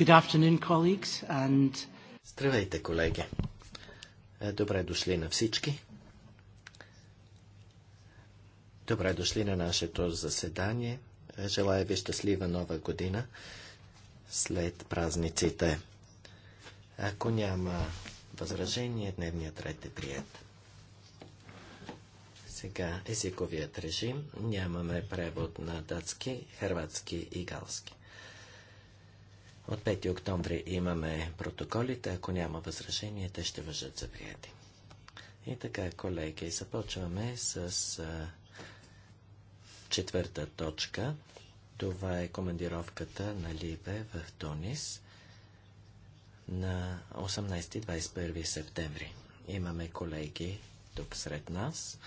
Good afternoon, colleagues, and... Здравейте, колеги! Е, добре дошли на всички. Добре дошли на нашето заседание. Е, желая ви щастлива нова година след празниците. Ако няма възражение, дневният ред е прият. Сега езиковият режим. Нямаме превод на датски, хрватски и галски. От 5 октомври имаме протоколите. Ако няма възражение, те ще въжат за прияти. И така, колеги, започваме с а, четвърта точка. Това е командировката на Либе в Тунис на 18-21 септември. Имаме колеги тук сред нас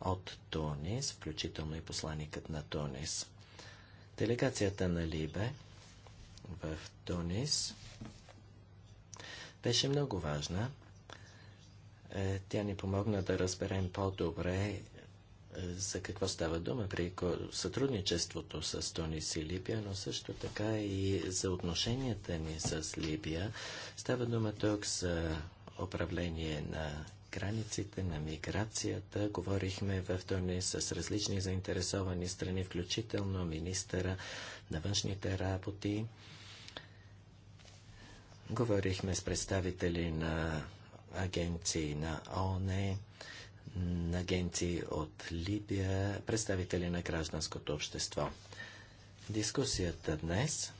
от Тунис, включително и посланикът на Тунис. Делегацията на Либе в Тунис беше много важна. Е, тя ни помогна да разберем по-добре е, за какво става дума при сътрудничеството с Тунис и Либия, но също така и за отношенията ни с Либия. Става дума тук за управление на границите, на миграцията. Говорихме в Тунис с различни заинтересовани страни, включително министъра на външните работи. Говорихме с представители на агенции на ОНЕ, на агенции от Либия, представители на гражданското общество. Дискусията днес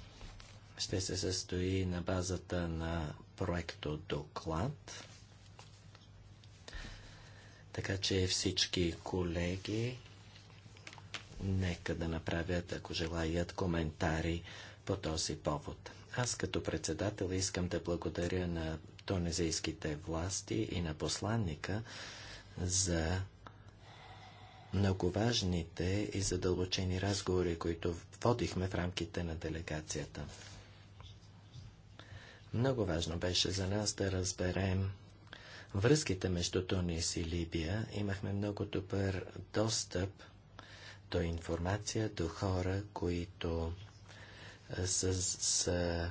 ще се състои на базата на проекто доклад. Така че всички колеги нека да направят, ако желаят, коментари по този повод. Аз като председател искам да благодаря на тунезийските власти и на посланника за много важните и задълбочени разговори, които водихме в рамките на делегацията. Много важно беше за нас да разберем връзките между Тунис и Либия. Имахме много добър достъп до информация, до хора, които са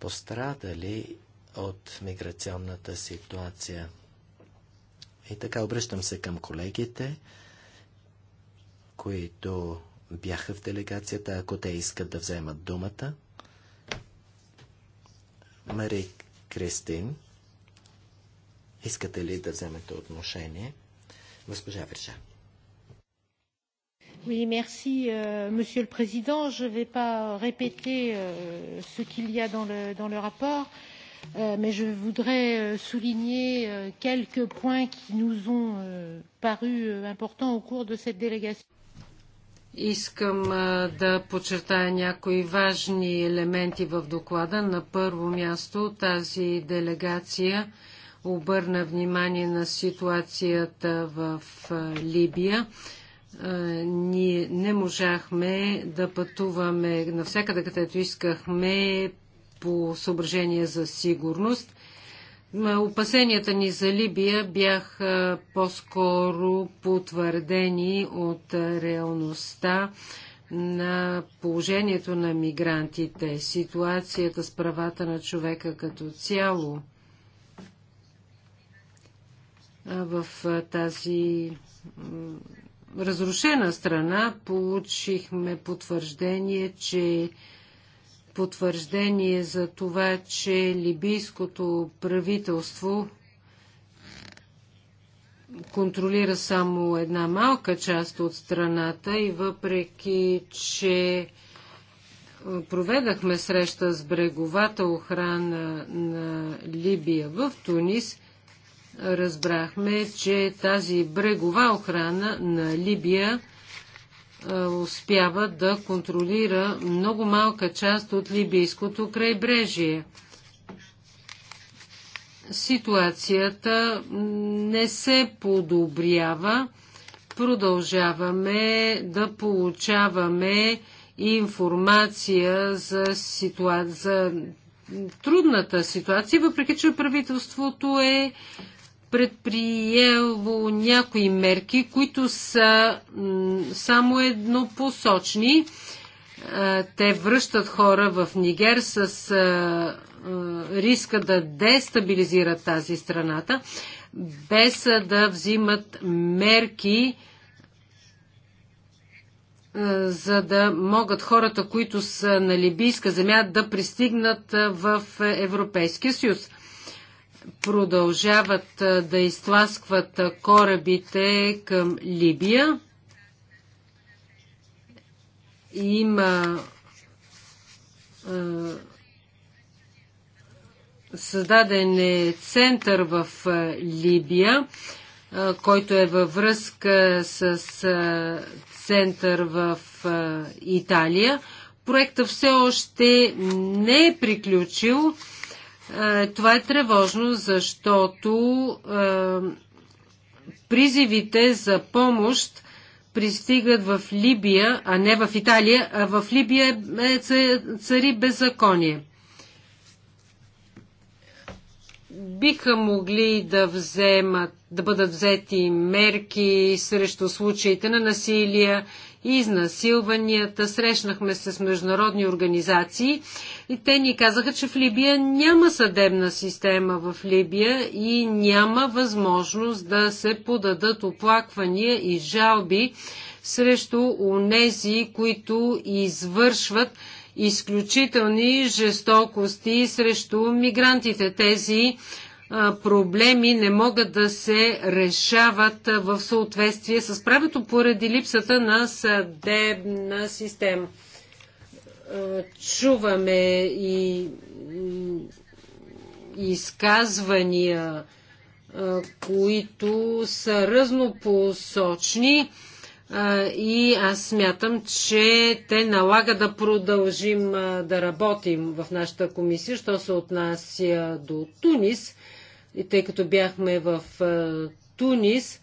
пострадали от миграционната ситуация. И така обръщам се към колегите, които бяха в делегацията, ако те искат да вземат думата. Мари Кристин, искате ли да вземете отношение? Госпожа Вержа monsieur le président je ne vais pas répéter ce qu'il y a dans le rapport mais je voudrais souligner quelques points qui nous ont paru importants au cours de cette délégation. Искам да подчертая някои важни елементи в доклада. На първо място тази делегация обърна внимание на ситуацията в Либия ние не можахме да пътуваме навсякъде, където искахме по съображение за сигурност. Опасенията ни за Либия бяха по-скоро потвърдени от реалността на положението на мигрантите, ситуацията с правата на човека като цяло. В тази разрушена страна получихме потвърждение, че потвърждение за това, че либийското правителство контролира само една малка част от страната и въпреки, че проведахме среща с бреговата охрана на Либия в Тунис, разбрахме, че тази брегова охрана на Либия е, успява да контролира много малка част от либийското крайбрежие. Ситуацията не се подобрява. Продължаваме да получаваме информация за, ситуа... за трудната ситуация, въпреки че правителството е предприело някои мерки, които са само еднопосочни. Е, те връщат хора в Нигер с е, е, риска да дестабилизират тази страната, без да взимат мерки, за да могат хората, които са на либийска земя, да пристигнат в Европейския съюз продължават да изтласкват корабите към Либия. Има създаден е център в Либия, който е във връзка с център в Италия. Проектът все още не е приключил. Е, това е тревожно, защото е, призивите за помощ пристигат в Либия, а не в Италия, а в Либия е, е цари беззаконие. Биха могли да вземат, да бъдат взети мерки срещу случаите на насилие изнасилванията, срещнахме се с международни организации и те ни казаха, че в Либия няма съдебна система в Либия и няма възможност да се подадат оплаквания и жалби срещу унези, които извършват изключителни жестокости срещу мигрантите. Тези проблеми не могат да се решават в съответствие с правото поради липсата на съдебна система. Чуваме и изказвания, които са разнопосочни и аз смятам, че те налага да продължим да работим в нашата комисия, що се отнася до Тунис. И тъй като бяхме в Тунис,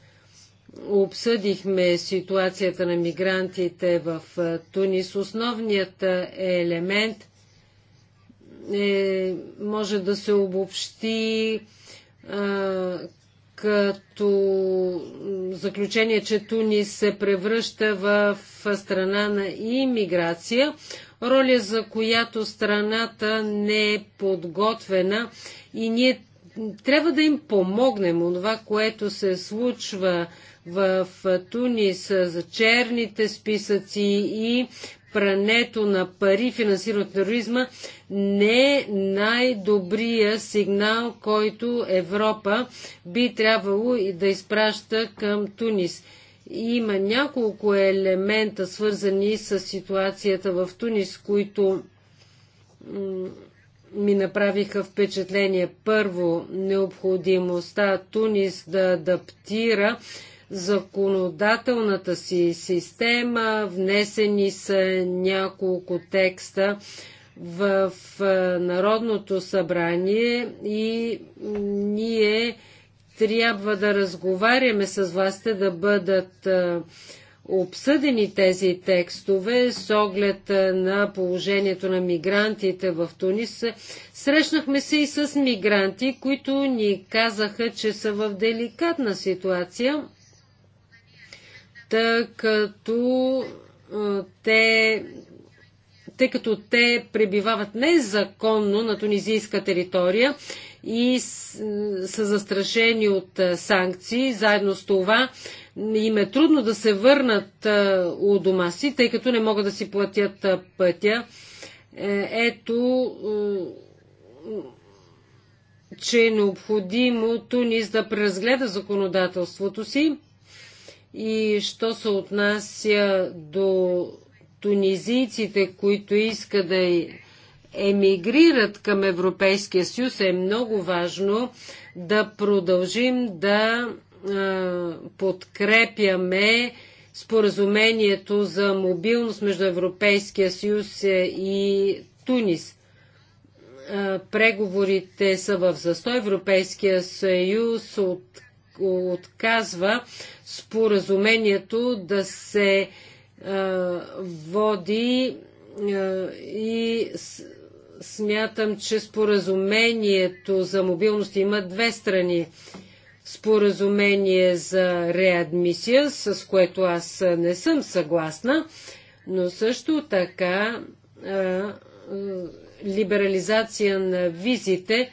обсъдихме ситуацията на мигрантите в Тунис. Основният елемент е, може да се обобщи а, като заключение, че Тунис се превръща в страна на иммиграция, роля за която страната не е подготвена и ние трябва да им помогнем. Онова, което се случва в Тунис за черните списъци и прането на пари, финансирането на тероризма, не е най-добрия сигнал, който Европа би трябвало и да изпраща към Тунис. Има няколко елемента, свързани с ситуацията в Тунис, които ми направиха впечатление. Първо, необходимостта Тунис да адаптира законодателната си система. Внесени са няколко текста в Народното събрание и ние трябва да разговаряме с властите да бъдат обсъдени тези текстове с оглед на положението на мигрантите в Тунис. Срещнахме се и с мигранти, които ни казаха, че са в деликатна ситуация, тъй като те тъй като те пребивават незаконно на тунизийска територия и са застрашени от санкции. Заедно с това им е трудно да се върнат у дома си, тъй като не могат да си платят пътя. Е, ето, че е необходимо Тунис да преразгледа законодателството си и що се отнася до тунизийците, които искат да емигрират към Европейския съюз, е много важно да продължим да подкрепяме споразумението за мобилност между Европейския съюз е, и Тунис. Преговорите са в застой. Европейския съюз от, отказва споразумението да се а, води а, и с, смятам, че споразумението за мобилност има две страни. Споразумение за реадмисия, с което аз не съм съгласна, но също така а, а, либерализация на визите,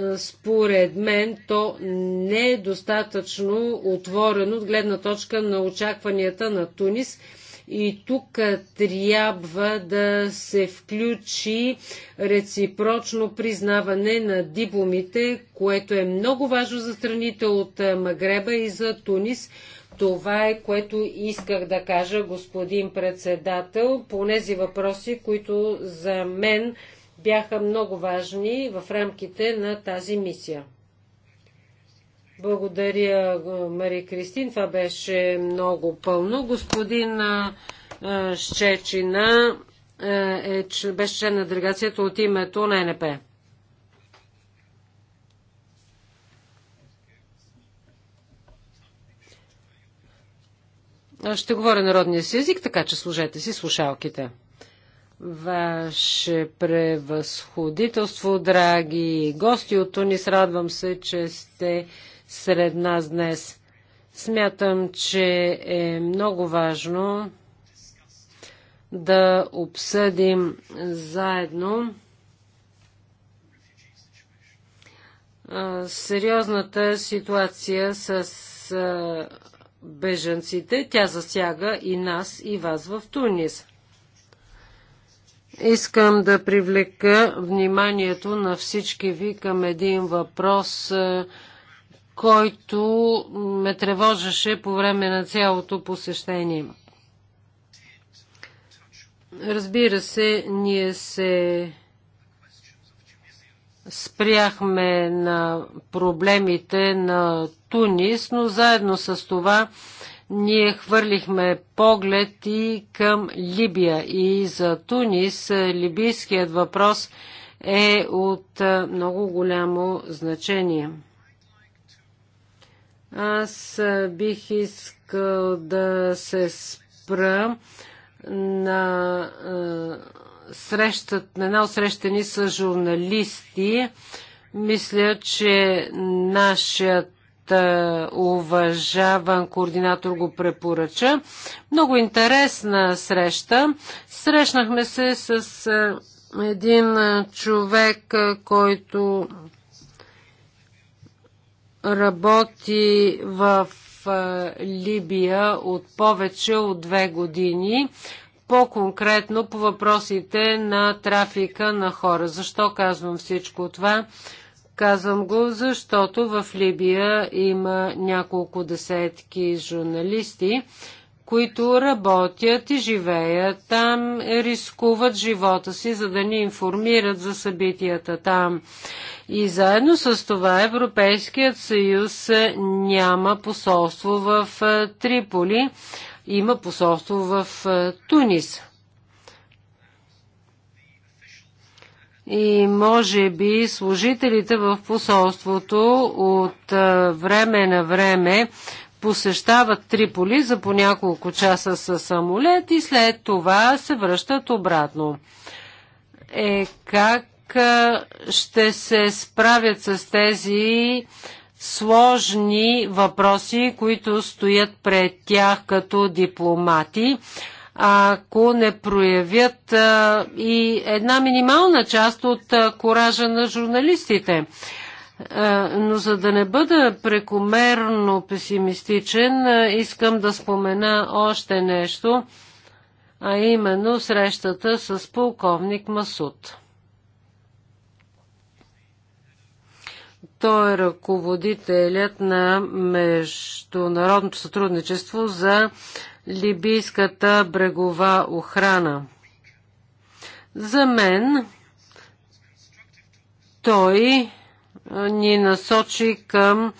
а, според мен, то не е достатъчно отворено от гледна точка на очакванията на Тунис – и тук трябва да се включи реципрочно признаване на дипломите, което е много важно за страните от Магреба и за Тунис. Това е което исках да кажа, господин председател, по тези въпроси, които за мен бяха много важни в рамките на тази мисия. Благодаря, Мари Кристин. Това беше много пълно. Господин Щечина е, е беше член на делегацията от името на НП. Ще говоря народния си език, така че служете си слушалките. Ваше превъзходителство, драги гости от Тунис, радвам се, че сте сред нас днес. Смятам, че е много важно да обсъдим заедно сериозната ситуация с бежанците. Тя засяга и нас, и вас в Тунис. Искам да привлека вниманието на всички ви към един въпрос, който ме тревожеше по време на цялото посещение. Разбира се, ние се спряхме на проблемите на Тунис, но заедно с това ние хвърлихме поглед и към Либия. И за Тунис либийският въпрос е от много голямо значение. Аз бих искал да се спра на срещат, на една срещани с журналисти. Мисля, че нашият уважаван координатор го препоръча. Много интересна среща. Срещнахме се с един човек, който работи в Либия от повече от две години, по-конкретно по въпросите на трафика на хора. Защо казвам всичко това? Казвам го, защото в Либия има няколко десетки журналисти, които работят и живеят там, рискуват живота си, за да ни информират за събитията там. И заедно с това Европейският съюз няма посолство в Триполи, има посолство в Тунис. И може би служителите в посолството от време на време посещават Триполи за по няколко часа с самолет и след това се връщат обратно. Е, как ще се справят с тези сложни въпроси, които стоят пред тях като дипломати, ако не проявят и една минимална част от коража на журналистите? Е, но за да не бъда прекомерно песимистичен, е, искам да спомена още нещо, а именно срещата с полковник Масуд. Той е ръководителят на Международното сътрудничество за либийската брегова охрана. За мен той ни насочи към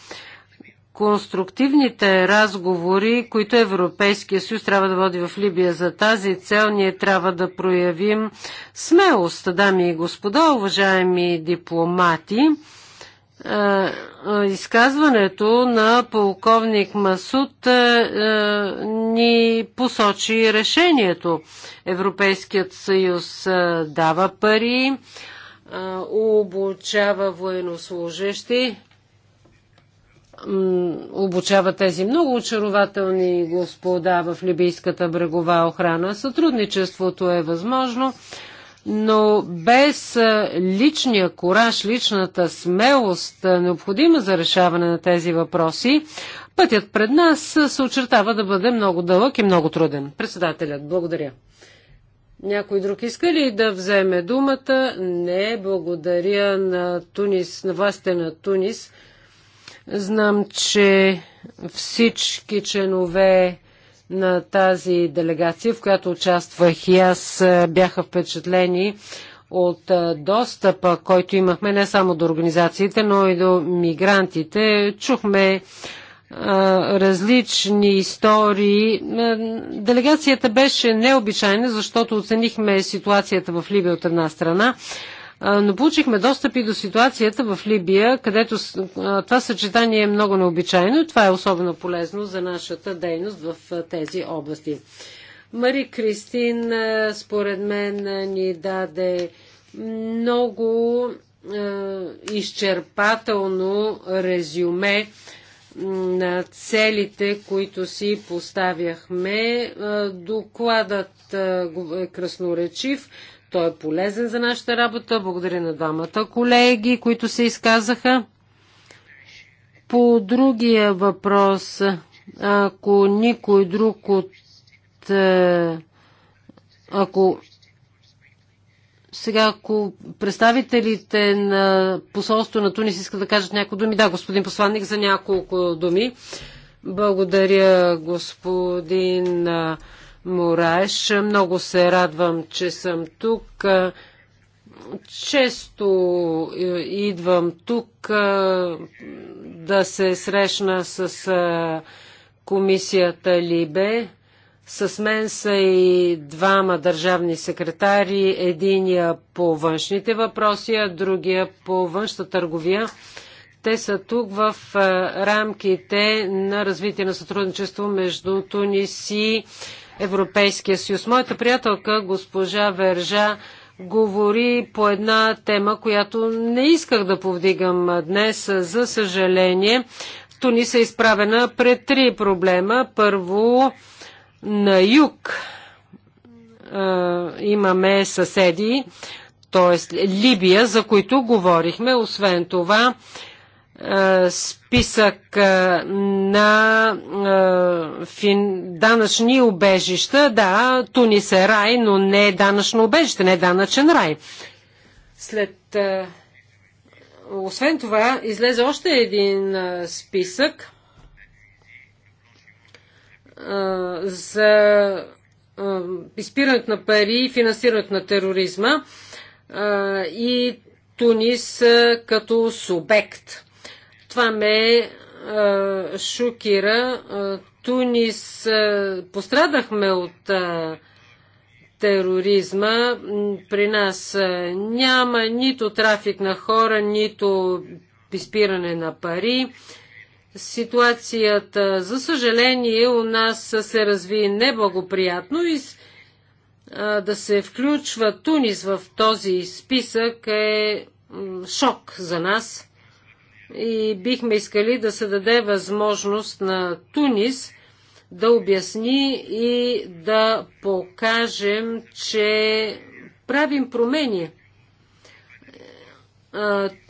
конструктивните разговори, които Европейския съюз трябва да води в Либия. За тази цел ние трябва да проявим смелост, дами и господа, уважаеми дипломати. Изказването на полковник Масуд ни посочи решението. Европейският съюз дава пари, обучава военнослужащи, обучава тези много очарователни господа в либийската брегова охрана. Сътрудничеството е възможно, но без личния кораж, личната смелост, необходима за решаване на тези въпроси, пътят пред нас се очертава да бъде много дълъг и много труден. Председателят, благодаря. Някой друг иска ли да вземе думата? Не, благодаря на Тунис, на властите на Тунис. Знам, че всички членове на тази делегация, в която участвах и аз, е, бяха впечатлени от е, достъпа, който имахме не само до организациите, но и до мигрантите. Чухме различни истории. Делегацията беше необичайна, защото оценихме ситуацията в Либия от една страна, но получихме достъп и до ситуацията в Либия, където това съчетание е много необичайно и това е особено полезно за нашата дейност в тези области. Мари Кристин, според мен, ни даде много изчерпателно резюме на целите, които си поставяхме. Е, докладът е, е красноречив. Той е полезен за нашата работа. Благодаря на двамата колеги, които се изказаха. По другия въпрос, ако никой друг от е, ако сега, ако представителите на посолство на Тунис искат да кажат някои думи, да, господин посланник, за няколко думи. Благодаря, господин Мораеш. Много се радвам, че съм тук. Често идвам тук да се срещна с комисията Либе. С мен са и двама държавни секретари, единия по външните въпроси, а другия по външна търговия. Те са тук в е, рамките на развитие на сътрудничество между Тунис и Европейския съюз. Моята приятелка, госпожа Вержа, говори по една тема, която не исках да повдигам днес. За съжаление, Тунис е изправена пред три проблема. Първо, на юг имаме съседи, т.е. Либия, за които говорихме. Освен това, списък на данъчни обежища. Да, Тунис е рай, но не е данъчно обежище, не е данъчен рай. След... Освен това, излезе още един списък – за изпирането на пари и финансирането на тероризма и Тунис като субект. Това ме шокира. Тунис пострадахме от тероризма. При нас няма нито трафик на хора, нито изпиране на пари. Ситуацията, за съжаление, у нас се разви неблагоприятно и да се включва Тунис в този списък е шок за нас и бихме искали да се даде възможност на Тунис да обясни и да покажем, че правим промени.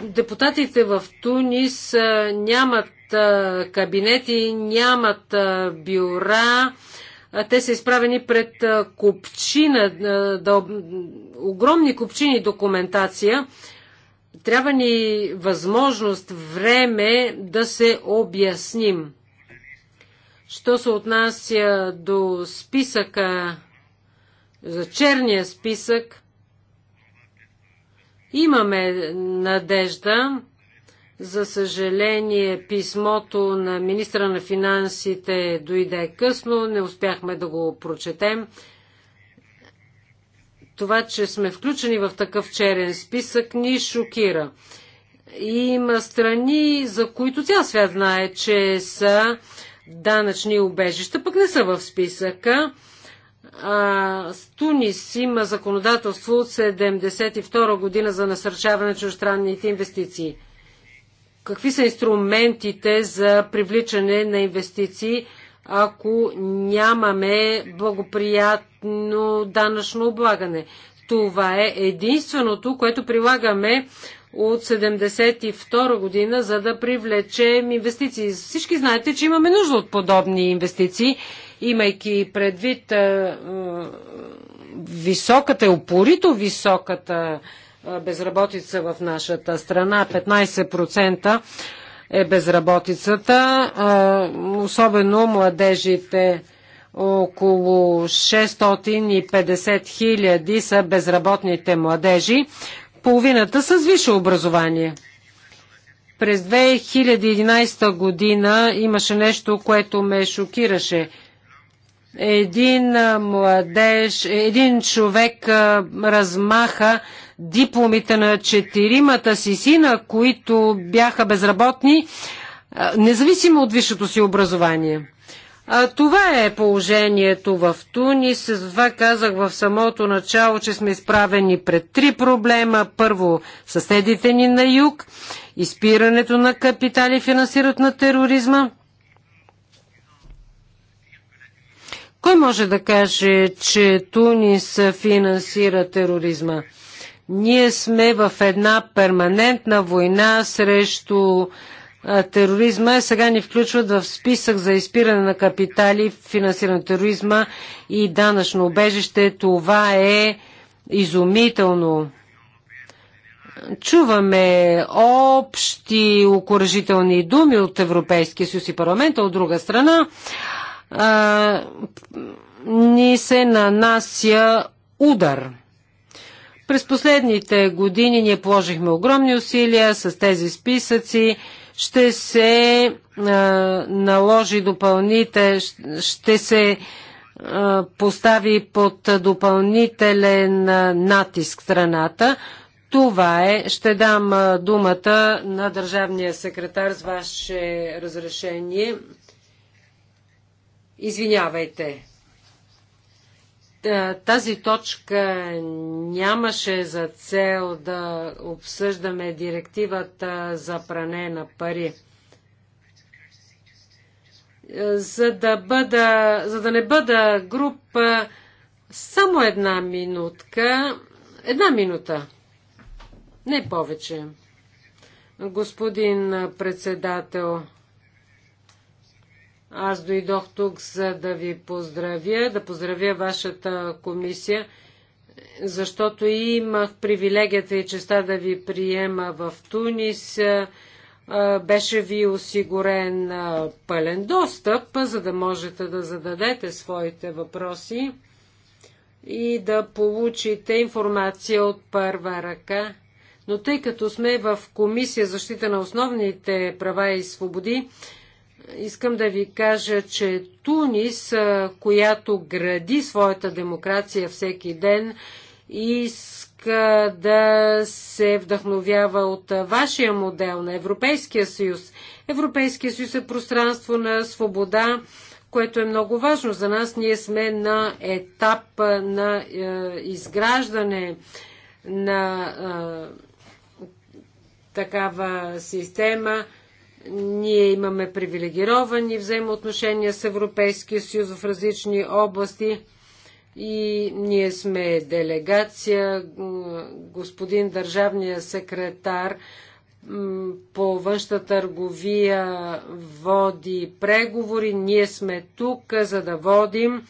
Депутатите в Тунис нямат е, кабинети, нямат е, бюра, е, те са изправени пред купчина, да, огромни купчини документация. Трябва ни възможност, време да се обясним. Що се отнася до списъка, за черния списък, имаме надежда, за съжаление, писмото на министра на финансите дойде късно, не успяхме да го прочетем. Това, че сме включени в такъв черен списък, ни шокира. Има страни, за които цял свят знае, че са данъчни убежища, пък не са в списъка. А, Тунис има законодателство от 1972 година за насърчаване на чуждестранните инвестиции какви са инструментите за привличане на инвестиции, ако нямаме благоприятно данъчно облагане. Това е единственото, което прилагаме от 1972 година, за да привлечем инвестиции. Всички знаете, че имаме нужда от подобни инвестиции, имайки предвид е, е високата, упорито високата безработица в нашата страна. 15% е безработицата, особено младежите около 650 хиляди са безработните младежи, половината с висше образование. През 2011 година имаше нещо, което ме шокираше. Един младеж, един човек размаха дипломите на четиримата си сина, които бяха безработни, независимо от висшето си образование. А, това е положението в Тунис. това казах в самото начало, че сме изправени пред три проблема. Първо, съседите ни на юг, изпирането на капитали, финансират на тероризма. Кой може да каже, че Тунис финансира тероризма? Ние сме в една перманентна война срещу тероризма. Сега ни включват в списък за изпиране на капитали, финансиране на тероризма и данъчно убежище. Това е изумително. Чуваме общи окоръжителни думи от Европейския съюз и парламента, от друга страна а, ни се нанася удар. През последните години ние положихме огромни усилия с тези списъци. Ще се а, наложи допълните, ще се а, постави под допълнителен натиск страната. Това е. Ще дам думата на държавния секретар с ваше разрешение. Извинявайте тази точка нямаше за цел да обсъждаме директивата за пране на пари. За да, бъда, за да не бъда група, само една минутка. Една минута. Не повече. Господин председател, аз дойдох тук, за да ви поздравя, да поздравя вашата комисия, защото имах привилегията и честа да ви приема в Тунис. Беше ви осигурен пълен достъп, за да можете да зададете своите въпроси и да получите информация от първа ръка. Но тъй като сме в Комисия защита на основните права и свободи, искам да ви кажа, че Тунис, която гради своята демокрация всеки ден, иска да се вдъхновява от вашия модел на Европейския съюз. Европейския съюз е пространство на свобода, което е много важно за нас. Ние сме на етап на е, изграждане на е, такава система – ние имаме привилегировани взаимоотношения с Европейския съюз в различни области и ние сме делегация. Господин държавния секретар по външна търговия води преговори. Ние сме тук, за да водим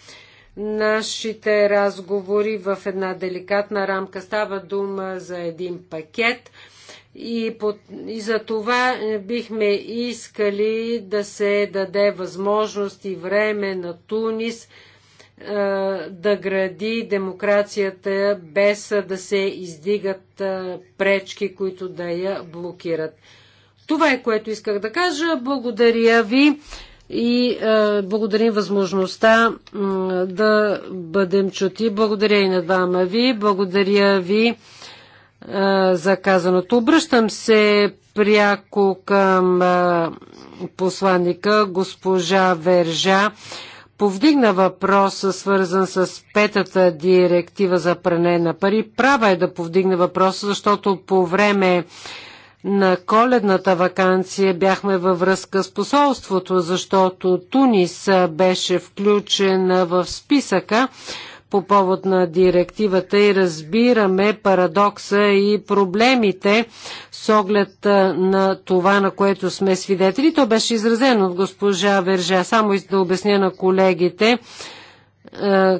нашите разговори в една деликатна рамка. Става дума за един пакет – и, по, и за това е, бихме искали да се даде възможност и време на Тунис е, да гради демокрацията без е, да се издигат пречки, които да я блокират. Това е което исках да кажа. Благодаря ви и е, благодарим възможността да бъдем чути. Благодаря и на двама ви. Благодаря ви за казаното. Обръщам се пряко към посланника госпожа Вержа. Повдигна въпрос, свързан с петата директива за пране на пари. Права е да повдигне въпрос, защото по време на коледната вакансия бяхме във връзка с посолството, защото Тунис беше включен в списъка по повод на директивата и разбираме парадокса и проблемите с оглед на това, на което сме свидетели. То беше изразено от госпожа Вержа. Само да обясня на колегите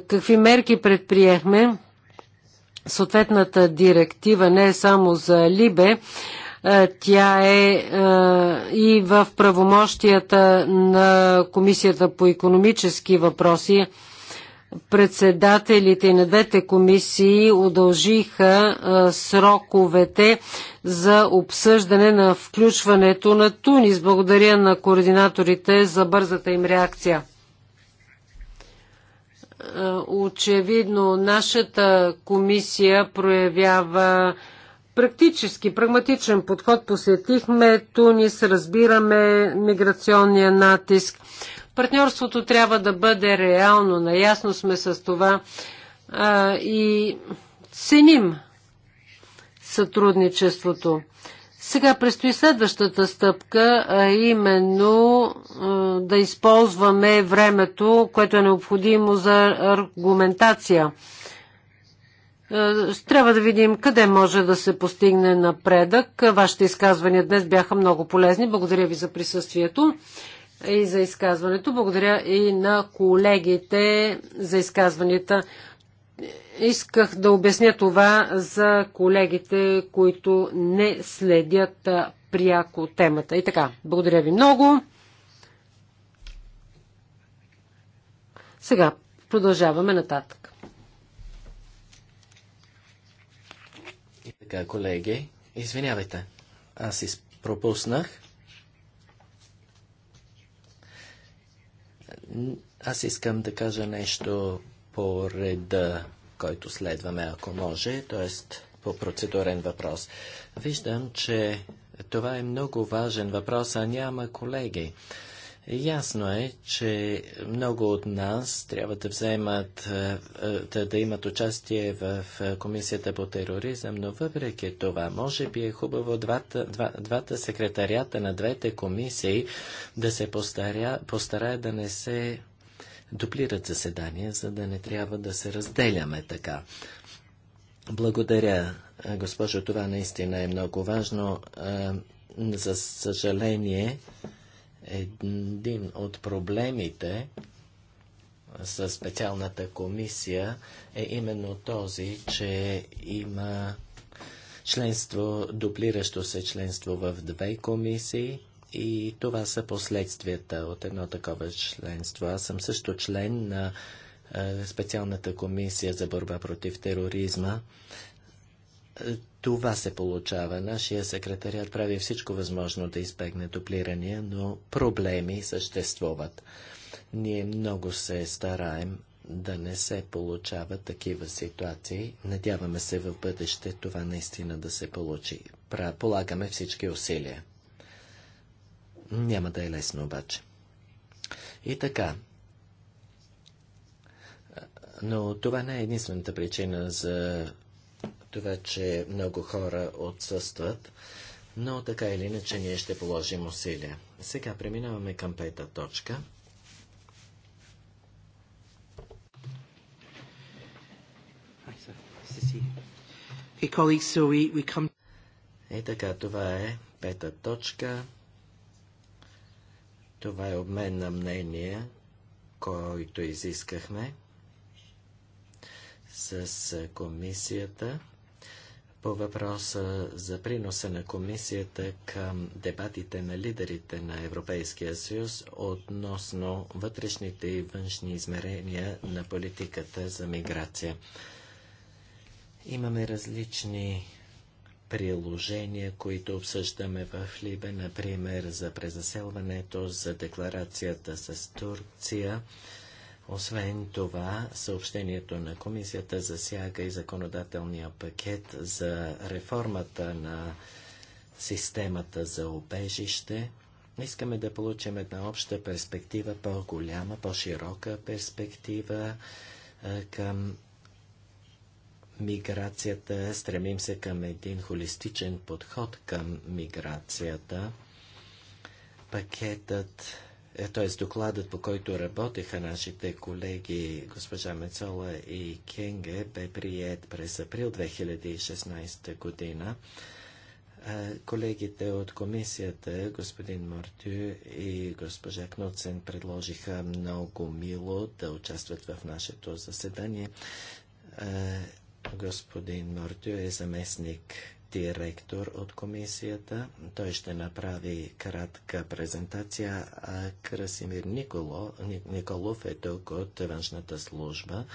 какви мерки предприехме. Съответната директива не е само за Либе, тя е, е и в правомощията на Комисията по економически въпроси председателите и на двете комисии удължиха сроковете за обсъждане на включването на Тунис. Благодаря на координаторите за бързата им реакция. очевидно, нашата комисия проявява практически, прагматичен подход. Посетихме Тунис, разбираме миграционния натиск Партньорството трябва да бъде реално, наясно сме с това а, и ценим сътрудничеството. Сега предстои следващата стъпка, а именно да използваме времето, което е необходимо за аргументация. Трябва да видим къде може да се постигне напредък. Вашите изказвания днес бяха много полезни. Благодаря ви за присъствието и за изказването. Благодаря и на колегите за изказванията. Исках да обясня това за колегите, които не следят пряко темата. И така, благодаря ви много. Сега продължаваме нататък. И така, колеги, извинявайте, аз изпропуснах Аз искам да кажа нещо по реда, който следваме, ако може, т.е. по процедурен въпрос. Виждам, че това е много важен въпрос, а няма колеги. Ясно е, че много от нас трябва да вземат, е, е, да, да имат участие в е, Комисията по тероризъм, но въпреки това, може би е хубаво двата, два, двата секретарията на двете комисии да се постаря, да не се дуплират заседания, за да не трябва да се разделяме така. Благодаря, госпожо, това наистина е много важно. За съжаление, един от проблемите със специалната комисия е именно този, че има членство, дуплиращо се членство в две комисии и това са последствията от едно такова членство. Аз съм също член на специалната комисия за борба против тероризма това се получава. Нашия секретариат прави всичко възможно да избегне дуплирания, но проблеми съществуват. Ние много се стараем да не се получават такива ситуации. Надяваме се в бъдеще това наистина да се получи. Полагаме всички усилия. Няма да е лесно обаче. И така. Но това не е единствената причина за това, че много хора отсъстват, но така или иначе ние ще положим усилия. Сега преминаваме към пета точка. И е, така, това е пета точка. Това е обмен на мнение, който изискахме с комисията по въпроса за приноса на комисията към дебатите на лидерите на Европейския съюз относно вътрешните и външни измерения на политиката за миграция. Имаме различни приложения, които обсъждаме в Либе, например за презаселването, за декларацията с Турция. Освен това, съобщението на комисията засяга и законодателния пакет за реформата на системата за обежище. Искаме да получим една обща перспектива, по-голяма, по-широка перспектива е, към миграцията. Стремим се към един холистичен подход към миграцията. Пакетът е, т.е. докладът, по който работеха нашите колеги госпожа Мецола и Кенге, бе прият през април 2016 година. Колегите от комисията, господин Мортю и госпожа Кноцен, предложиха много мило да участват в нашето заседание. Господин Мортю е заместник директор от комисията. Той ще направи кратка презентация. А Красимир Николо, Николов е тук от външната служба.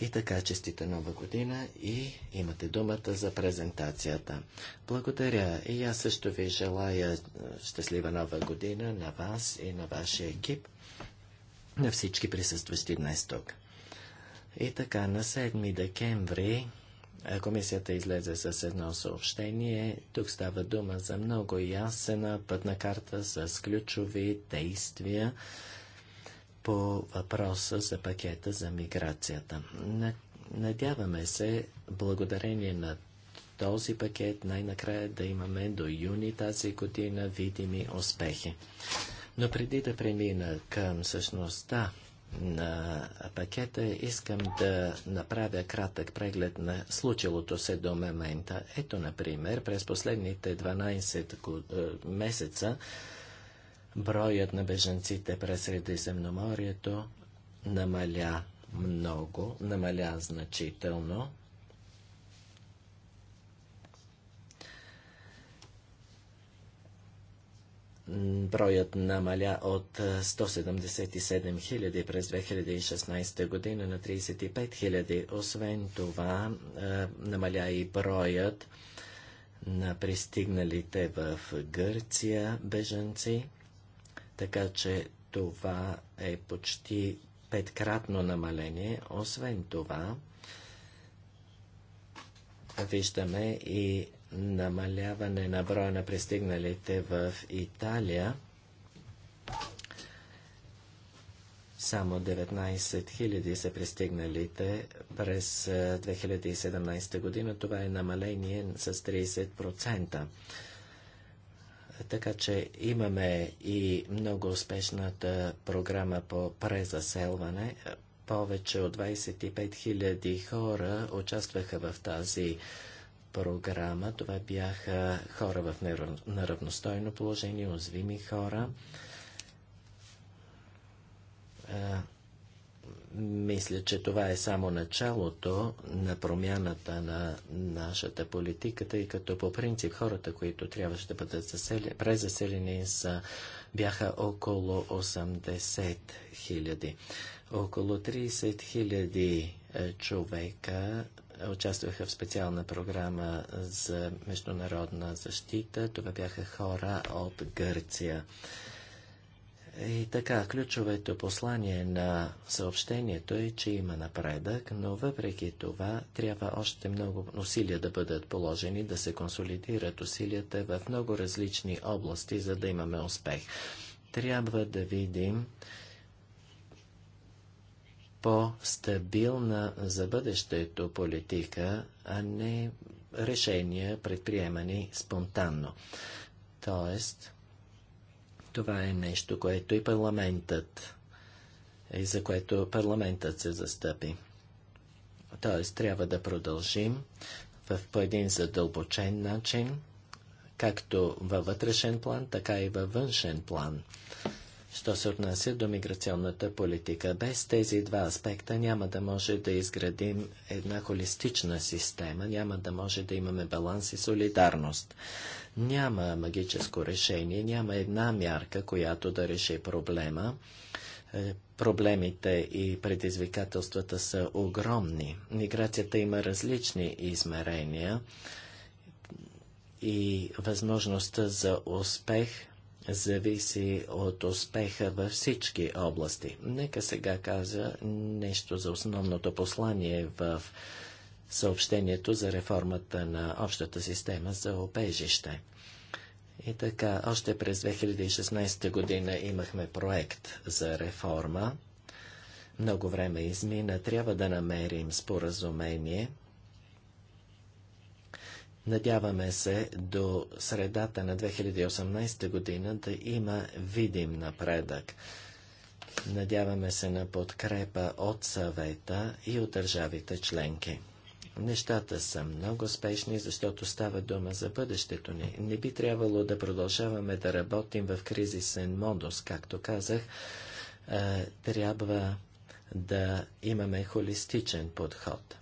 И така, честита нова година и имате думата за презентацията. Благодаря и аз също ви желая е, щастлива нова година на вас и на вашия екип, на всички присъстващи днес тук. И така, на 7 декември е, комисията излезе с едно съобщение. Тук става дума за много ясена пътна карта с ключови действия по въпроса за пакета за миграцията. Надяваме се, благодарение на този пакет, най-накрая да имаме до юни тази година видими успехи. Но преди да премина към същността на пакета искам да направя кратък преглед на случилото се до момента. Ето, например, през последните 12 е, месеца броят на беженците през Средиземноморието намаля много, намаля значително. броят намаля от 177 е, 000 през 2016 година на 35 000. Освен това, е, намаля и броят на пристигналите в Гърция беженци. така че това е почти петкратно намаление. Освен това, виждаме и намаляване на броя на пристигналите в Италия. Само 19 000 са пристигналите през 2017 е, година. Това е намаление с 30%. Така че имаме и много успешната програма по презаселване. Повече от 25 000 хора участваха в тази програма програма. Това бяха хора в неравностойно положение, уязвими хора. мисля, че това е само началото на промяната на нашата политика, тъй като по принцип хората, които трябваше да бъдат засели, презаселени, са, бяха около 80 хиляди. Около 30 хиляди е, човека участваха в специална програма за международна защита. Това бяха хора от Гърция. И така, ключовето послание на съобщението е, че има напредък, но въпреки това трябва още много усилия да бъдат положени, да се консолидират усилията в много различни области, за да имаме успех. Трябва да видим по-стабилна за бъдещето политика, а не решения, предприемани спонтанно. Тоест, това е нещо, което и парламентът, и за което парламентът се застъпи. Тоест, трябва да продължим в по един задълбочен начин, както във вътрешен план, така и във външен план що се отнася до миграционната политика. Без тези два аспекта няма да може да изградим една холистична система, няма да може да имаме баланс и солидарност. Няма магическо решение, няма една мярка, която да реши проблема. Е, проблемите и предизвикателствата са огромни. Миграцията има различни измерения и възможността за успех – зависи от успеха във всички области. Нека сега кажа нещо за основното послание в съобщението за реформата на общата система за обежище. И така, още през 2016 година имахме проект за реформа. Много време измина, трябва да намерим споразумение – Надяваме се до средата на 2018 година да има видим напредък. Надяваме се на подкрепа от съвета и от държавите членки. Нещата са много спешни, защото става дума за бъдещето ни. Не би трябвало да продължаваме да работим в кризисен модус, както казах. Е, трябва да имаме холистичен подход.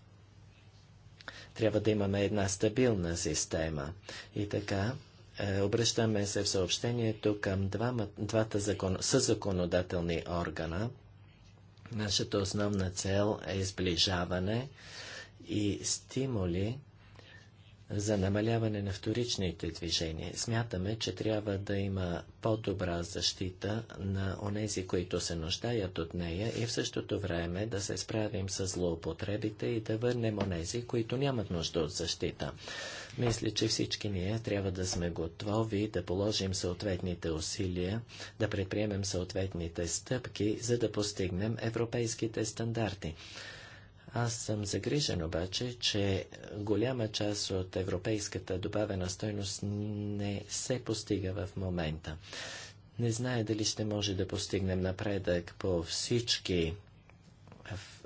Трябва да имаме една стабилна система. И така, е, обръщаме се в съобщението към двама, двата закон, съзаконодателни органа. Нашата основна цел е сближаване и стимули за намаляване на вторичните движения. Смятаме, че трябва да има по-добра защита на онези, които се нуждаят от нея и в същото време да се справим с злоупотребите и да върнем онези, които нямат нужда от защита. Мисля, че всички ние трябва да сме готови да положим съответните усилия, да предприемем съответните стъпки, за да постигнем европейските стандарти. Аз съм загрижен обаче, че голяма част от европейската добавена стойност не се постига в момента. Не знае дали ще може да постигнем напредък по всички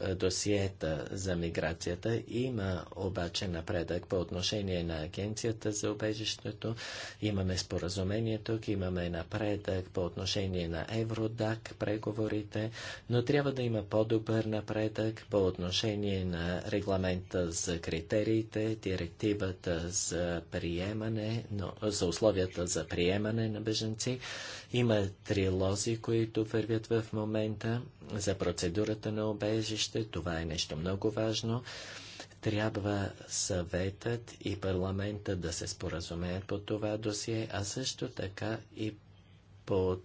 е, досиета за миграцията. Има обаче напредък по отношение на Агенцията за обежището. Имаме споразумение тук, имаме напредък по отношение на Евродак, преговорите, но трябва да има по-добър напредък по отношение на регламента за критериите, директивата за приемане, но, за условията за приемане на беженци. Има трилози, които вървят в момента за процедурата на обежище равнище. Това е нещо много важно. Трябва съветът и парламента да се споразумеят по това досие, а също така и по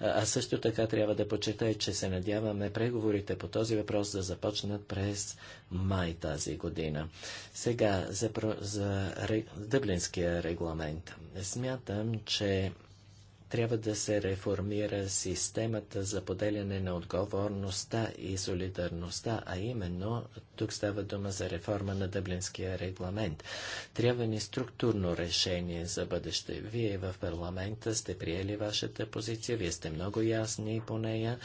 а също така трябва да почитай, че се надяваме преговорите по този въпрос да започнат през май тази година. Сега за, за за Дъблинския регламент. Смятам, че трябва да се реформира системата за поделяне на отговорността и солидарността, а именно тук става дума за реформа на Дъблинския регламент. Трябва ни структурно решение за бъдеще. Вие в парламента сте приели вашата позиция, вие сте много ясни по нея.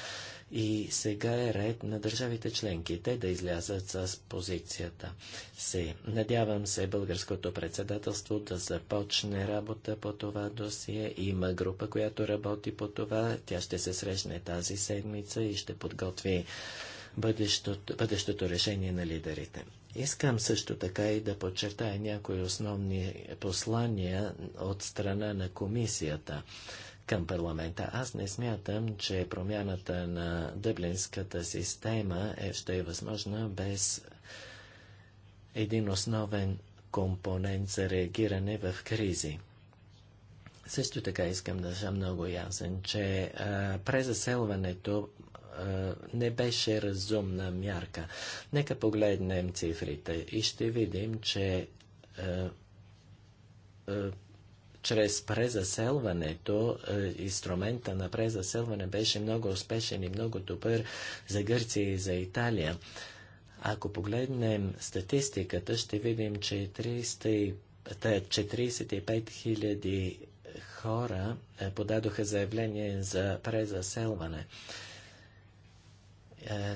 И сега е ред на държавите членки те да излязат с позицията си. Надявам се българското председателство да започне работа по това досие. Има група, която работи по това. Тя ще се срещне тази седмица и ще подготви бъдещото, бъдещото решение на лидерите. Искам също така и да подчертая някои основни послания от страна на комисията към парламента. Аз не смятам, че промяната на дъблинската система е, ще е възможна без един основен компонент за реагиране в кризи. Също така искам да съм много ясен, че а, презаселването а, не беше разумна мярка. Нека погледнем цифрите и ще видим, че а, чрез презаселването, е, инструмента на презаселване беше много успешен и много добър за Гърция и за Италия. Ако погледнем статистиката, ще видим, че 45 000 хора е, подадоха заявление за презаселване. Е,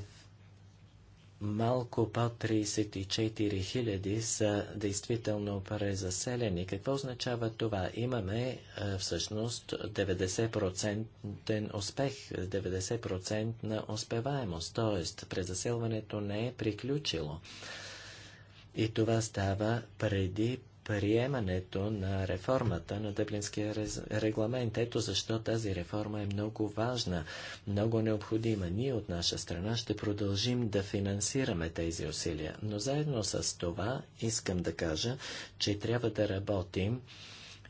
малко под 34 000 са действително презаселени. Какво означава това? Имаме е, всъщност 90% успех, 90% на успеваемост, т.е. презаселването не е приключило. И това става преди приемането на реформата на Дъблинския регламент. Ето защо тази реформа е много важна, много необходима. Ние от наша страна ще продължим да финансираме тези усилия. Но заедно с това искам да кажа, че трябва да работим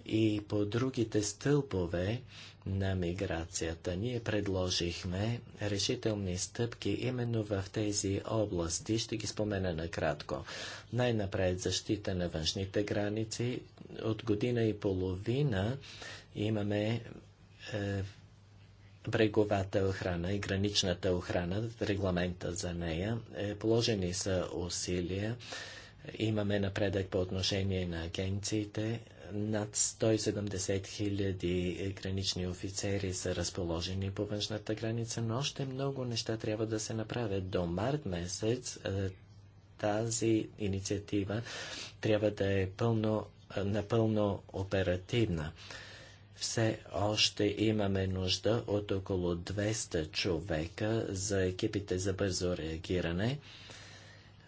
и по другите стълбове на миграцията. Ние предложихме решителни стъпки именно в тези области. Ще ги спомена накратко. Най-напред защита на външните граници. От година и половина имаме е, бреговата охрана и граничната охрана, регламента за нея. Е, положени са усилия. Имаме напредък по отношение на агенциите над 170 хиляди гранични офицери са разположени по външната граница, но още много неща трябва да се направят. До март месец е, тази инициатива трябва да е пълно, е, напълно оперативна. Все още имаме нужда от около 200 човека за екипите за бързо реагиране.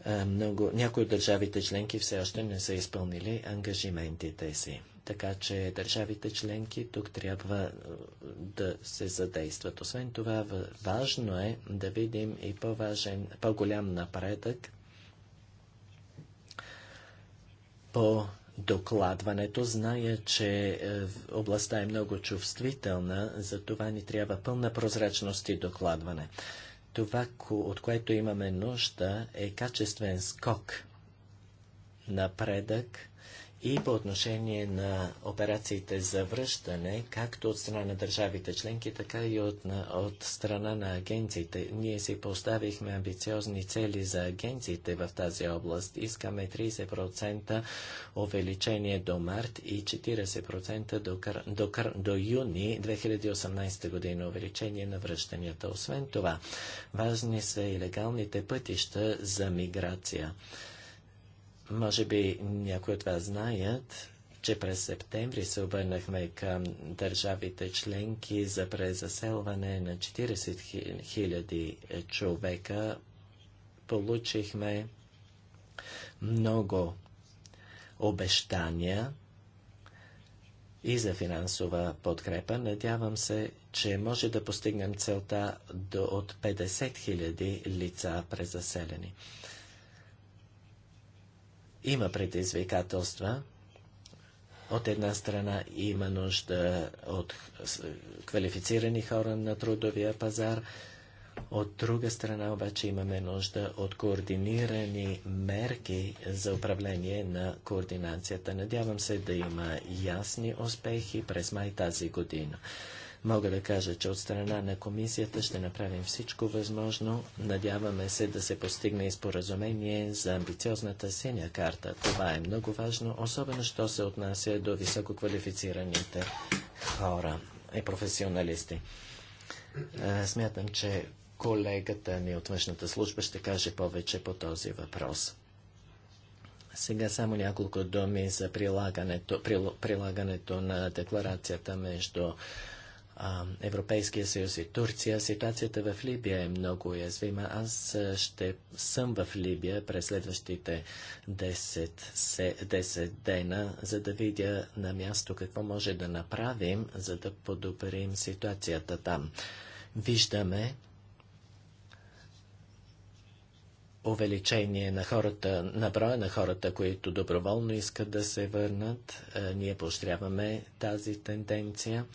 Е, много, някои от държавите членки все още не са изпълнили ангажиментите си. Така че държавите членки тук трябва е, да се задействат. Освен това, важно е да видим и по-важен, по-голям напредък по докладването. Зная, че е, областта е много чувствителна, за това ни трябва пълна прозрачност и докладване. Това, от което имаме нужда, е качествен скок, напредък и по отношение на операциите за връщане, както от страна на държавите членки, така и от, на, от страна на агенциите. Ние си поставихме амбициозни цели за агенциите в тази област. Искаме 30% увеличение до март и 40% до, кър, до, кър, до юни 2018 година увеличение на връщанията. Освен това, важни са и легалните пътища за миграция. Може би някои от вас знаят, че през септември се обърнахме към държавите членки за презаселване на 40 000 човека. Получихме много обещания и за финансова подкрепа. Надявам се, че може да постигнем целта до от 50 000 лица презаселени. Има предизвикателства. От една страна има нужда от квалифицирани хора на трудовия пазар, от друга страна обаче имаме нужда от координирани мерки за управление на координацията. Надявам се да има ясни успехи през май тази година. Мога да кажа, че от страна на комисията ще направим всичко възможно. Надяваме се да се постигне и споразумение за амбициозната синя карта. Това е много важно, особено що се отнася до висококвалифицираните хора и професионалисти. Смятам, че колегата ми от външната служба ще каже повече по този въпрос. Сега само няколко думи за прилагането, прилагането на декларацията между Европейския съюз и Турция. Ситуацията в Либия е много уязвима. Аз ще съм в Либия през следващите 10, 10 дена, за да видя на място какво може да направим, за да подобрим ситуацията там. Виждаме увеличение на хората, на броя на хората, които доброволно искат да се върнат. Е, ние поощряваме тази тенденция.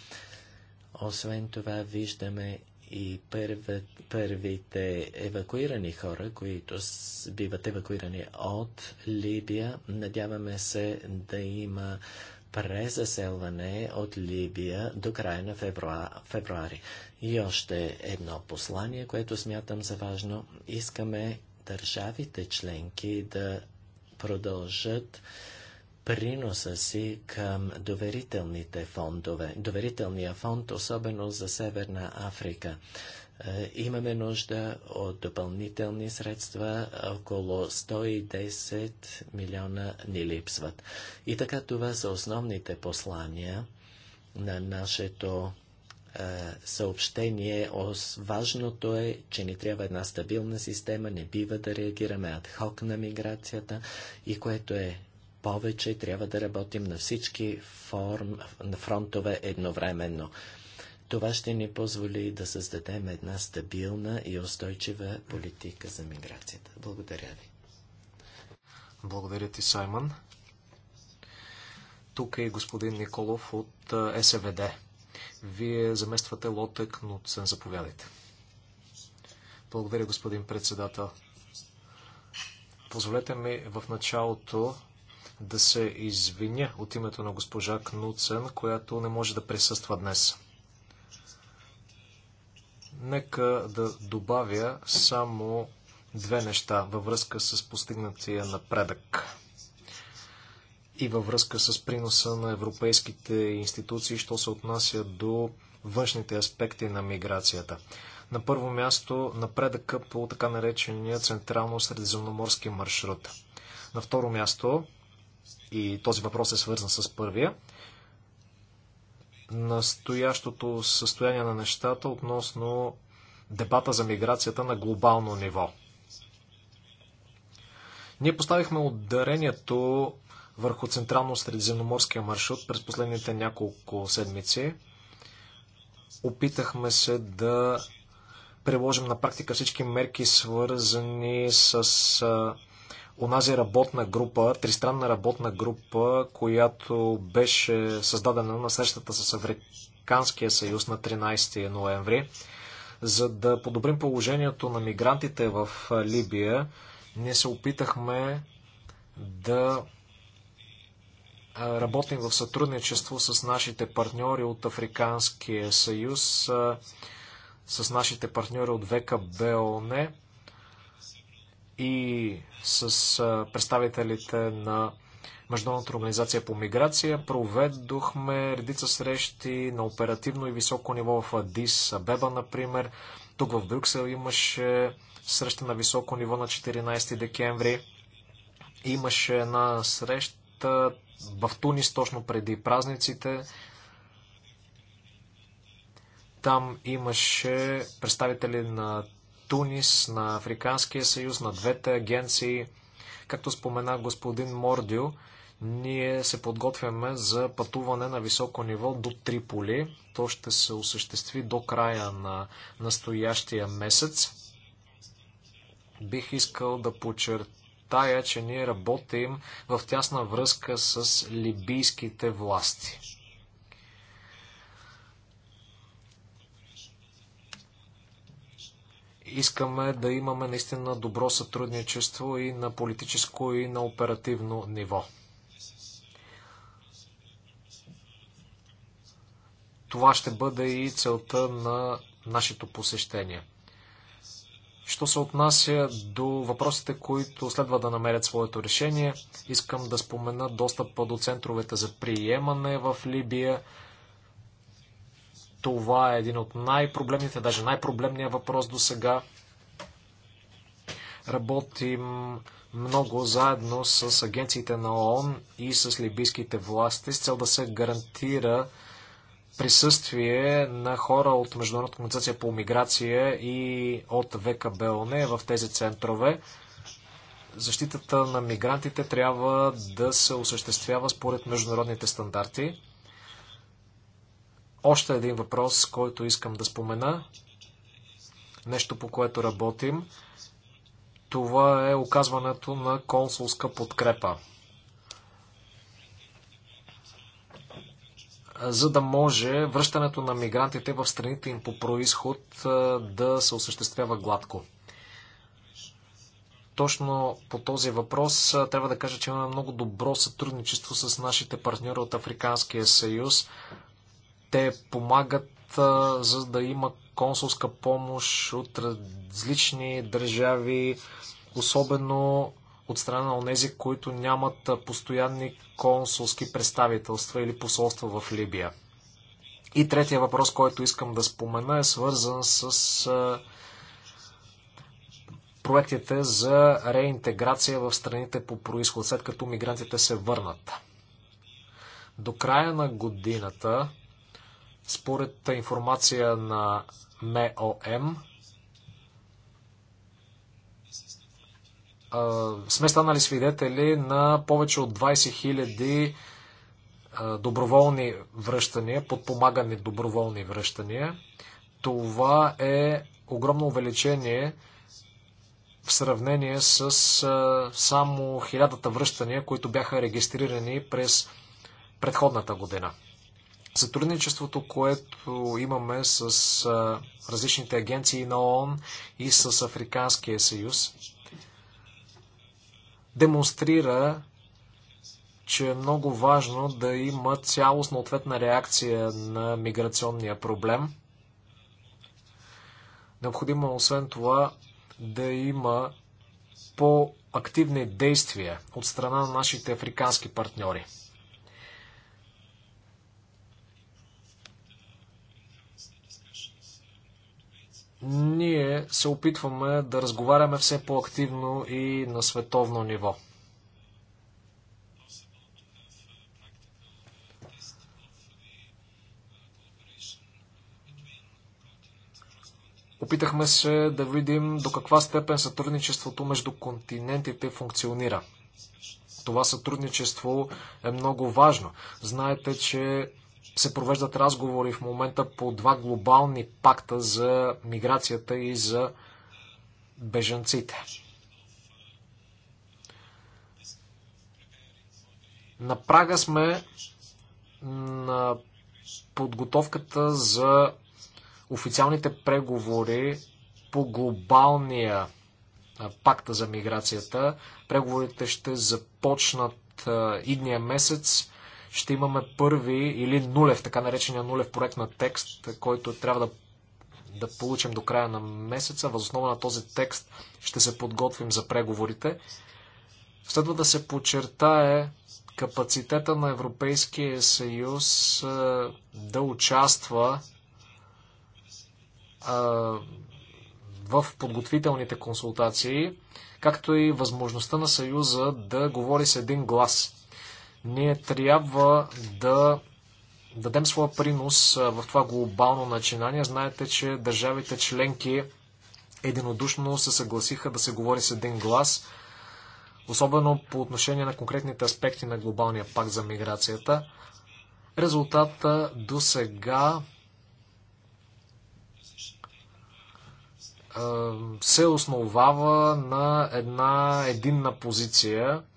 Освен това виждаме и първа, първите евакуирани хора, които с, биват евакуирани от Либия. Надяваме се да има презаселване от Либия до края на февруа, февруари. И още едно послание, което смятам за важно. Искаме държавите членки да продължат приноса си към доверителните фондове, доверителния фонд, особено за Северна Африка. Е, имаме нужда от допълнителни средства, около 110 милиона ни липсват. И така това са основните послания на нашето е, съобщение. важното е, че ни трябва една стабилна система, не бива да реагираме адхок на миграцията и което е повече трябва да работим на всички форм, на фронтове едновременно. Това ще ни позволи да създадем една стабилна и устойчива политика за миграцията. Благодаря ви. Благодаря ти, Саймън. Тук е господин Николов от СВД. Вие замествате Лотък, но заповядайте. Благодаря, господин председател. Позволете ми в началото да се извиня от името на госпожа Кнуцен, която не може да присъства днес. Нека да добавя само две неща във връзка с постигнатия напредък и във връзка с приноса на европейските институции, що се отнася до външните аспекти на миграцията. На първо място напредъка по така наречения Централно-Средиземноморски маршрут. На второ място и този въпрос е свързан с първия. Настоящото състояние на нещата относно дебата за миграцията на глобално ниво. Ние поставихме ударението върху Централно-Средиземноморския маршрут през последните няколко седмици. Опитахме се да приложим на практика всички мерки, свързани с онази работна група, тристранна работна група, която беше създадена на срещата с Африканския съюз на 13 ноември, за да подобрим положението на мигрантите в Либия. Ние се опитахме да работим в сътрудничество с нашите партньори от Африканския съюз, с нашите партньори от ВКБОНЕ и с представителите на Международната организация по миграция. Проведохме редица срещи на оперативно и високо ниво в Адис Абеба, например. Тук в Брюксел имаше среща на високо ниво на 14 декември. Имаше една среща в Тунис точно преди празниците. Там имаше представители на Тунис, на Африканския съюз, на двете агенции. Както спомена господин Мордио, ние се подготвяме за пътуване на високо ниво до Триполи. То ще се осъществи до края на настоящия месец. Бих искал да подчертая, че ние работим в тясна връзка с либийските власти. Искаме да имаме наистина добро сътрудничество и на политическо, и на оперативно ниво. Това ще бъде и целта на нашето посещение. Що се отнася до въпросите, които следва да намерят своето решение, искам да спомена достъпа до центровете за приемане в Либия. Това е един от най-проблемните, даже най-проблемният въпрос до сега. Работим много заедно с агенциите на ООН и с либийските власти с цел да се гарантира присъствие на хора от Международната организация по миграция и от ВКБОН в тези центрове. Защитата на мигрантите трябва да се осъществява според международните стандарти. Още един въпрос, който искам да спомена, нещо по което работим, това е оказването на консулска подкрепа. за да може връщането на мигрантите в страните им по происход да се осъществява гладко. Точно по този въпрос трябва да кажа, че имаме много добро сътрудничество с нашите партньори от Африканския съюз. Те помагат за да има консулска помощ от различни държави, особено от страна на онези, които нямат постоянни консулски представителства или посолства в Либия. И третия въпрос, който искам да спомена, е свързан с проектите за реинтеграция в страните по происход, след като мигрантите се върнат. До края на годината според информация на МОМ, сме станали свидетели на повече от 20 000 доброволни връщания, подпомагани доброволни връщания. Това е огромно увеличение в сравнение с само хилядата връщания, които бяха регистрирани през предходната година. Сътрудничеството, което имаме с различните агенции на ООН и с Африканския съюз, демонстрира, че е много важно да има цялостна ответна реакция на миграционния проблем. Необходимо е, освен това да има по-активни действия от страна на нашите африкански партньори. Ние се опитваме да разговаряме все по-активно и на световно ниво. Опитахме се да видим до каква степен сътрудничеството между континентите функционира. Това сътрудничество е много важно. Знаете, че се провеждат разговори в момента по два глобални пакта за миграцията и за бежанците. На прага сме на подготовката за официалните преговори по глобалния пакта за миграцията. Преговорите ще започнат идния месец ще имаме първи или нулев, така наречения нулев проект на текст, който трябва да, да получим до края на месеца. Възоснова на този текст ще се подготвим за преговорите. Следва да се подчертае капацитета на Европейския съюз да участва в подготвителните консултации, както и възможността на Съюза да говори с един глас ние трябва да дадем своя принос в това глобално начинание. Знаете, че държавите членки единодушно се съгласиха да се говори с един глас, особено по отношение на конкретните аспекти на глобалния пакт за миграцията. Резултата до сега се основава на една единна позиция –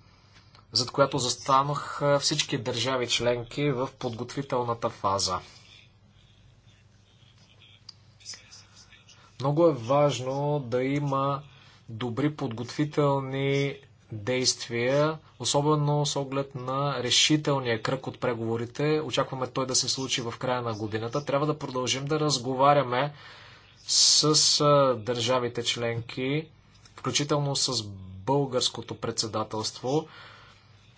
зад която застанах всички държави членки в подготвителната фаза. Много е важно да има добри подготвителни действия, особено с оглед на решителния кръг от преговорите. Очакваме той да се случи в края на годината. Трябва да продължим да разговаряме с държавите членки, включително с българското председателство.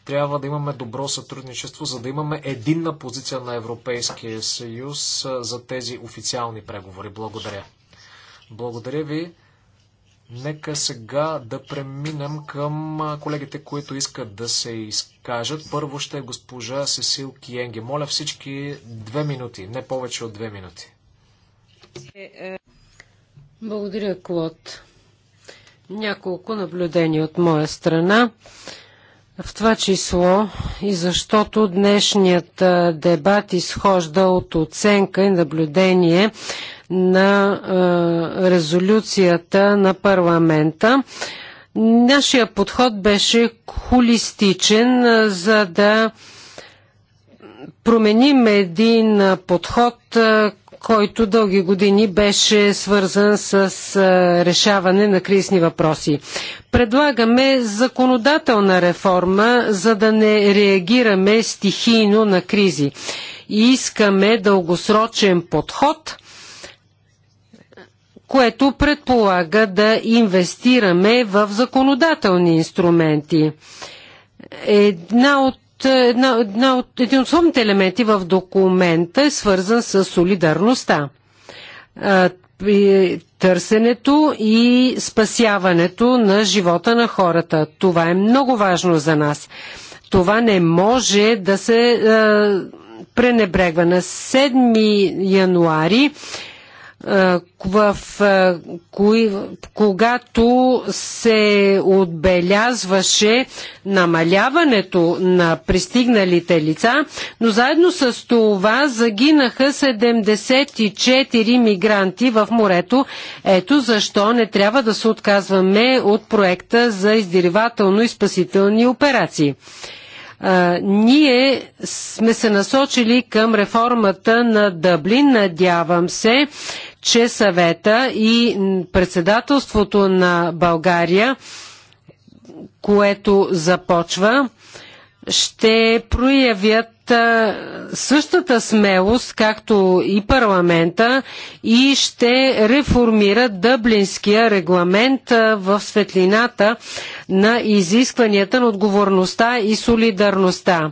Трябва да имаме добро сътрудничество, за да имаме единна позиция на Европейския съюз за тези официални преговори. Благодаря. Благодаря ви. Нека сега да преминем към колегите, които искат да се изкажат. Първо ще е госпожа Сесил Киенге. Моля всички две минути, не повече от две минути. Благодаря, Клод. Няколко наблюдения от моя страна. В това число и защото днешният дебат изхожда от оценка и наблюдение на е, резолюцията на парламента. Нашия подход беше холистичен, за да променим един подход който дълги години беше свързан с решаване на кризни въпроси. Предлагаме законодателна реформа, за да не реагираме стихийно на кризи. Искаме дългосрочен подход, което предполага да инвестираме в законодателни инструменти. Една от една, една от, един от основните елементи в документа е свързан с солидарността. Търсенето и спасяването на живота на хората. Това е много важно за нас. Това не може да се пренебрегва. На 7 януари е, в, е, кои, когато се отбелязваше намаляването на пристигналите лица, но заедно с това загинаха 74 мигранти в морето. Ето защо не трябва да се отказваме от проекта за издиривателно и спасителни операции ние сме се насочили към реформата на Дъблин. Надявам се, че съвета и председателството на България, което започва, ще проявят същата смелост, както и парламента, и ще реформират дъблинския регламент в светлината на изискванията на отговорността и солидарността.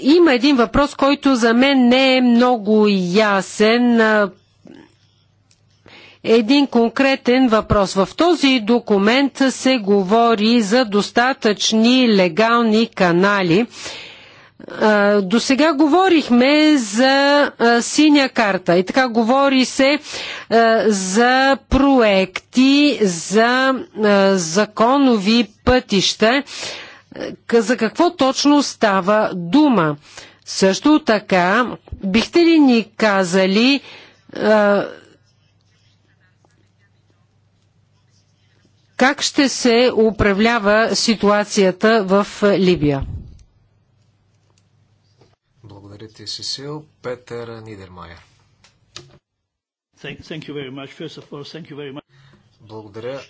Има един въпрос, който за мен не е много ясен един конкретен въпрос. В този документ се говори за достатъчни легални канали. До сега говорихме за синя карта и така говори се за проекти, за законови пътища. За какво точно става дума? Също така, бихте ли ни казали Как ще се управлява ситуацията в е, Либия? Благодаря ти, Сесил. Петър Нидермайер. Благодаря.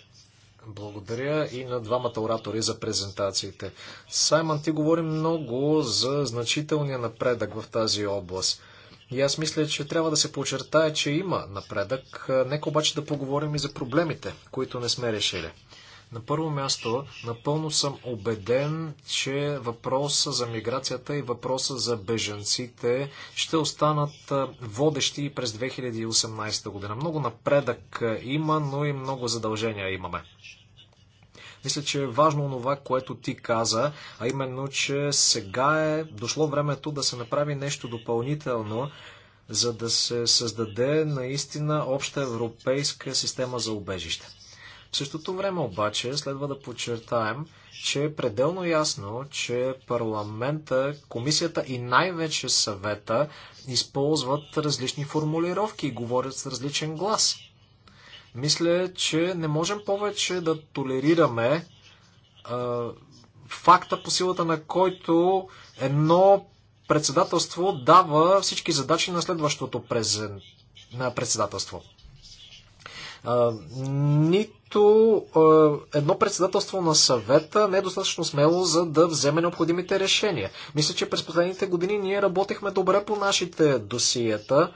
Благодаря и на двамата оратори за презентациите. Саймон, ти говори много за значителния напредък в тази област. И аз мисля, че трябва да се подчертае, че има напредък. Нека обаче да поговорим и за проблемите, които не сме решили. На първо място, напълно съм убеден, че въпроса за миграцията и въпроса за беженците ще останат водещи и през 2018 година. Много напредък има, но и много задължения имаме. Мисля, че е важно това, което ти каза, а именно, че сега е дошло времето да се направи нещо допълнително, за да се създаде наистина обща европейска система за убежище. В същото време обаче следва да подчертаем, че е пределно ясно, че парламента, комисията и най-вече съвета използват различни формулировки и говорят с различен глас. Мисля, че не можем повече да толерираме а, факта по силата на който едно председателство дава всички задачи на следващото презен... на председателство. А, нито а, едно председателство на съвета не е достатъчно смело, за да вземе необходимите решения. Мисля, че през последните години ние работехме добре по нашите досиета.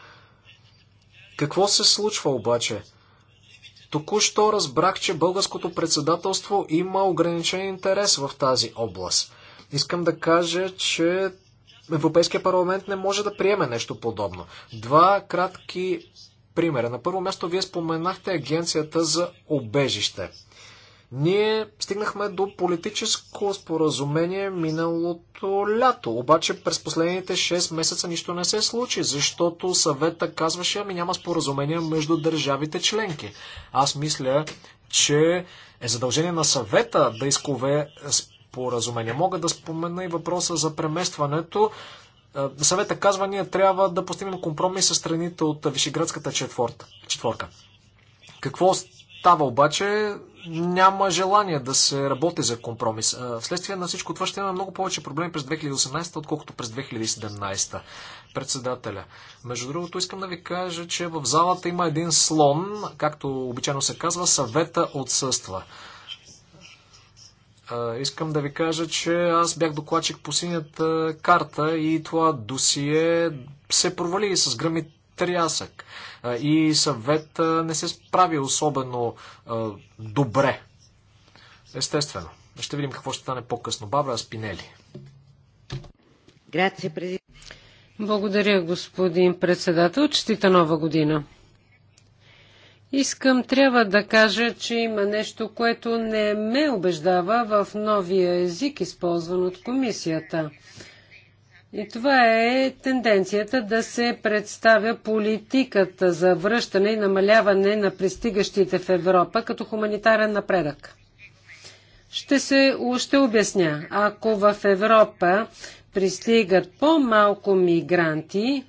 Какво се случва обаче? Току-що разбрах, че българското председателство има ограничен интерес в тази област. Искам да кажа, че Европейския парламент не може да приеме нещо подобно. Два кратки примера. На първо място вие споменахте агенцията за обежище. Ние стигнахме до политическо споразумение миналото лято, обаче през последните 6 месеца нищо не се случи, защото съвета казваше, ами няма споразумение между държавите членки. Аз мисля, че е задължение на съвета да изкове споразумение. Мога да спомена и въпроса за преместването. Е, съвета казва, ние трябва да постигнем компромис с страните от Вишеградската четворка. Какво става, обаче няма желание да се работи за компромис. Вследствие на всичко това ще има много повече проблеми през 2018, отколкото през 2017. Председателя. Между другото, искам да ви кажа, че в залата има един слон, както обичайно се казва, съвета отсъства. Искам да ви кажа, че аз бях докладчик по синята карта и това досие се провали с гръмите трясък. И съвет не се справи особено добре. Естествено. Ще видим какво ще стане по-късно. Бабра Спинели. Благодаря, господин председател. Четита нова година. Искам, трябва да кажа, че има нещо, което не ме убеждава в новия език, използван от комисията. И това е тенденцията да се представя политиката за връщане и намаляване на пристигащите в Европа като хуманитарен напредък. Ще, се, още обясня. Ако в Европа пристигат по-малко мигранти,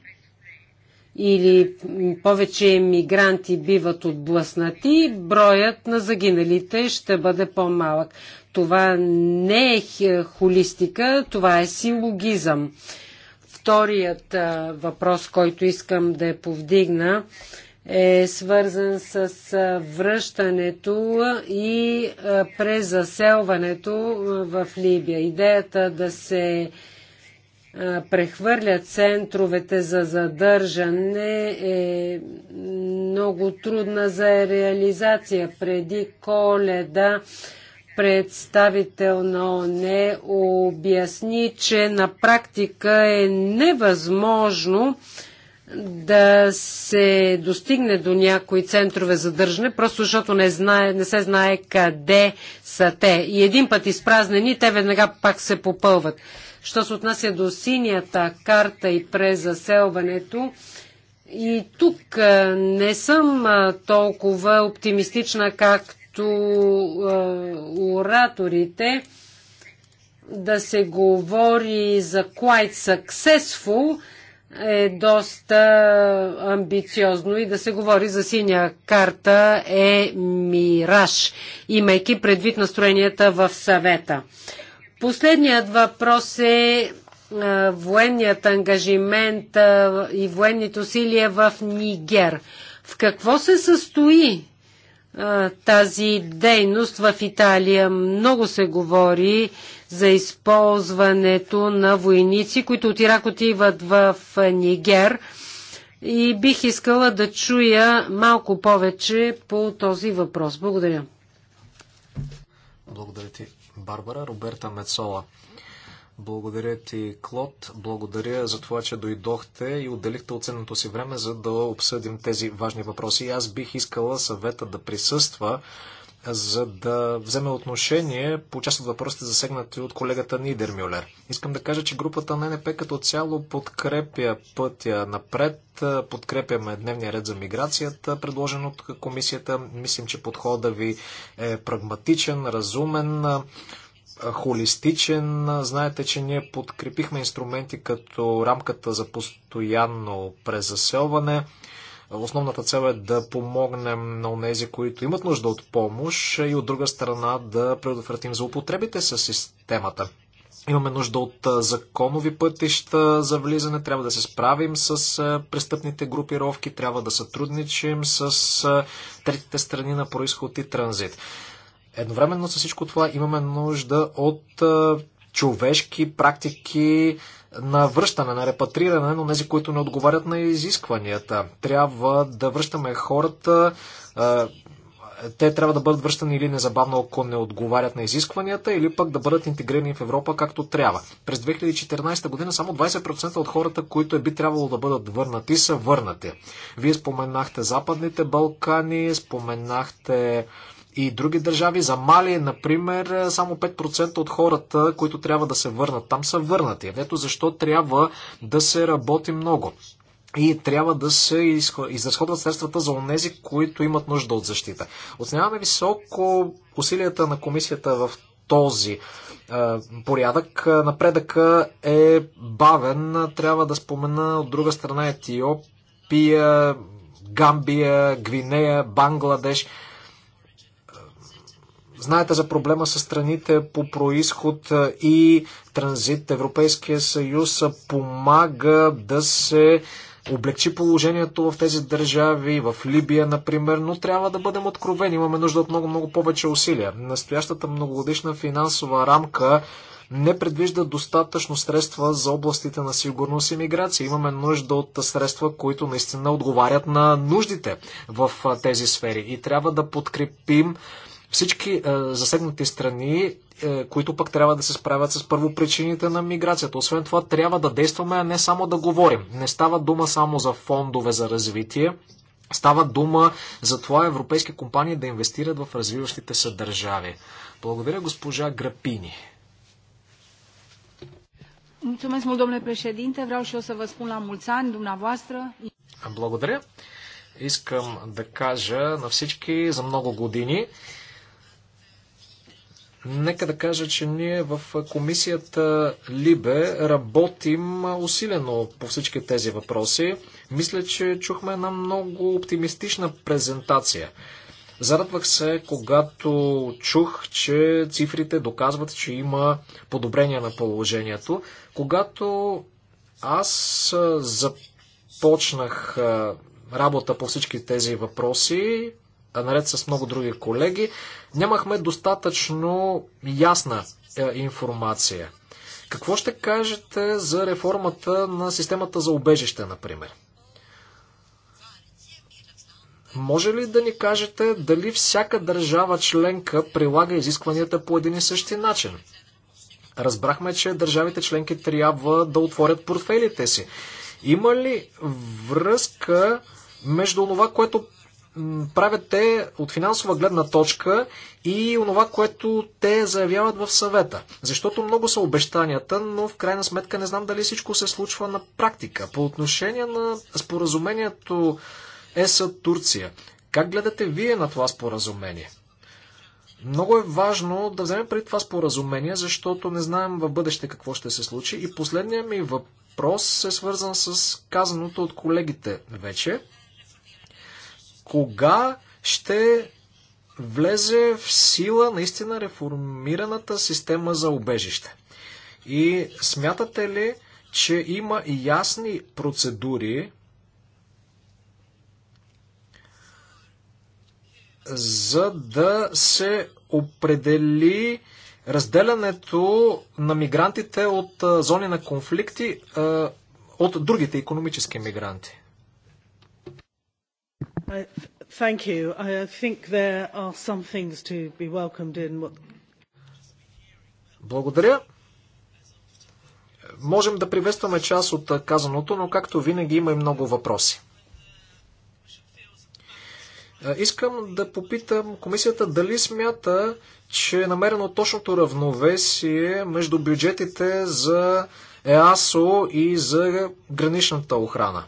или повече мигранти биват отблъснати, броят на загиналите ще бъде по-малък. Това не е холистика, това е силогизъм. Вторият въпрос, който искам да повдигна, е свързан с връщането и презаселването в Либия. Идеята да се прехвърлят центровете за задържане е много трудна за реализация. Преди коледа представител на ОНЕ обясни, че на практика е невъзможно да се достигне до някои центрове за държане, просто защото не, знае, не се знае къде са те. И един път изпразнени, те веднага пак се попълват. Що се отнася до синята карта и презаселването, и тук не съм толкова оптимистична, както ораторите да се говори за quite successful е доста амбициозно и да се говори за синя карта е мираж, имайки предвид настроенията в съвета. Последният въпрос е военният ангажимент и военните усилия в Нигер. В какво се състои тази дейност в Италия? Много се говори за използването на войници, които от Ирак отиват в Нигер. И бих искала да чуя малко повече по този въпрос. Благодаря. Благодаря ти, Барбара. Роберта Мецола. Благодаря ти, Клод. Благодаря за това, че дойдохте и отделихте оценното си време, за да обсъдим тези важни въпроси. аз бих искала съвета да присъства за да вземе отношение по част от въпросите засегнати от колегата Нидермюлер. Искам да кажа, че групата на НП като цяло подкрепя пътя напред, подкрепяме дневния ред за миграцията, предложен от комисията. Мислим, че подходът ви е прагматичен, разумен, холистичен. Знаете, че ние подкрепихме инструменти като рамката за постоянно презаселване, Основната цел е да помогнем на тези, които имат нужда от помощ и от друга страна да предотвратим злоупотребите с системата. Имаме нужда от законови пътища за влизане, трябва да се справим с престъпните групировки, трябва да сътрудничим с третите страни на происход и транзит. Едновременно с всичко това имаме нужда от човешки практики на връщане, на репатриране на тези, които не отговарят на изискванията. Трябва да връщаме хората. Те трябва да бъдат връщани или незабавно, ако не отговарят на изискванията, или пък да бъдат интегрирани в Европа както трябва. През 2014 година само 20% от хората, които е би трябвало да бъдат върнати, са върнати. Вие споменахте Западните Балкани, споменахте и други държави. За Мали, например, само 5% от хората, които трябва да се върнат там, са върнати. Ето защо трябва да се работи много. И трябва да се изразходват средствата за онези, които имат нужда от защита. Оценяваме високо усилията на комисията в този е, порядък. Напредъка е бавен. Трябва да спомена от друга страна Етиопия, Гамбия, Гвинея, Бангладеш. Знаете за проблема с страните по происход и транзит. Европейския съюз помага да се облегчи положението в тези държави, в Либия, например, но трябва да бъдем откровени. Имаме нужда от много-много повече усилия. Настоящата многогодишна финансова рамка не предвижда достатъчно средства за областите на сигурност и миграция. Имаме нужда от средства, които наистина отговарят на нуждите в тези сфери. И трябва да подкрепим всички е, засегнати страни, е, които пък трябва да се справят с първопричините на миграцията. Освен това, трябва да действаме, а не само да говорим. Не става дума само за фондове за развитие. Става дума за това европейски компании да инвестират в развиващите се държави. Благодаря госпожа Грапини. Mulțumesc mult, domnule președinte. Vreau și eu să vă spun la mulți ani, dumneavoastră. Благодаря. Искам да кажа на всички за много години. Нека да кажа, че ние в комисията Либе работим усилено по всички тези въпроси. Мисля, че чухме една много оптимистична презентация. Зарадвах се, когато чух, че цифрите доказват, че има подобрение на положението. Когато аз започнах работа по всички тези въпроси, наред с много други колеги, нямахме достатъчно ясна е, информация. Какво ще кажете за реформата на системата за обежище, например? Може ли да ни кажете дали всяка държава членка прилага изискванията по един и същи начин? Разбрахме, че държавите членки трябва да отворят портфелите си. Има ли връзка между това, което правят те от финансова гледна точка и онова, което те заявяват в съвета. Защото много са обещанията, но в крайна сметка не знам дали всичко се случва на практика. По отношение на споразумението ЕС Турция, как гледате вие на това споразумение? Много е важно да вземем преди това споразумение, защото не знаем в бъдеще какво ще се случи. И последният ми въпрос е свързан с казаното от колегите вече. Кога ще влезе в сила наистина реформираната система за обежище? И смятате ли, че има ясни процедури за да се определи разделянето на мигрантите от зони на конфликти от другите економически мигранти? Thank you. I think there are some things to be welcomed in what... Благодаря. Можем да приветстваме част от казаното, но както винаги има и много въпроси. Е, искам да попитам комисията дали смята, че е намерено точното равновесие между бюджетите за ЕАСО и за граничната охрана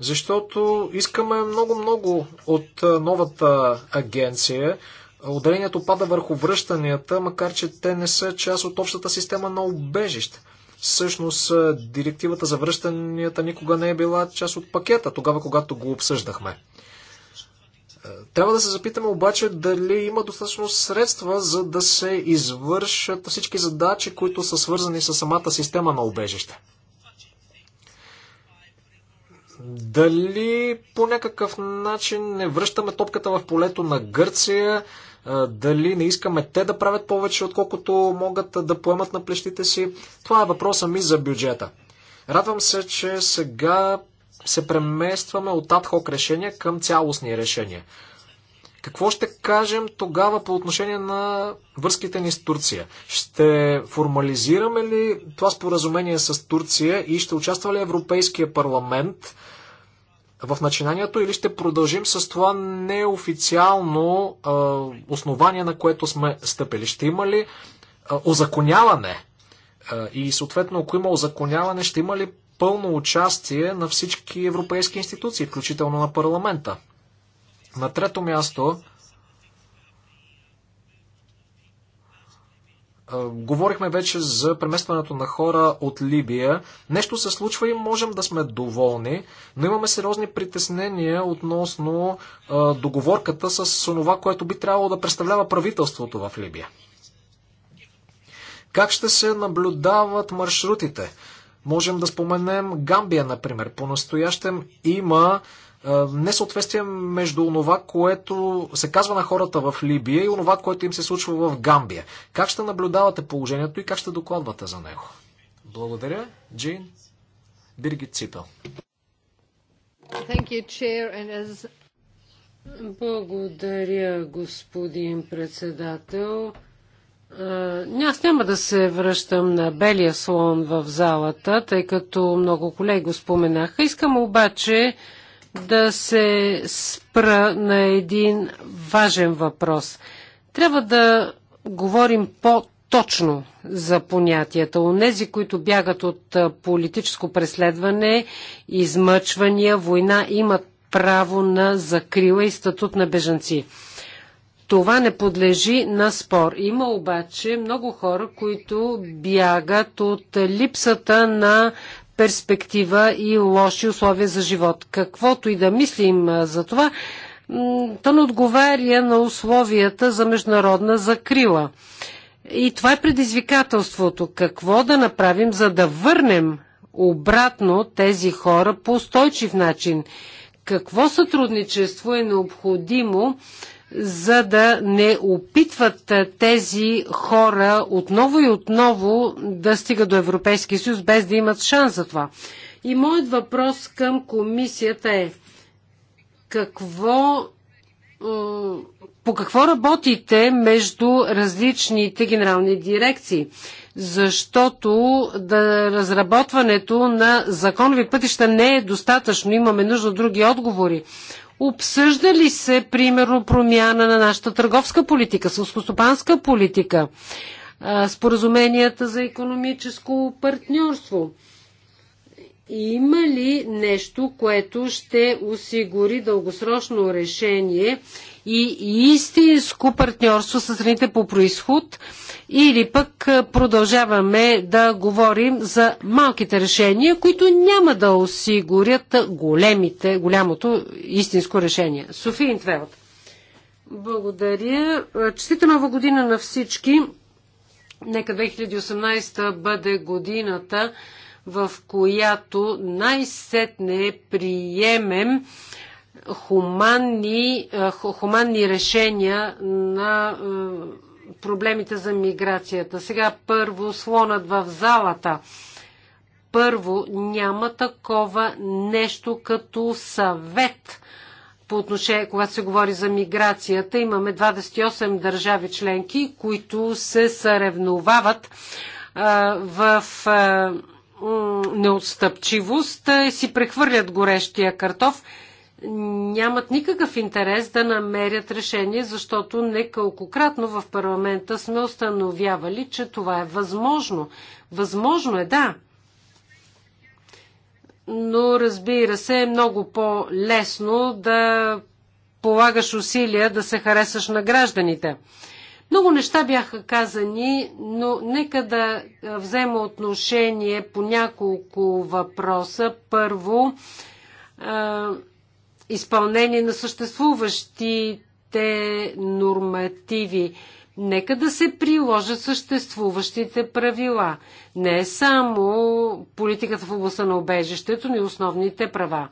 защото искаме много-много от новата агенция. Отделението пада върху връщанията, макар че те не са част от общата система на убежище. Всъщност, директивата за връщанията никога не е била част от пакета, тогава когато го обсъждахме. Трябва да се запитаме обаче дали има достатъчно средства, за да се извършат всички задачи, които са свързани с самата система на убежище. Дали по някакъв начин не връщаме топката в полето на Гърция? Дали не искаме те да правят повече, отколкото могат да поемат на плещите си? Това е въпроса ми за бюджета. Радвам се, че сега се преместваме от адхок решения към цялостни решения. Какво ще кажем тогава по отношение на връзките ни с Турция? Ще формализираме ли това споразумение с Турция и ще участва ли Европейския парламент в начинанието или ще продължим с това неофициално а, основание, на което сме стъпили? Ще има ли а, озаконяване? А, и съответно, ако има озаконяване, ще има ли пълно участие на всички европейски институции, включително на парламента? На трето място, говорихме вече за преместването на хора от Либия. Нещо се случва и можем да сме доволни, но имаме сериозни притеснения относно договорката с това, което би трябвало да представлява правителството в Либия. Как ще се наблюдават маршрутите? Можем да споменем Гамбия, например. По-настоящем има е, несъответствие между онова, което се казва на хората в Либия и онова, което им се случва в Гамбия. Как ще наблюдавате положението и как ще докладвате за него? Благодаря. Джин Биргит Ципел. Благодаря, господин председател. Аз няма да се връщам на белия слон в залата, тъй като много колеги го споменаха. Искам обаче да се спра на един важен въпрос. Трябва да говорим по-точно за понятията. Онези, които бягат от политическо преследване, измъчвания, война, имат право на закрила и статут на бежанци. Това не подлежи на спор. Има обаче много хора, които бягат от липсата на перспектива и лоши условия за живот. Каквото и да мислим за това, то не отговаря на условията за международна закрила. И това е предизвикателството. Какво да направим, за да върнем обратно тези хора по устойчив начин? Какво сътрудничество е необходимо за да не опитват тези хора отново и отново да стигат до Европейския съюз, без да имат шанс за това. И моят въпрос към комисията е какво, по какво работите между различните генерални дирекции? Защото да разработването на законови пътища не е достатъчно. Имаме нужда от други отговори. Обсъжда ли се, примерно, промяна на нашата търговска политика, сълскостопанска политика, споразуменията за економическо партньорство? Има ли нещо, което ще осигури дългосрочно решение и истинско партньорство с страните по происход или пък продължаваме да говорим за малките решения, които няма да осигурят големите, голямото истинско решение. София Интвелт. Благодаря. Честита нова година на всички. Нека 2018 бъде годината, в която най-сетне приемем хуманни, е, хуманни решения на е, проблемите за миграцията. Сега първо слонът в залата. Първо няма такова нещо като съвет по отношение, когато се говори за миграцията. Имаме 28 държави членки, които се съревновават а, е, в а, неотстъпчивост и си прехвърлят горещия картоф нямат никакъв интерес да намерят решение, защото неколкократно в парламента сме установявали, че това е възможно. Възможно е, да. Но разбира се, е много по-лесно да полагаш усилия да се харесаш на гражданите. Много неща бяха казани, но нека да взема отношение по няколко въпроса. Първо, изпълнение на съществуващите нормативи. Нека да се приложат съществуващите правила. Не само политиката в областта на обежището, но и основните права.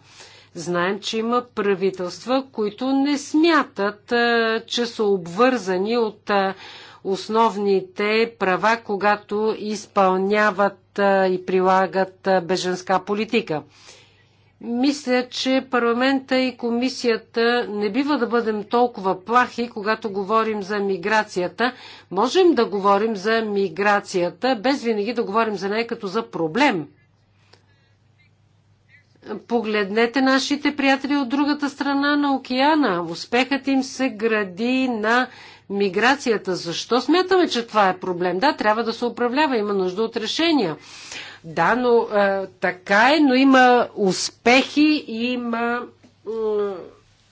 Знаем, че има правителства, които не смятат, е, че са обвързани от е, основните права, когато изпълняват е, и прилагат беженска политика. Мисля, че парламента и комисията не бива да бъдем толкова плахи, когато говорим за миграцията. Можем да говорим за миграцията, без винаги да говорим за нея като за проблем. Погледнете нашите приятели от другата страна на океана. Успехът им се гради на миграцията. Защо смятаме, че това е проблем? Да, трябва да се управлява, има нужда от решения. Да, но а, е, така е, но има успехи и има м,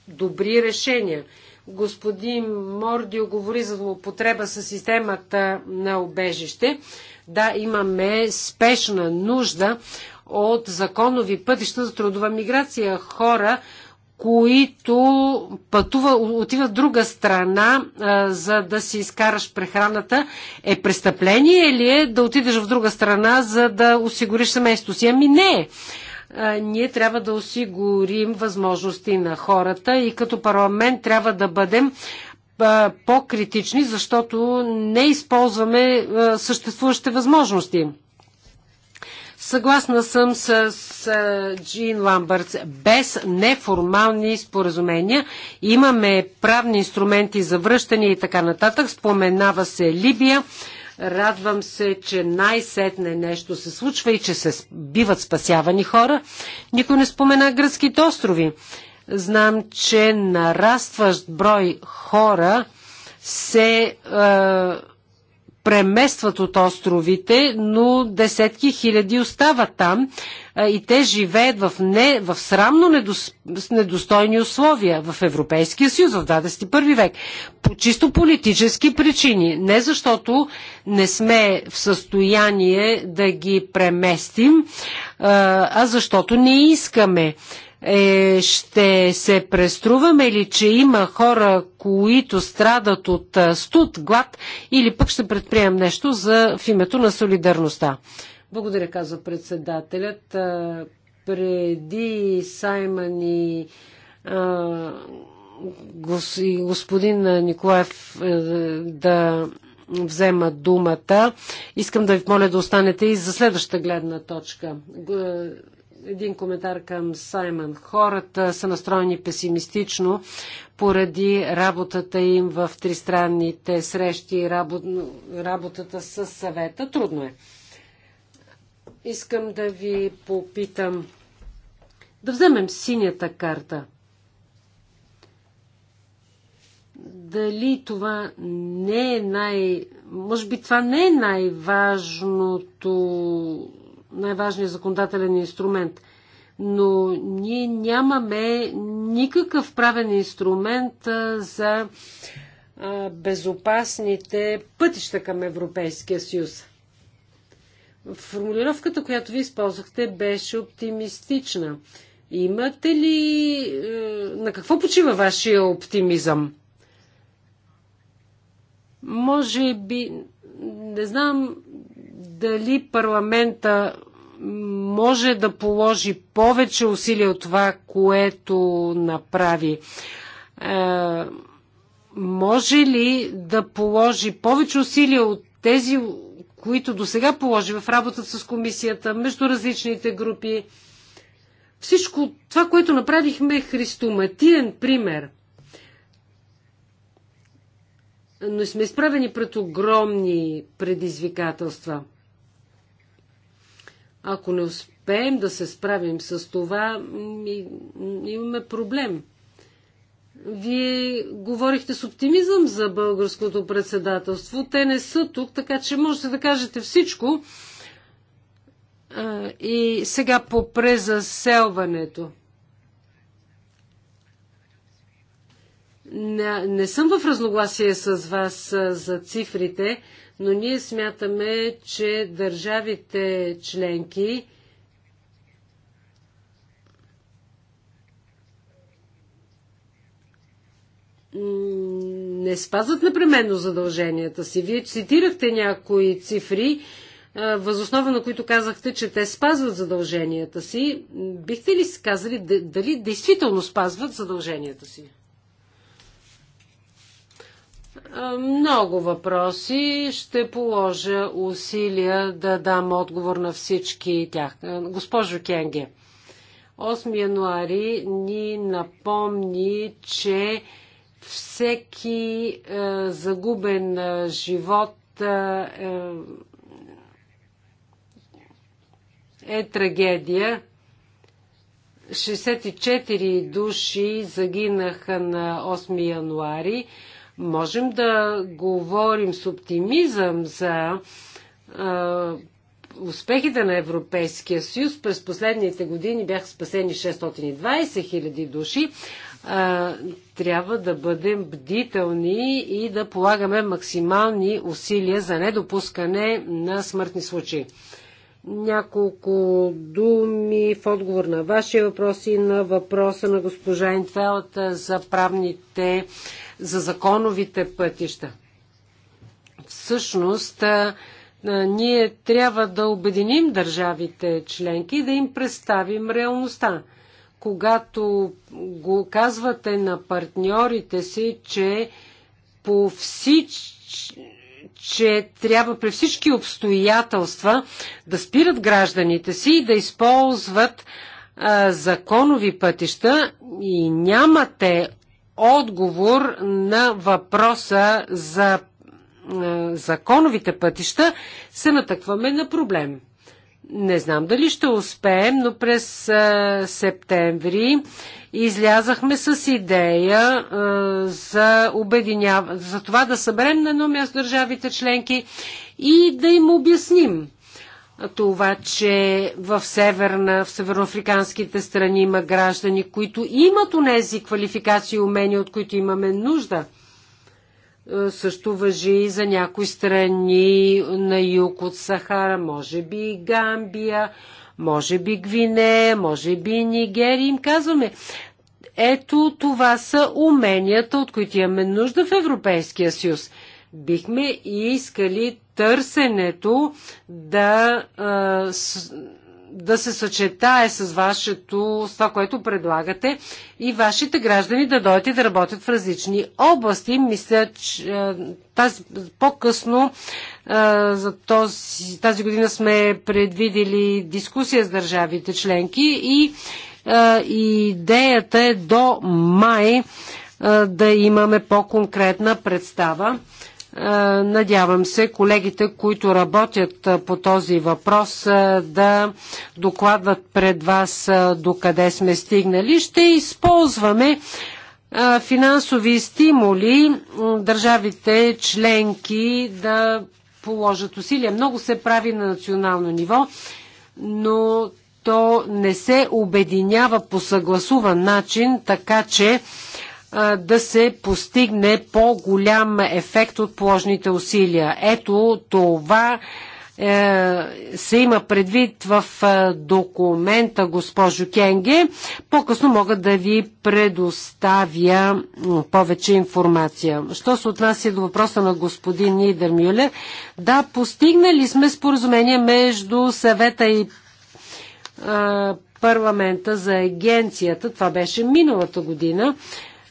добри решения. Господин Мордио говори за злоупотреба с системата на обежище. Да, имаме спешна нужда от законови пътища за трудова миграция. Хора, които пътува, отива в друга страна, а, за да си изкараш прехраната, е престъпление или е да отидеш в друга страна, за да осигуриш семейството си? Ами не! А, ние трябва да осигурим възможности на хората и като парламент трябва да бъдем по-критични, защото не използваме съществуващите възможности. Съгласна съм с Джин Ламбъртс. Без неформални споразумения имаме правни инструменти за връщане и така нататък. Споменава се Либия. Радвам се, че най-сетне нещо се случва и че се биват спасявани хора. Никой не спомена гръцките острови. Знам, че нарастващ брой хора се. Е, преместват от островите, но десетки хиляди остават там и те живеят в, не, в срамно недос, недостойни условия в Европейския съюз в 21 век. По чисто политически причини. Не защото не сме в състояние да ги преместим, а защото не искаме. Е, ще се преструваме ли, че има хора, които страдат от студ, глад или пък ще предприем нещо за, в името на солидарността? Благодаря, казва председателят. Преди Саймън и господин Николаев е, да взема думата. Искам да ви моля да останете и за следващата гледна точка един коментар към Саймън. Хората са настроени песимистично поради работата им в тристранните срещи и работата с съвета. Трудно е. Искам да ви попитам да вземем синята карта. Дали това не е най... Може би това не е най-важното най-важният законодателен инструмент. Но ние нямаме никакъв правен инструмент за безопасните пътища към Европейския съюз. Формулировката, която ви използвахте, беше оптимистична. Имате ли... Е, на какво почива вашия оптимизъм? Може би... Не знам дали парламента може да положи повече усилия от това, което направи. Е, може ли да положи повече усилия от тези, които до сега положи в работата с комисията, между различните групи? Всичко това, което направихме е христоматиен пример. Но сме изправени пред огромни предизвикателства – ако не успеем да се справим с това, имаме проблем. Вие говорихте с оптимизъм за българското председателство. Те не са тук, така че можете да кажете всичко. И сега по презаселването. Не, не съм в разногласие с вас за цифрите, но ние смятаме, че държавите членки не спазват непременно задълженията си. Вие цитирахте някои цифри, възоснова на които казахте, че те спазват задълженията си. Бихте ли си казали дали действително спазват задълженията си? Много въпроси. Ще положа усилия да дам отговор на всички тях. Госпожо Кенге, 8 януари ни напомни, че всеки е, загубен е, живот е, е трагедия. 64 души загинаха на 8 януари. Можем да говорим с оптимизъм за а, успехите на Европейския съюз. През последните години бяха спасени 620 хиляди души. А, трябва да бъдем бдителни и да полагаме максимални усилия за недопускане на смъртни случаи. Няколко думи в отговор на вашия въпрос и на въпроса на госпожа Инфелта за правните за законовите пътища. Всъщност, ние трябва да обединим държавите членки и да им представим реалността. Когато го казвате на партньорите си, че по всич... че трябва при всички обстоятелства да спират гражданите си и да използват а, законови пътища и нямате отговор на въпроса за е, законовите пътища, се натъкваме на проблем. Не знам дали ще успеем, но през а, е, септември излязахме с идея а, е, за, обединява, за това да съберем на едно място държавите членки и да им обясним това, че в, северна, в северноафриканските страни има граждани, които имат онези квалификации и умения, от които имаме нужда. Е, също въжи и за някои страни на юг от Сахара, може би Гамбия, може би Гвине, може би Нигерия. Им казваме, ето това са уменията, от които имаме нужда в Европейския съюз – бихме искали търсенето да, да се съчетае с вашето, с това, което предлагате и вашите граждани да дойдат и да работят в различни области. Мисля, че тази, по-късно за този, тази година сме предвидели дискусия с държавите членки и, и идеята е до май да имаме по-конкретна представа. Е, надявам се колегите, които работят е, по този въпрос, е, да докладват пред вас докъде сме стигнали. Ще използваме финансови стимули държавите членки да положат усилия. Много се прави на национално ниво, но то не се обединява по съгласуван начин, така че да се постигне по-голям ефект от положните усилия. Ето това е, се има предвид в е, документа, госпожо Кенге. По-късно мога да ви предоставя повече информация. Що се отнася до въпроса на господин Мюлер? да, постигнали сме споразумение между съвета и е, парламента за агенцията. Това беше миналата година.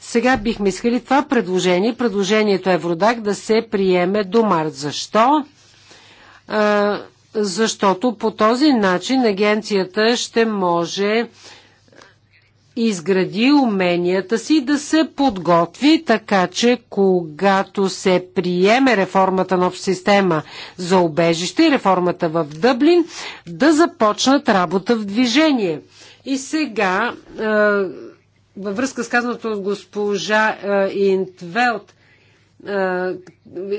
Сега бихме искали това предложение, предложението Евродак да се приеме до март. Защо? Защото по този начин агенцията ще може изгради уменията си да се подготви, така че когато се приеме реформата на система за обежище и реформата в Дъблин, да започнат работа в движение. И сега във връзка с казаното от госпожа е, Интвелт, е,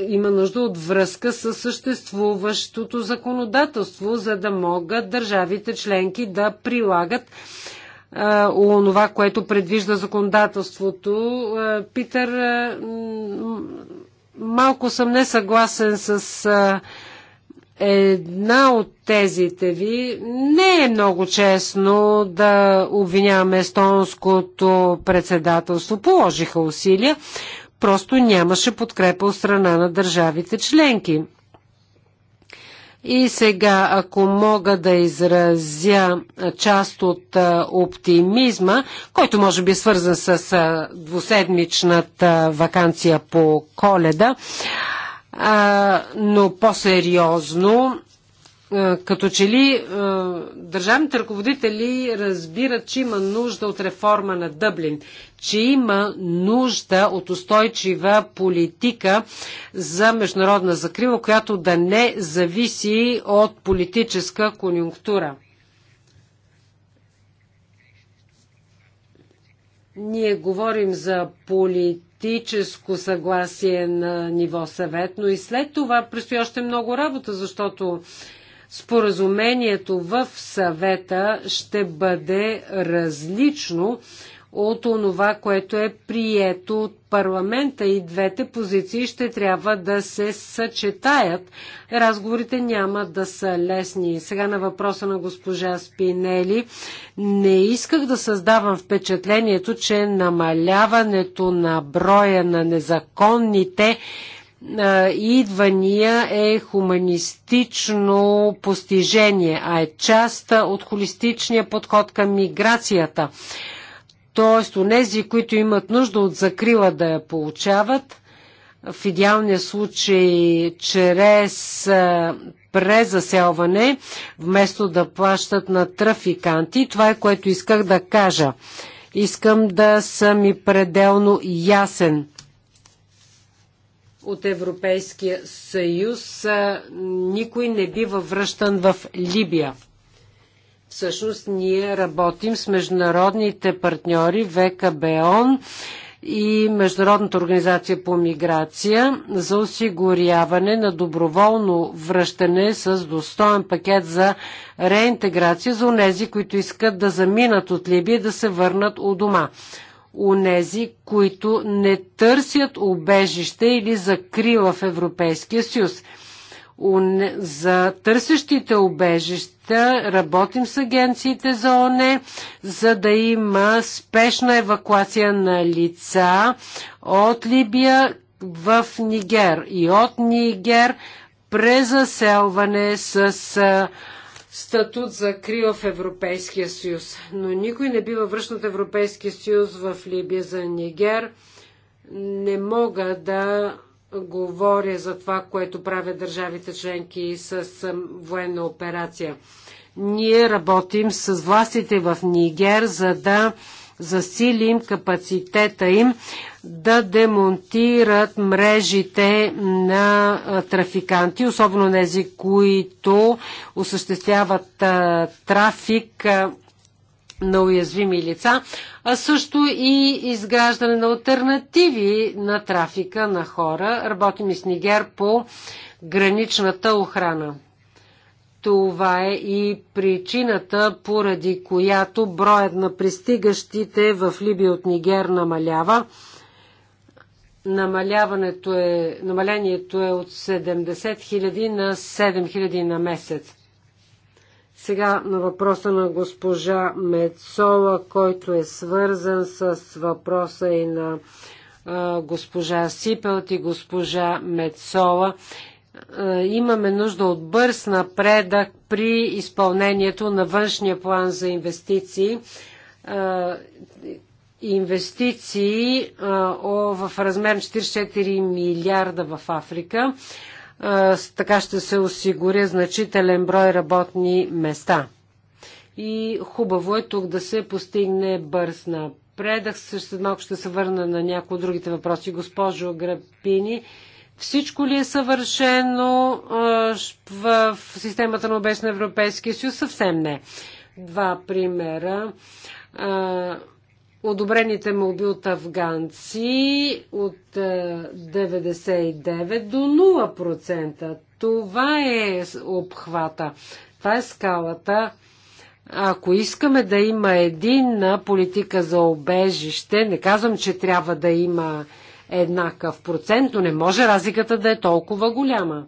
има нужда от връзка с съществуващото законодателство, за да могат държавите членки да прилагат е, онова, което предвижда законодателството. Питър, малко съм несъгласен с една от тезите ви не е много честно да обвиняваме естонското председателство. Положиха усилия, просто нямаше подкрепа от страна на държавите членки. И сега, ако мога да изразя част от оптимизма, който може би е свързан с двуседмичната вакансия по коледа, а, но по-сериозно, като че ли а, държавните ръководители разбират, че има нужда от реформа на Дъблин, че има нужда от устойчива политика за международна закрива, която да не зависи от политическа конюнктура. Ние говорим за полит политическо съгласие на ниво съвет, но и след това предстои още много работа, защото споразумението в съвета ще бъде различно от онова, което е прието от парламента и двете позиции ще трябва да се съчетаят. Разговорите няма да са лесни. Сега на въпроса на госпожа Спинели. Не исках да създавам впечатлението, че намаляването на броя на незаконните идвания е хуманистично постижение, а е част от холистичния подход към миграцията т.е. онези, които имат нужда от закрила да я получават, в идеалния случай чрез презаселване, вместо да плащат на трафиканти. Това е което исках да кажа. Искам да съм и пределно ясен. От Европейския съюз никой не бива връщан в Либия. Всъщност ние работим с международните партньори ВКБОН и Международната организация по миграция за осигуряване на доброволно връщане с достоен пакет за реинтеграция за онези, които искат да заминат от Либия и да се върнат у дома. Онези, които не търсят убежище или закрила в Европейския съюз – за търсещите обежища, работим с агенциите за ОНЕ, за да има спешна евакуация на лица от Либия в Нигер и от Нигер презаселване с статут за Крил в Европейския съюз. Но никой не бива връщан от Европейския съюз в Либия за Нигер. Не мога да говоря за това, което правят държавите членки с военна операция. Ние работим с властите в Нигер, за да засилим капацитета им да демонтират мрежите на трафиканти, особено тези, които осъществяват трафик на уязвими лица, а също и изграждане на альтернативи на трафика на хора. Работим и с Нигер по граничната охрана. Това е и причината, поради която броят на пристигащите в Либия от Нигер намалява. Намаляването е, намалението е от 70 000 на 7 000 на месец. Сега на въпроса на госпожа Мецола, който е свързан с въпроса и на а, госпожа Сипелт и госпожа Мецола. А, имаме нужда от бърз напредък при изпълнението на външния план за инвестиции. А, инвестиции о, в размер 44 милиарда в Африка. Така ще се осигуря значителен брой работни места. И хубаво е тук да се постигне бърз напредък. Също малко ще се върна на някои от другите въпроси. Госпожо Грапини, всичко ли е съвършено в системата на обещане на Европейския съюз? Съвсем не. Два примера одобрените молби от афганци от 99 е, до 0%. Това е обхвата. Това е скалата. Ако искаме да има единна политика за обежище, не казвам, че трябва да има еднакъв процент, но не може разликата да е толкова голяма.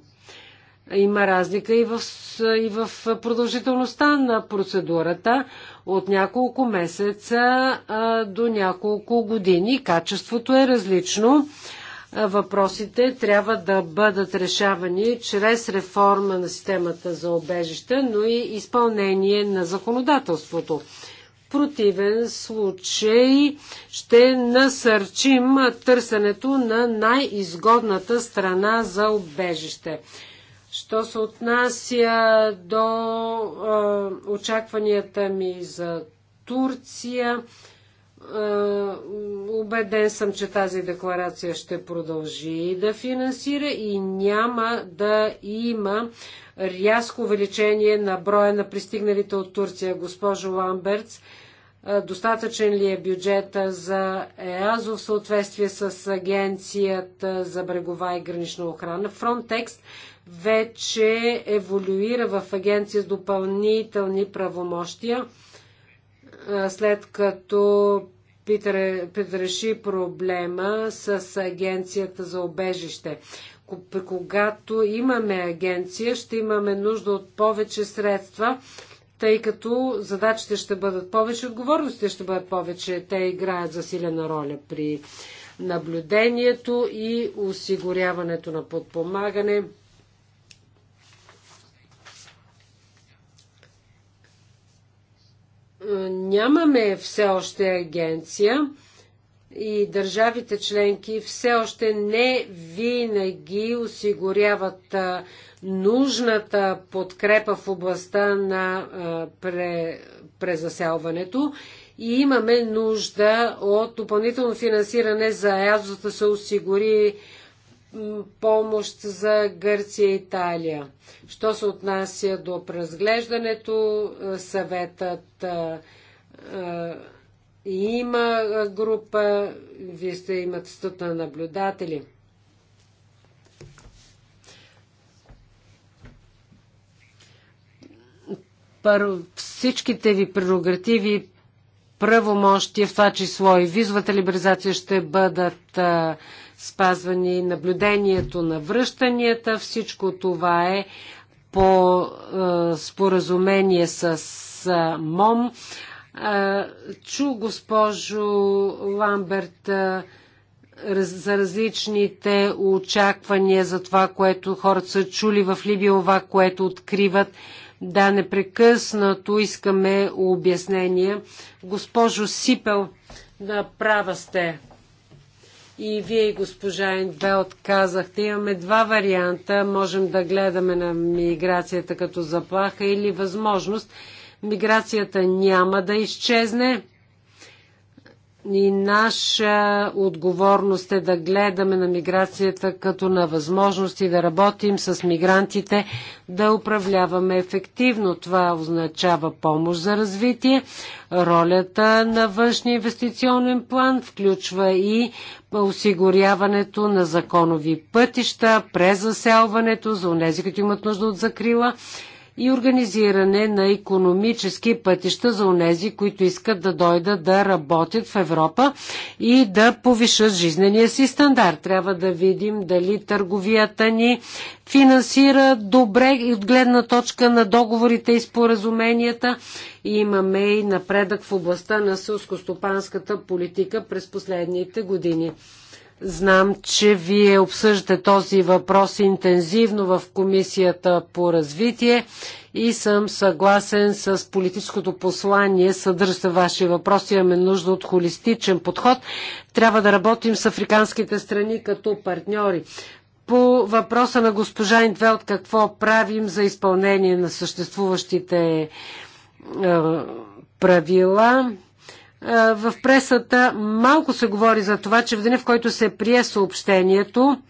Има разлика и в, и в продължителността на процедурата от няколко месеца а, до няколко години. Качеството е различно. А, въпросите трябва да бъдат решавани чрез реформа на системата за обежище, но и изпълнение на законодателството. В противен случай ще насърчим търсенето на най-изгодната страна за обежище. Що се отнася до а, очакванията ми за Турция, а, убеден съм, че тази декларация ще продължи да финансира и няма да има рязко увеличение на броя на пристигналите от Турция. Госпожо Ламберц, достатъчен ли е бюджета за ЕАЗО в съответствие с Агенцията за брегова и гранична охрана. Фронтекст вече еволюира в агенция с допълнителни правомощия, след като предреши проблема с агенцията за обежище. Когато имаме агенция, ще имаме нужда от повече средства, тъй като задачите ще бъдат повече, отговорностите ще бъдат повече. Те играят засилена роля при наблюдението и осигуряването на подпомагане. нямаме все още агенция и държавите членки все още не винаги осигуряват нужната подкрепа в областта на презаселването и имаме нужда от допълнително финансиране за да се осигури помощ за Гърция и Италия. Що се отнася до разглеждането, е, съветът а, е, а, е, има група, вие сте имат стът на наблюдатели. Първо, всичките ви прерогативи правомощия, в това число и визовата либерализация ще бъдат а, спазвани, наблюдението на връщанията, всичко това е по е, споразумение с е, МОМ. Е, чу госпожо Ламберт е, за различните очаквания за това, което хората са чули в Либия, това, което откриват. Да, непрекъснато искаме обяснения. Госпожо Сипел, да права сте и вие и госпожа Ендвелт отказахте. имаме два варианта. Можем да гледаме на миграцията като заплаха или възможност. Миграцията няма да изчезне, и наша отговорност е да гледаме на миграцията като на възможности да работим с мигрантите, да управляваме ефективно. Това означава помощ за развитие. Ролята на външния инвестиционен план включва и осигуряването на законови пътища, презаселването за онези, които имат нужда от закрила и организиране на економически пътища за унези, които искат да дойдат да работят в Европа и да повишат жизнения си стандарт. Трябва да видим дали търговията ни финансира добре и от гледна точка на договорите и споразуменията. И имаме и напредък в областта на сълскостопанската политика през последните години. Знам, че вие обсъждате този въпрос интензивно в Комисията по развитие и съм съгласен с политическото послание, съдържа ваши въпроси, имаме нужда от холистичен подход. Трябва да работим с африканските страни като партньори. По въпроса на госпожа Индвелт, какво правим за изпълнение на съществуващите е, правила? в пресата малко се говори за това, че в деня, в който се прие съобщението,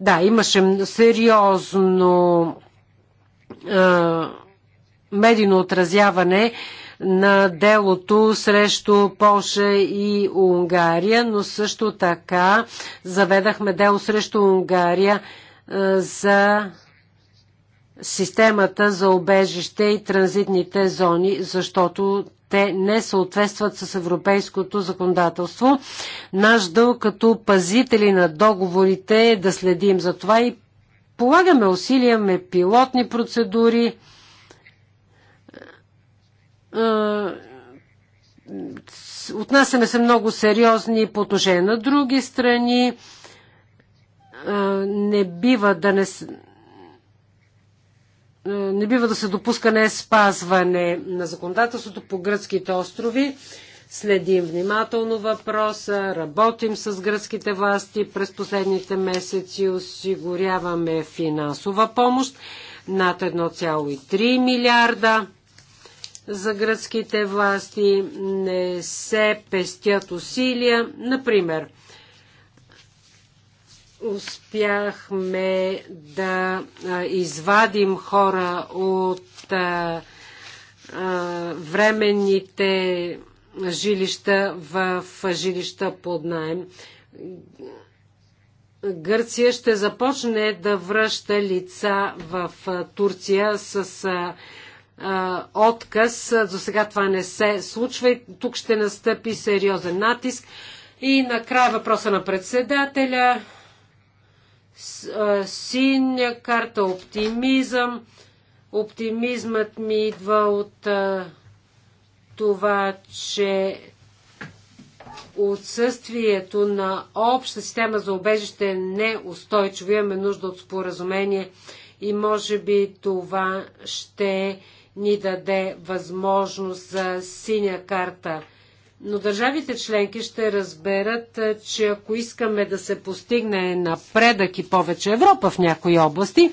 да, имаше сериозно е, медийно отразяване на делото срещу Польша и Унгария, но също така заведахме дело срещу Унгария е, за системата за обежище и транзитните зони, защото те не съответстват с европейското законодателство. Наш дълг като пазители на договорите е да следим за това и полагаме усилия, ме пилотни процедури, отнасяме се много сериозни по отношение на други страни. Не бива да не, е, не бива да се допуска не спазване на законодателството по гръцките острови. Следим внимателно въпроса, работим с гръцките власти през последните месеци, осигуряваме финансова помощ над 1,3 милиарда за гръцките власти, не се пестят усилия. Например, успяхме да извадим хора от временните жилища в жилища под найем. Гърция ще започне да връща лица в Турция с отказ. До сега това не се случва и тук ще настъпи сериозен натиск. И накрая въпроса на председателя синя карта, оптимизъм. Оптимизмът ми идва от това, че отсъствието на обща система за обежище е неустойчиво. Имаме нужда от споразумение и може би това ще ни даде възможност за синя карта – но държавите членки ще разберат, е, че ако искаме да се постигне напредък и повече Европа в някои области,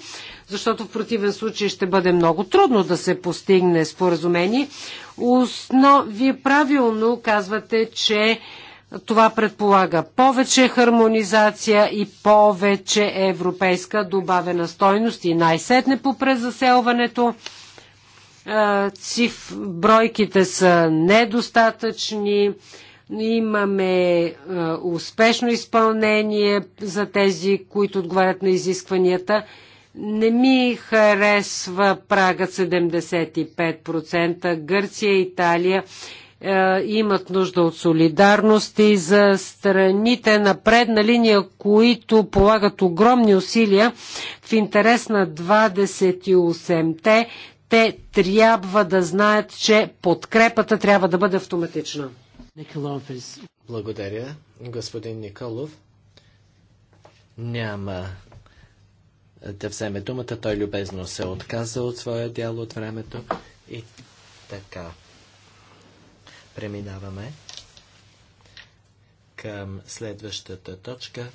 защото в противен случай ще бъде много трудно да се постигне споразумение, но вие правилно казвате, че това предполага повече хармонизация и повече европейска добавена стойност и най-сетне по презаселването циф, бройките са недостатъчни, имаме успешно изпълнение за тези, които отговарят на изискванията. Не ми харесва прагът 75%. Гърция и Италия имат нужда от солидарност и за страните на предна линия, които полагат огромни усилия в интерес на 28-те, те трябва да знаят, че подкрепата трябва да бъде автоматична. Благодаря, господин Николов. Няма да вземе думата. Той любезно се отказа от своя дял от времето. И така. Преминаваме към следващата точка.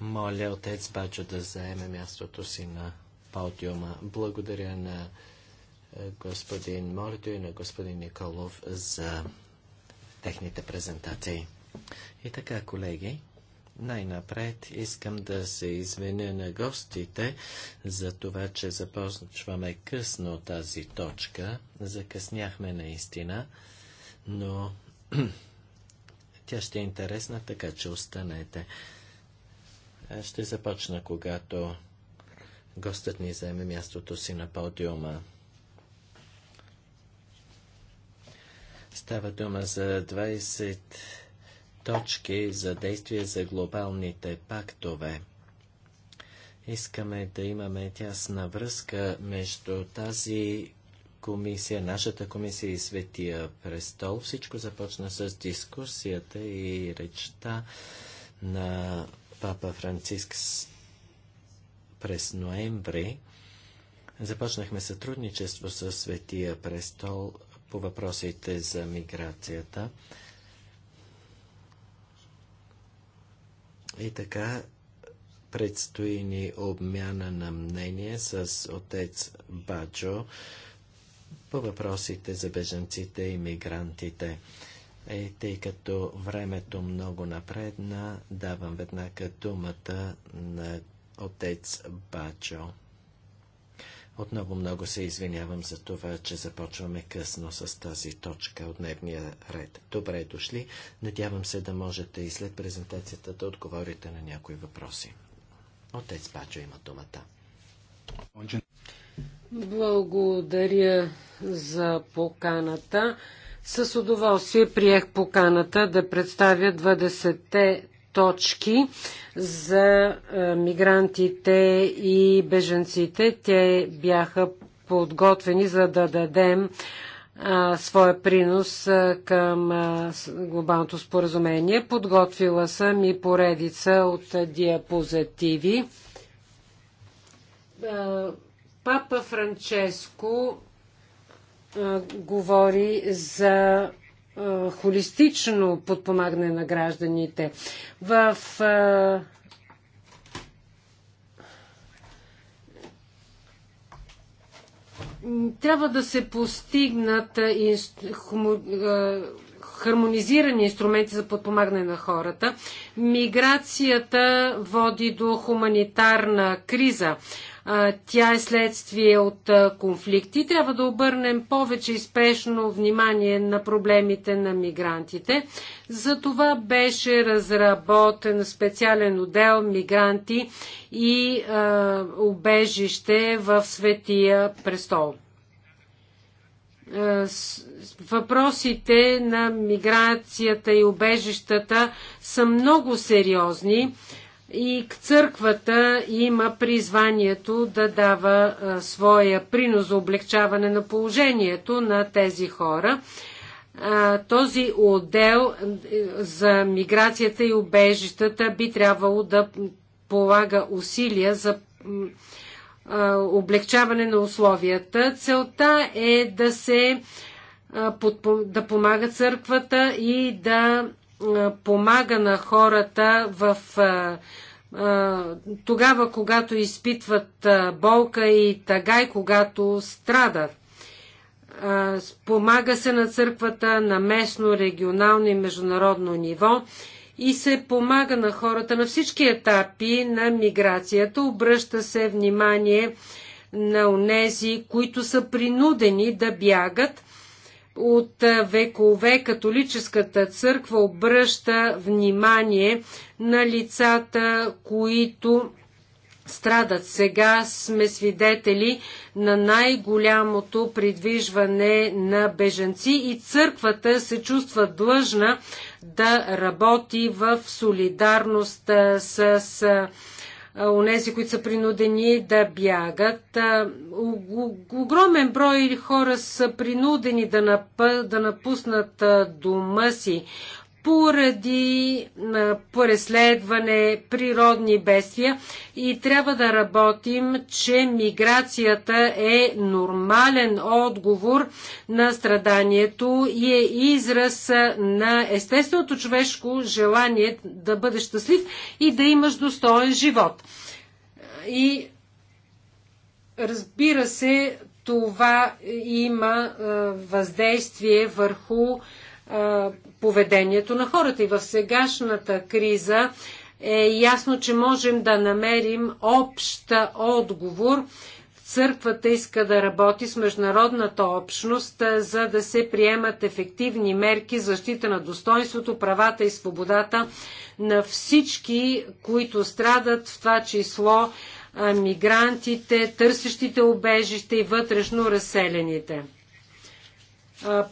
Моля отец Баджо да заеме мястото си на подиума. Благодаря на е, господин Мордо и на господин Николов за техните презентации. И така, колеги, най-напред искам да се извиня на гостите за това, че започваме късно тази точка. Закъсняхме наистина, но тя ще е интересна, така че останете. Аз е, ще започна, когато гостът ни заеме мястото си на подиума. Става дума за 20 точки за действие за глобалните пактове. Искаме да имаме тясна връзка между тази комисия, нашата комисия и Светия престол. Всичко започна с дискусията и речта на папа Франциск през ноември. Започнахме сътрудничество с Светия престол по въпросите за миграцията. И така предстои ни обмяна на мнение с отец Баджо по въпросите за беженците и мигрантите. Е, тъй като времето много напредна, давам веднага думата на отец Бачо. Отново много се извинявам за това, че започваме късно с тази точка от дневния ред. Добре дошли. Надявам се да можете и след презентацията да отговорите на някои въпроси. Отец Пачо има думата. Благодаря за поканата. С удоволствие приех поканата да представя 20-те точки за е, мигрантите и беженците. Те бяха подготвени за да дадем е, своя принос е, към глобалното споразумение. Подготвила съм и поредица от диапозитиви. Папа Франческо говори за холистично подпомагане на гражданите. В трябва да се постигнат хармонизирани инструменти за подпомагане на хората. Миграцията води до хуманитарна криза. Тя е следствие от конфликти. Трябва да обърнем повече и спешно внимание на проблемите на мигрантите. За това беше разработен специален отдел мигранти и а, убежище в Светия престол въпросите на миграцията и убежищата са много сериозни и църквата има призванието да дава своя принос за облегчаване на положението на тези хора. Този отдел за миграцията и убежищата би трябвало да полага усилия за облегчаване на условията. Целта е да се да помага църквата и да помага на хората в тогава, когато изпитват болка и тага и когато страдат. Помага се на църквата на местно, регионално и международно ниво и се помага на хората на всички етапи на миграцията. Обръща се внимание на онези, които са принудени да бягат – от векове католическата църква обръща внимание на лицата, които страдат. Сега сме свидетели на най-голямото придвижване на беженци, и църквата се чувства длъжна да работи в солидарност с онези, които са принудени да бягат. Огромен брой хора са принудени да, да напуснат дома си поради преследване, природни бедствия и трябва да работим, че миграцията е нормален отговор на страданието и е израз на естественото човешко желание да бъдеш щастлив и да имаш достоен живот. И разбира се, това има въздействие върху поведението на хората. И в сегашната криза е ясно, че можем да намерим обща отговор. Църквата иска да работи с международната общност, за да се приемат ефективни мерки за защита на достоинството, правата и свободата на всички, които страдат, в това число мигрантите, търсещите убежище и вътрешно разселените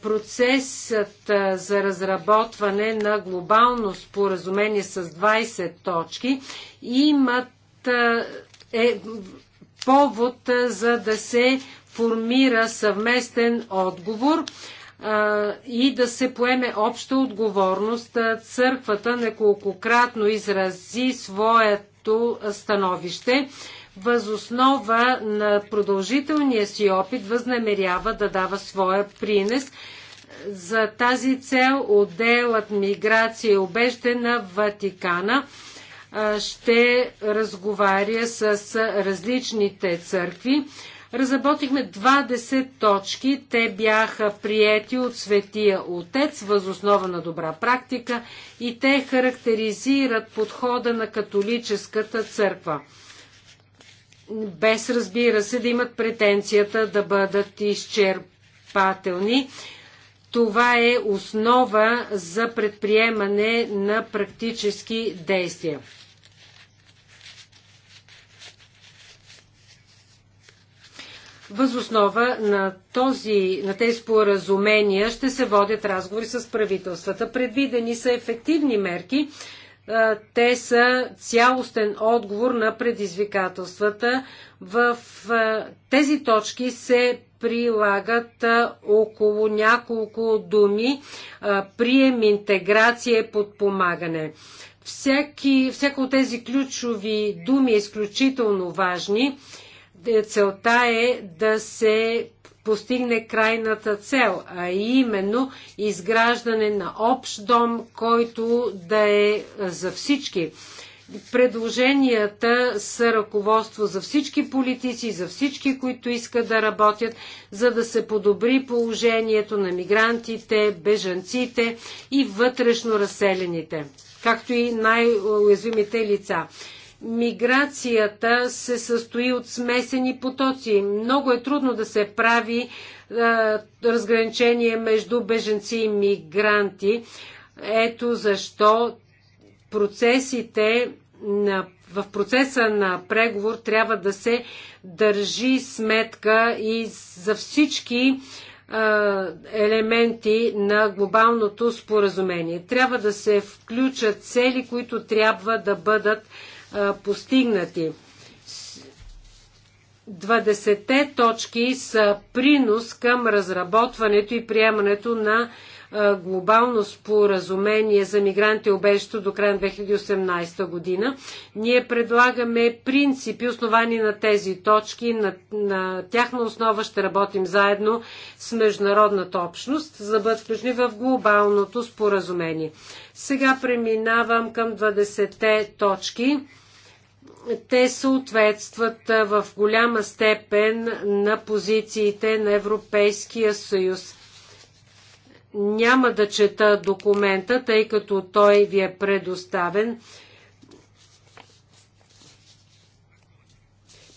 процесът за разработване на глобално споразумение с 20 точки имат е, повод за да се формира съвместен отговор а, и да се поеме обща отговорност. Църквата неколкократно изрази своето становище възоснова на продължителния си опит възнамерява да дава своя принес. За тази цел отделът миграция и обежде на Ватикана ще разговаря с различните църкви. Разработихме 20 точки. Те бяха приети от Светия Отец възоснова на добра практика и те характеризират подхода на католическата църква без разбира се да имат претенцията да бъдат изчерпателни. Това е основа за предприемане на практически действия. Възоснова на, този, на тези споразумения ще се водят разговори с правителствата. Предвидени са ефективни мерки, е, те са цялостен отговор на предизвикателствата. В е, тези точки се прилагат е, около няколко думи прием, интеграция и подпомагане. Всяки, всяко от тези ключови думи е изключително важни. Целта е да се постигне крайната цел, а именно изграждане на общ дом, който да е за всички. Предложенията са ръководство за всички политици, за всички, които искат да работят, за да се подобри положението на мигрантите, бежанците и вътрешно разселените, както и най-уязвимите лица миграцията се състои от смесени потоци. Много е трудно да се прави е, разграничение между беженци и мигранти. Ето защо процесите на, в процеса на преговор трябва да се държи сметка и за всички е, елементи на глобалното споразумение. Трябва да се включат цели, които трябва да бъдат постигнати. 20-те точки са принос към разработването и приемането на глобално споразумение за мигранти обещо до края на 2018 година. Ние предлагаме принципи, основани на тези точки. На, на тяхна основа ще работим заедно с международната общност, за да бъдат включени в глобалното споразумение. Сега преминавам към 20-те точки те съответстват в голяма степен на позициите на Европейския съюз. Няма да чета документа, тъй като той ви е предоставен.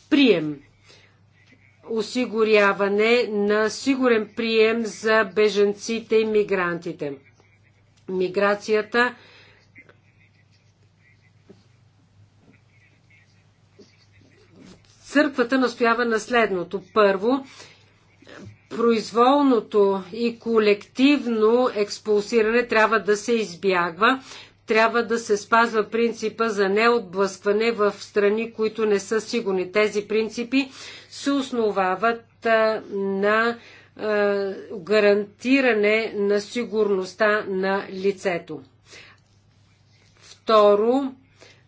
Прием. Осигуряване на сигурен прием за беженците и мигрантите. Миграцията – Църквата настоява на следното. Първо, произволното и колективно експулсиране трябва да се избягва. Трябва да се спазва принципа за неотблъскване в страни, които не са сигурни. Тези принципи се основават на гарантиране на сигурността на лицето. Второ,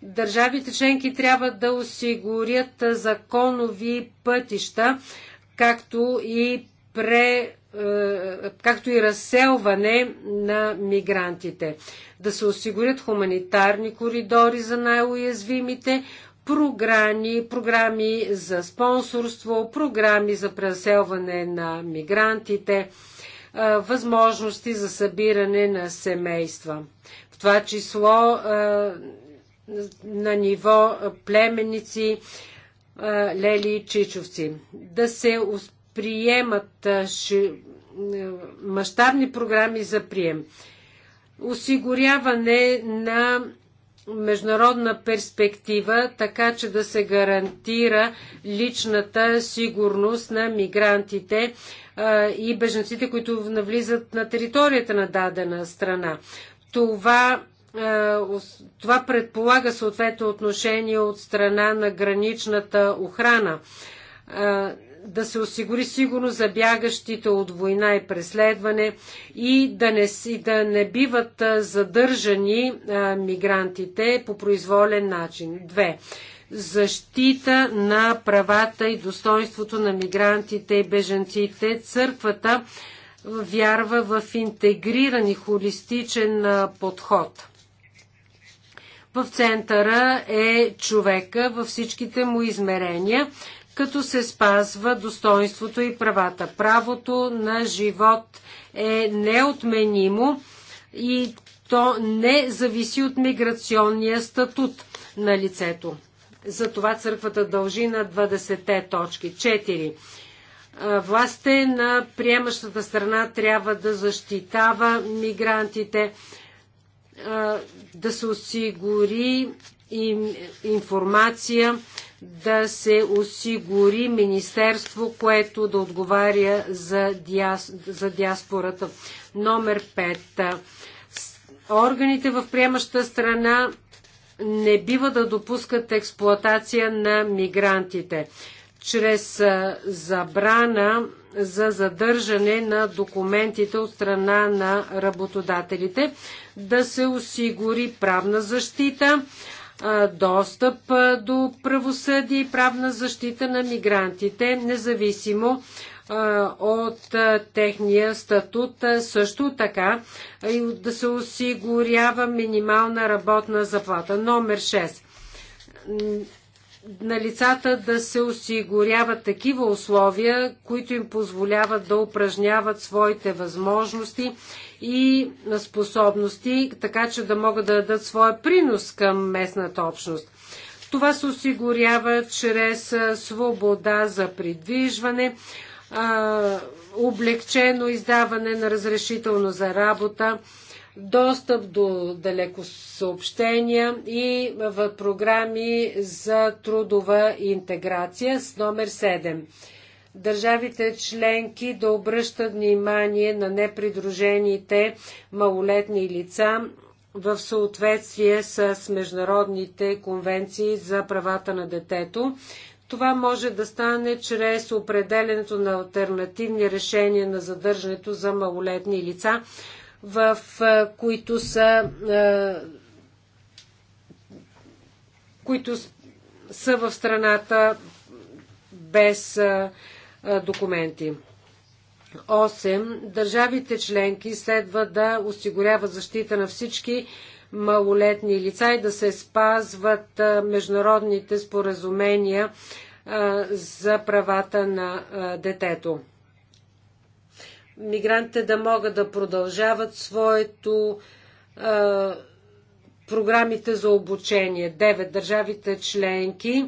Държавите членки трябва да осигурят законови пътища, както и, пре, е, както и разселване на мигрантите. Да се осигурят хуманитарни коридори за най-уязвимите, програми, програми за спонсорство, програми за преселване на мигрантите, е, възможности за събиране на семейства. В това число е, на ниво племеници, лели и чичовци. Да се приемат мащабни програми за прием. Осигуряване на международна перспектива, така че да се гарантира личната сигурност на мигрантите а, и беженците, които навлизат на територията на дадена страна. Това е, това предполага съответно отношение от страна на граничната охрана. Е, да се осигури сигурност за бягащите от война и преследване и да не, и да не биват е, задържани мигрантите по произволен начин. Две защита на правата и достоинството на мигрантите и беженците. Църквата вярва в интегриран и холистичен подход. В центъра е човека във всичките му измерения, като се спазва достоинството и правата. Правото на живот е неотменимо и то не зависи от миграционния статут на лицето. Затова църквата дължи на 20-те точки. 4. Властта на приемащата страна трябва да защитава мигрантите да се осигури информация, да се осигури министерство, което да отговаря за, диас, за диаспората. Номер 5. Органите в приемаща страна не бива да допускат експлоатация на мигрантите чрез забрана за задържане на документите от страна на работодателите да се осигури правна защита, достъп до правосъдие и правна защита на мигрантите, независимо от техния статут. Също така и да се осигурява минимална работна заплата. Номер 6 на лицата да се осигуряват такива условия, които им позволяват да упражняват своите възможности и способности, така че да могат да дадат своя принос към местната общност. Това се осигурява чрез свобода за придвижване, облегчено издаване на разрешително за работа, достъп до далеко съобщения и в програми за трудова интеграция с номер 7. Държавите членки да обръщат внимание на непридружените малолетни лица в съответствие с международните конвенции за правата на детето. Това може да стане чрез определенето на альтернативни решения на задържането за малолетни лица, в които са които са в страната без документи. 8. Държавите членки следва да осигуряват защита на всички малолетни лица и да се спазват международните споразумения за правата на детето мигрантите да могат да продължават своето а, програмите за обучение. Девет държавите членки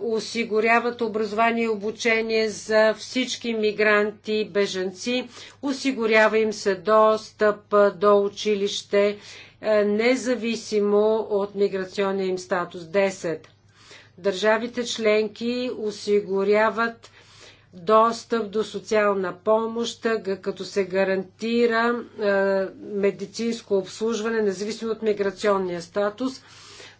осигуряват образование и обучение за всички мигранти, бежанци, осигурява им се достъп до училище, е, независимо от миграционния им статус. 10. Държавите членки осигуряват достъп до социална помощ, като се гарантира е, медицинско обслужване, независимо от миграционния статус,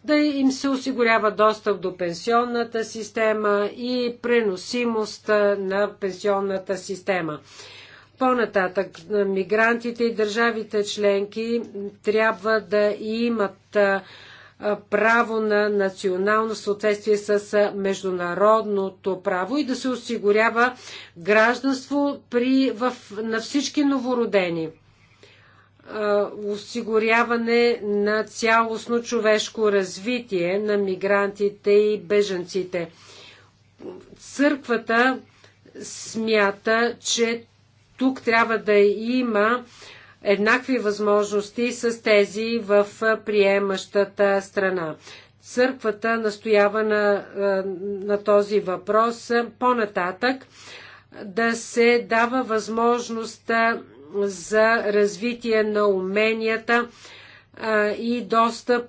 да им се осигурява достъп до пенсионната система и преносимост е, на пенсионната система. По-нататък, е, мигрантите и държавите членки трябва да имат право на национално съответствие с международното право и да се осигурява гражданство при, в, на всички новородени. Осигуряване на цялостно човешко развитие на мигрантите и бежанците. Църквата смята, че тук трябва да има еднакви възможности с тези в приемащата страна. Църквата настоява на, на този въпрос по-нататък да се дава възможност за развитие на уменията и достъп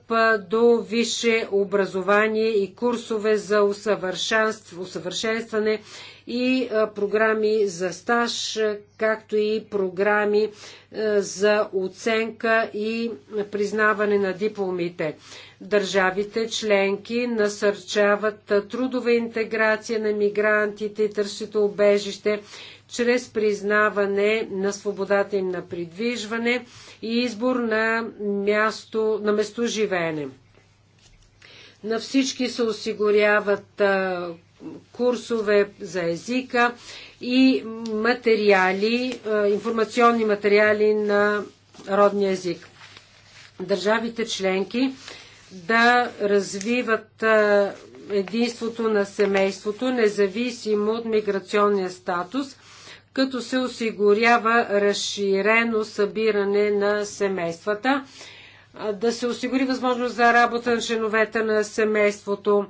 до висше образование и курсове за усъвършенстване и програми за стаж, както и програми за оценка и признаване на дипломите. Държавите членки насърчават трудова интеграция на мигрантите и търсите обежище чрез признаване на свободата им на придвижване и избор на място, на местоживеене. На всички се осигуряват курсове за езика и материали, е, информационни материали на родния език. Държавите членки да развиват е, единството на семейството, независимо от миграционния статус, като се осигурява разширено събиране на семействата, е, да се осигури възможност за работа на членовете на семейството,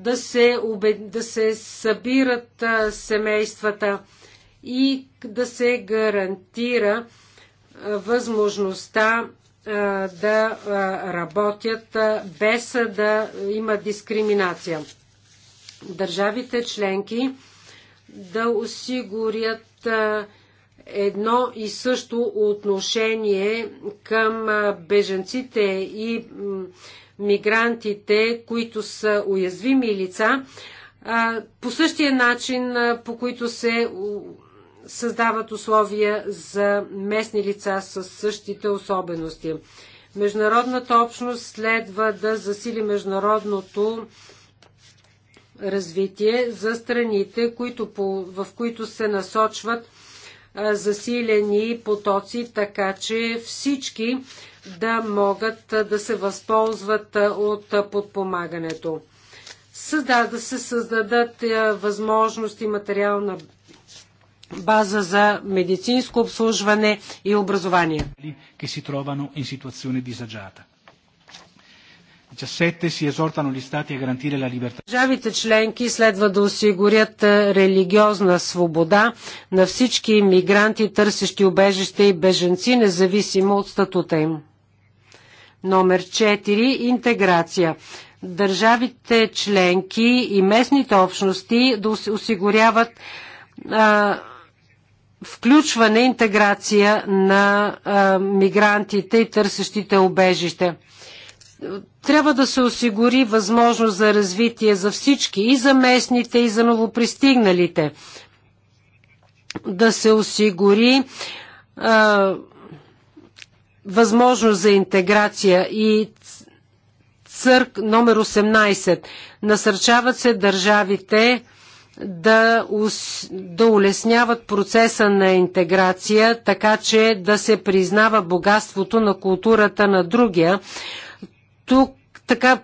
да се, обед... да се събират семействата и да се гарантира възможността да работят без да има дискриминация. Държавите членки да осигурят едно и също отношение към беженците и мигрантите, които са уязвими лица, по същия начин, по които се създават условия за местни лица с същите особености. Международната общност следва да засили международното развитие за страните, които по, в които се насочват а, засилени потоци, така че всички да могат да се възползват от подпомагането. да се създадат възможности материална база за медицинско обслужване и образование. Ке си тровано ин situazione дизаджата. 17 si esortano gli stati a garantire la Държавите членки следва да осигурят религиозна свобода на всички мигранти, търсещи убежище и беженци, независимо от статута им. Номер 4. Интеграция. Държавите членки и местните общности да осигуряват а, включване, интеграция на а, мигрантите и търсещите обежище. Трябва да се осигури възможност за развитие за всички, и за местните, и за новопристигналите. Да се осигури а, възможност за интеграция и ЦърК номер 18. Насърчават се държавите да, да улесняват процеса на интеграция, така че да се признава богатството на културата на другия. Тук така,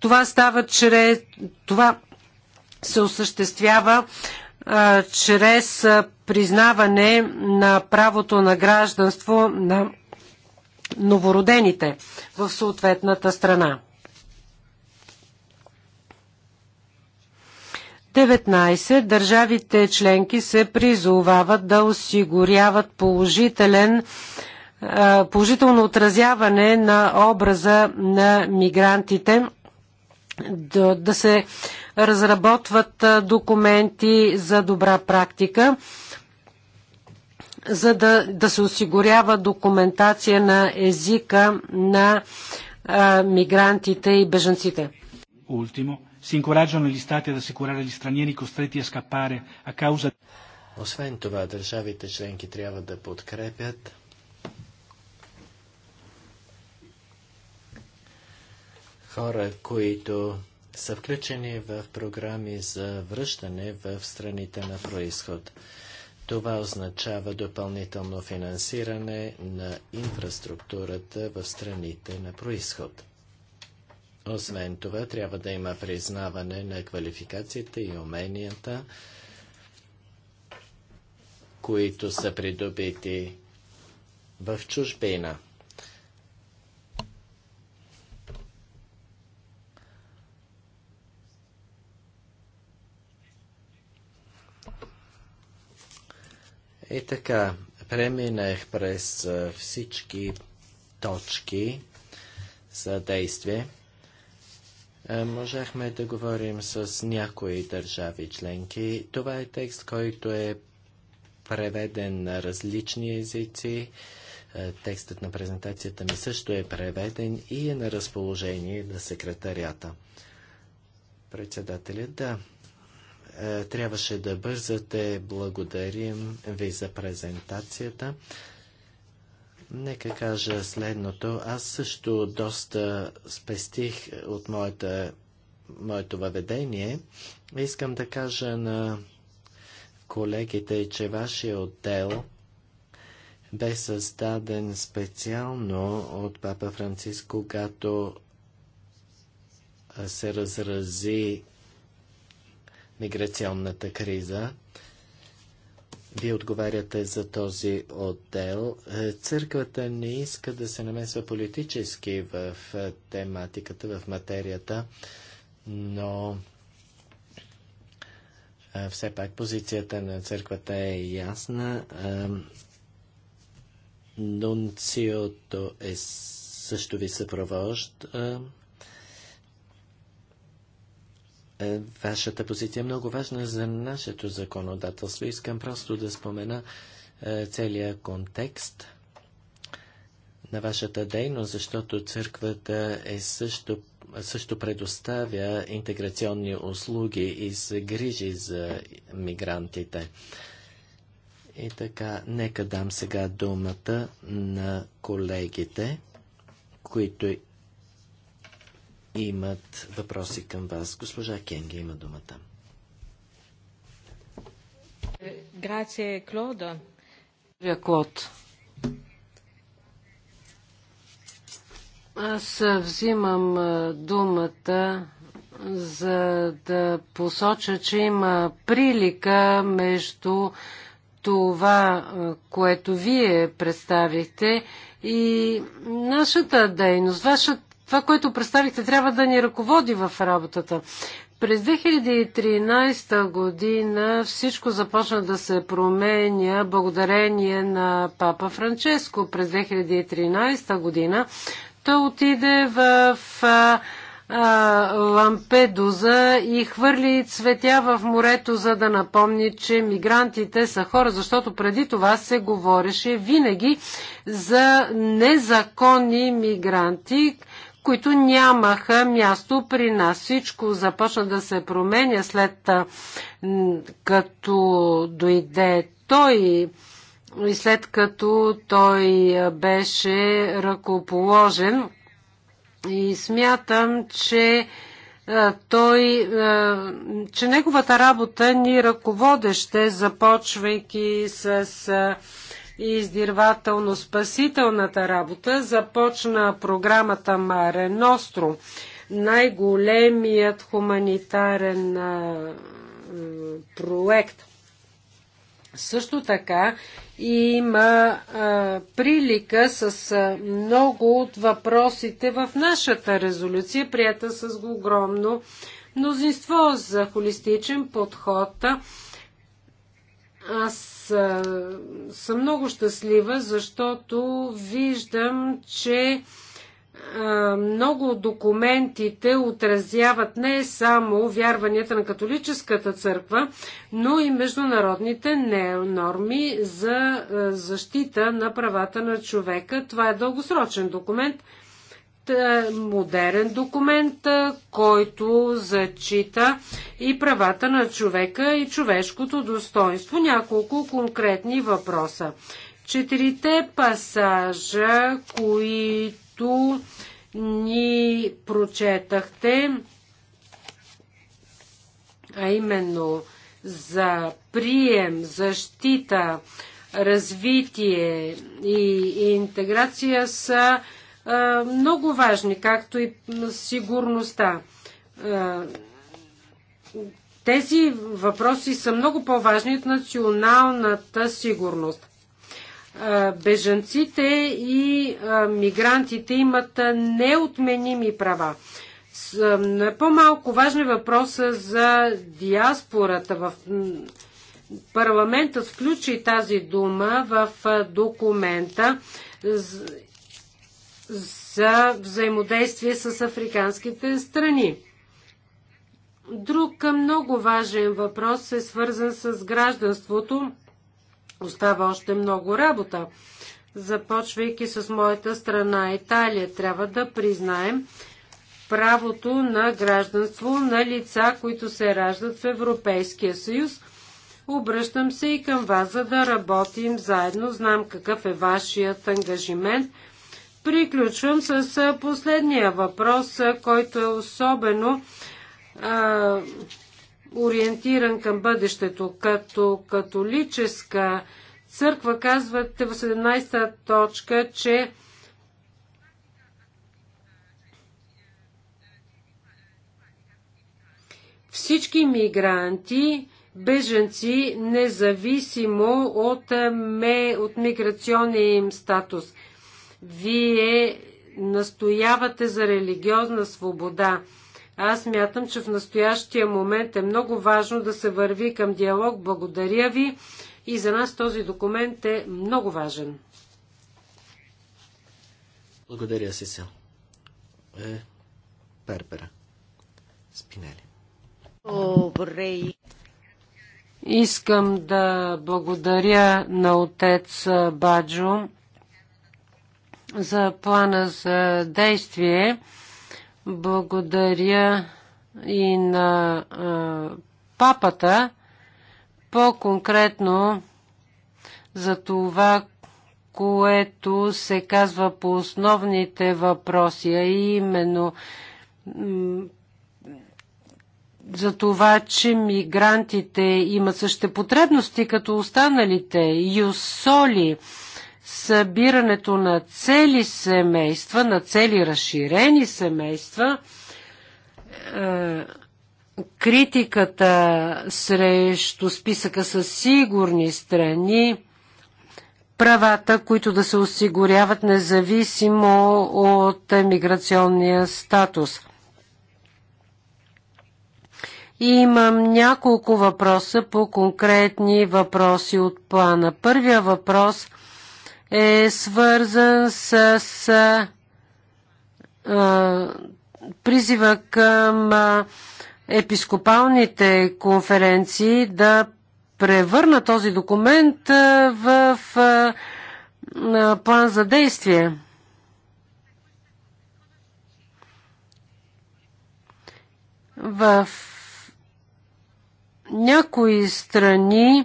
това става чрез, това се осъществява а, чрез признаване на правото на гражданство на новородените в съответната страна. 19. Държавите членки се призовават да осигуряват положителен положително отразяване на образа на мигрантите, да, да се разработват документи за добра практика за да, да се осигурява документация на езика на а, мигрантите и бежанците. Ultimo, si incoraggiano gli stati ad assicurare gli stranieri costretti a scappare a causa Освен това, държавите членки трябва да подкрепят хора, които са включени в програми за връщане в страните на происход. Това означава допълнително финансиране на инфраструктурата в страните на происход. Освен това, трябва да има признаване на квалификациите и уменията, които са придобити в чужбина. И така, преминах през всички точки за действие. Можехме да говорим с някои държави членки. Това е текст, който е преведен на различни езици. Текстът на презентацията ми също е преведен и е на разположение на секретарията. Председателя, да, е, трябваше да бързате. Благодарим ви за презентацията. Нека кажа следното. Аз също доста спестих от моята, моето въведение. Искам да кажа на колегите, че вашия отдел бе създаден специално от папа Франциск, когато се разрази миграционната криза. Вие отговаряте за този отдел. Е, църквата не иска да се намесва политически в е, тематиката, в материята, но е, все пак позицията на църквата е ясна. Нунциото е също ви съпровожда е, вашата позиция е много важна за нашето законодателство. Искам просто да спомена е, целият контекст на вашата дейност, защото църквата е също, също предоставя интеграционни услуги и се грижи за мигрантите. И така, нека дам сега думата на колегите, които имат въпроси към вас. Госпожа Кенге има думата. Грация, Клода. Клод. Аз взимам думата за да посоча, че има прилика между това, което вие представихте и нашата дейност. Вашата това, което представихте, трябва да ни ръководи в работата. През 2013 година всичко започна да се променя благодарение на папа Франческо. През 2013 година той отиде в а, а, Лампедуза и хвърли цветя в морето, за да напомни, че мигрантите са хора, защото преди това се говореше винаги за незаконни мигранти които нямаха място при нас. Всичко започна да се променя след като дойде той и след като той беше ръкоположен. И смятам, че той, че неговата работа ни ръководеще, започвайки с и издирвателно-спасителната работа започна програмата Маре Ностро, най-големият хуманитарен проект. Също така има а, прилика с а, много от въпросите в нашата резолюция, прията с огромно мнозинство за холистичен подход. А, аз а, съм много щастлива, защото виждам, че а, много от документите отразяват не само вярванията на католическата църква, но и международните норми за защита на правата на човека. Това е дългосрочен документ – е, модерен документ, е, който зачита и правата на човека и човешкото достоинство. Няколко конкретни въпроса. Четирите пасажа, които ни прочетахте, а именно за прием, защита, развитие и интеграция са много важни, както и сигурността. Тези въпроси са много по-важни от националната сигурност. Бежанците и мигрантите имат неотменими права. по-малко важен въпроса за диаспората в Парламентът включи тази дума в документа за взаимодействие с африканските страни. Друг много важен въпрос е свързан с гражданството. Остава още много работа. Започвайки с моята страна Италия, трябва да признаем правото на гражданство на лица, които се раждат в Европейския съюз. Обръщам се и към вас, за да работим заедно. Знам какъв е вашият ангажимент – Приключвам с последния въпрос, който е особено а, ориентиран към бъдещето. Като католическа църква казвате в 17-та точка, че всички мигранти, беженци, независимо от, ме, от миграционния им статус – вие настоявате за религиозна свобода. Аз мятам, че в настоящия момент е много важно да се върви към диалог. Благодаря ви и за нас този документ е много важен. Благодаря, Сесел. Е, Пербера. Спинели. Добре. Искам да благодаря на отец Баджо за плана за действие. Благодаря и на а, папата, по-конкретно за това, което се казва по основните въпроси, а именно за това, че мигрантите имат същите потребности като останалите, юсоли, соли, събирането на цели семейства, на цели разширени семейства, е, критиката срещу списъка с сигурни страни, правата, които да се осигуряват независимо от миграционния статус. И имам няколко въпроса по конкретни въпроси от плана. Първия въпрос – е свързан с, а, а, призива към а, епископалните конференции да превърна този документ а, в а, план за действие. В някои страни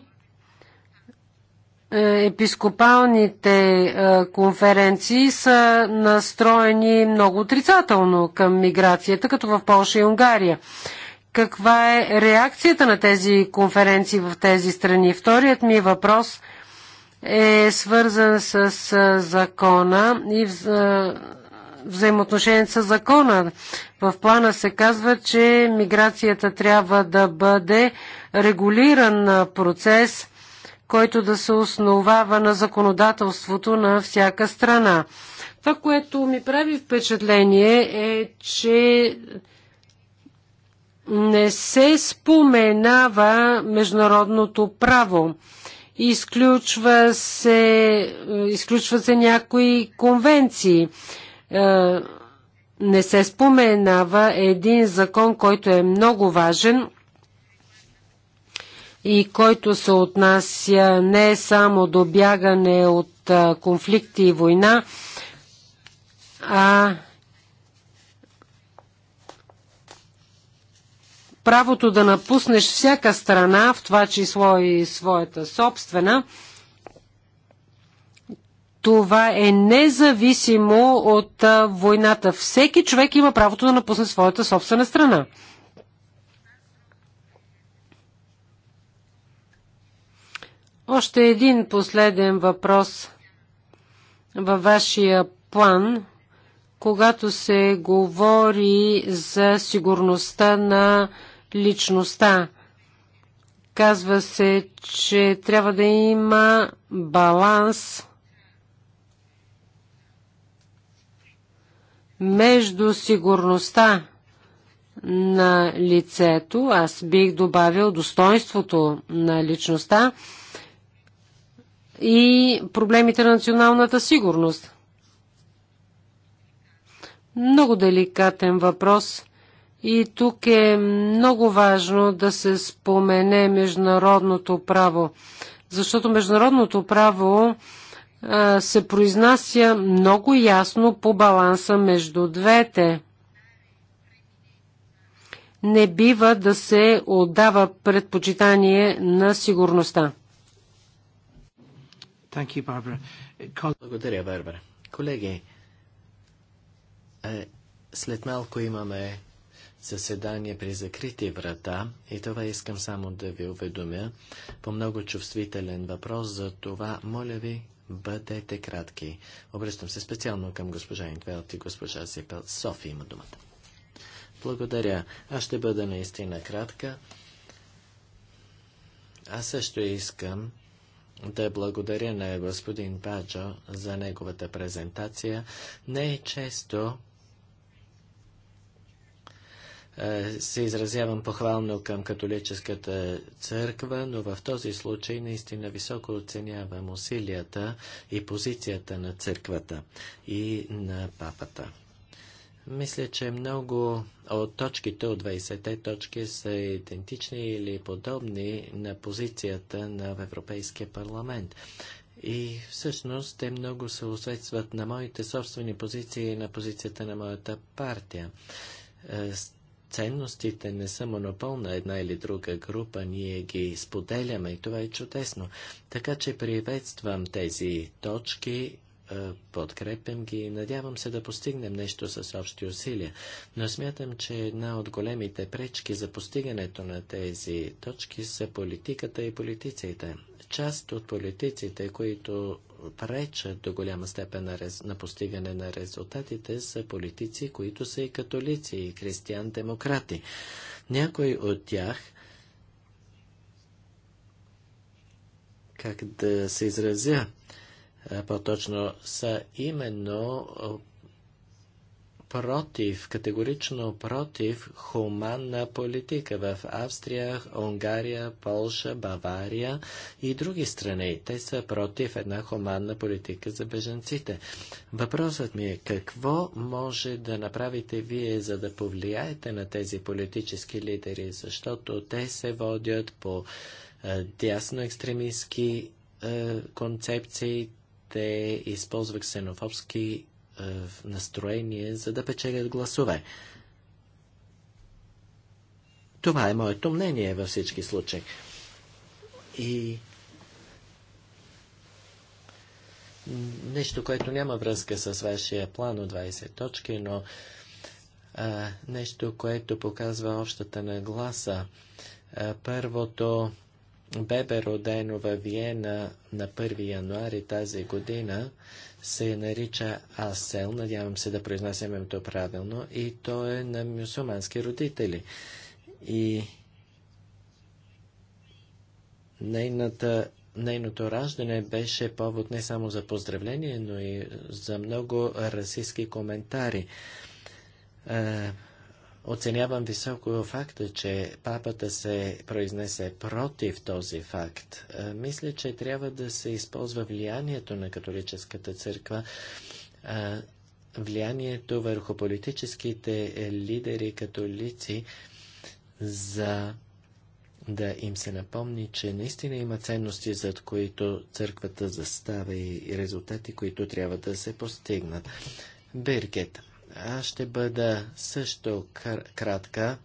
е, епископалните е, конференции са настроени много отрицателно към миграцията, като в Польша и Унгария. Каква е реакцията на тези конференции в тези страни? Вторият ми въпрос е свързан с е, закона и взаимоотношение с закона. В плана се казва, че миграцията трябва да бъде регулиран процес – който да се основава на законодателството на всяка страна. Това, което ми прави впечатление е, че не се споменава международното право. Изключва се, изключват се някои конвенции. Е, не се споменава един закон, който е много важен и който се отнася не само до бягане от конфликти и война, а правото да напуснеш всяка страна, в това число и своята собствена, това е независимо от войната. Всеки човек има правото да напусне своята собствена страна. Още един последен въпрос във вашия план, когато се говори за сигурността на личността. Казва се, че трябва да има баланс между сигурността на лицето, аз бих добавил достоинството на личността и проблемите на националната сигурност. Много деликатен въпрос и тук е много важно да се спомене международното право, защото международното право а, се произнася много ясно по баланса между двете не бива да се отдава предпочитание на сигурността. Thank you, Barbara. Благодаря, Барбара. Колеги, е, след малко имаме заседание при закрити врата и това искам само да ви уведомя по много чувствителен въпрос, за това моля ви бъдете кратки. Обръщам се специално към госпожа Интвелт и госпожа Сипел. София има думата. Благодаря. Аз ще бъда наистина кратка. Аз също искам да благодаря на господин Баджо за неговата презентация. Не е често е, се изразявам похвално към католическата църква, но в този случай наистина високо оценявам усилията и позицията на църквата и на папата. Мисля, че много от точките, от 20-те точки, са идентични или подобни на позицията на Европейския парламент. И всъщност те много се усветстват на моите собствени позиции и на позицията на моята партия. Е, ценностите не са монопол на една или друга група, ние ги споделяме и това е чудесно. Така че приветствам тези точки е, подкрепям ги и надявам се да постигнем нещо с общи усилия. Но смятам, че една от големите пречки за постигането на тези точки са политиката и политиците. Част от политиците, които пречат до голяма степен на, рез... на постигане на резултатите, са политици, които са и католици, и християн-демократи. Някой от тях как да се изразя, е, по-точно, са именно е, против, категорично против хуманна политика в Австрия, Унгария, Полша, Бавария и други страни. Те са против една хуманна политика за беженците. Въпросът ми е какво може да направите вие, за да повлияете на тези политически лидери, защото те се водят по е, дясно екстремистски концепции, те използва ксенофобски е, настроения, за да печелят гласове. Това е моето мнение във всички случаи. И нещо, което няма връзка с вашия план от 20 точки, но а, нещо, което показва общата нагласа. А, първото бебе родено във Виена на 1 януари тази година се нарича Асел, надявам се да произнасям името правилно, и то е на мюсулмански родители. И нейната, нейното раждане беше повод не само за поздравление, но и за много расистски коментари. Е, Оценявам високо факта, че папата се произнесе против този факт. Е, мисля, че трябва да се използва влиянието на католическата църква, е, влиянието върху политическите лидери католици за да им се напомни, че наистина има ценности, зад които църквата застава и резултати, които трябва да се постигнат. Биргет. Аз ще бъда също кратка.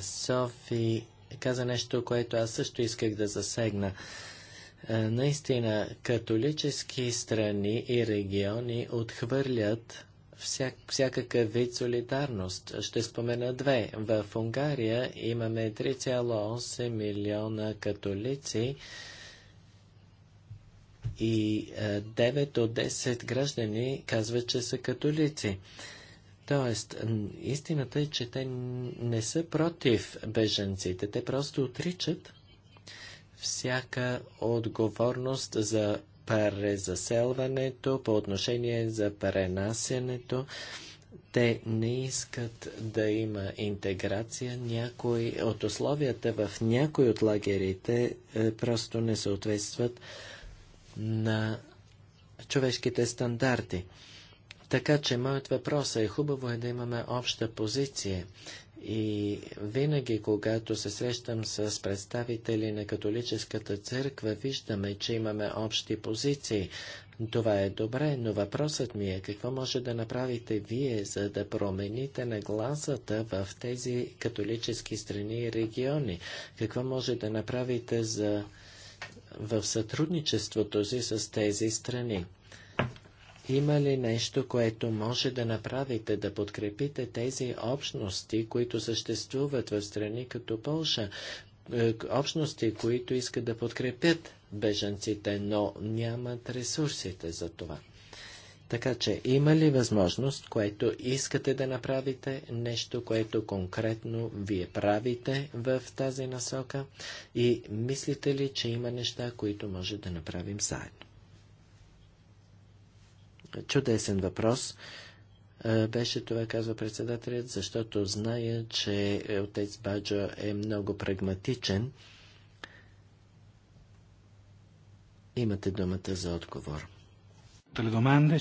Софи каза нещо, което аз също исках да засегна. Наистина, католически страни и региони отхвърлят вся, всякакъв вид солидарност. Ще спомена две. В Унгария имаме 3,8 милиона католици, и 9 е, от 10 граждани казват, че са католици. Тоест, истината е, че те не са против беженците, те просто отричат всяка отговорност за презаселването, по отношение за пренасенето. Те не искат да има интеграция. Някои от условията в някои от лагерите е, просто не съответстват на човешките стандарти. Така че моят въпрос е хубаво е да имаме обща позиция. И винаги, когато се срещам с представители на католическата църква, виждаме, че имаме общи позиции. Това е добре, но въпросът ми е какво може да направите вие, за да промените нагласата в тези католически страни и региони? Какво може да направите за в сътрудничеството си с тези страни? Има ли нещо, което може да направите да подкрепите тези общности, които съществуват в страни като Полша? Е, общности, които искат да подкрепят бежанците, но нямат ресурсите за това. Така че има ли възможност, което искате да направите, нещо, което конкретно вие правите в тази насока и мислите ли, че има неща, които може да направим заедно? Чудесен въпрос. Е, беше това, казва председателят, защото зная, че отец Баджо е много прагматичен. Имате думата за отговор. Теледоманде.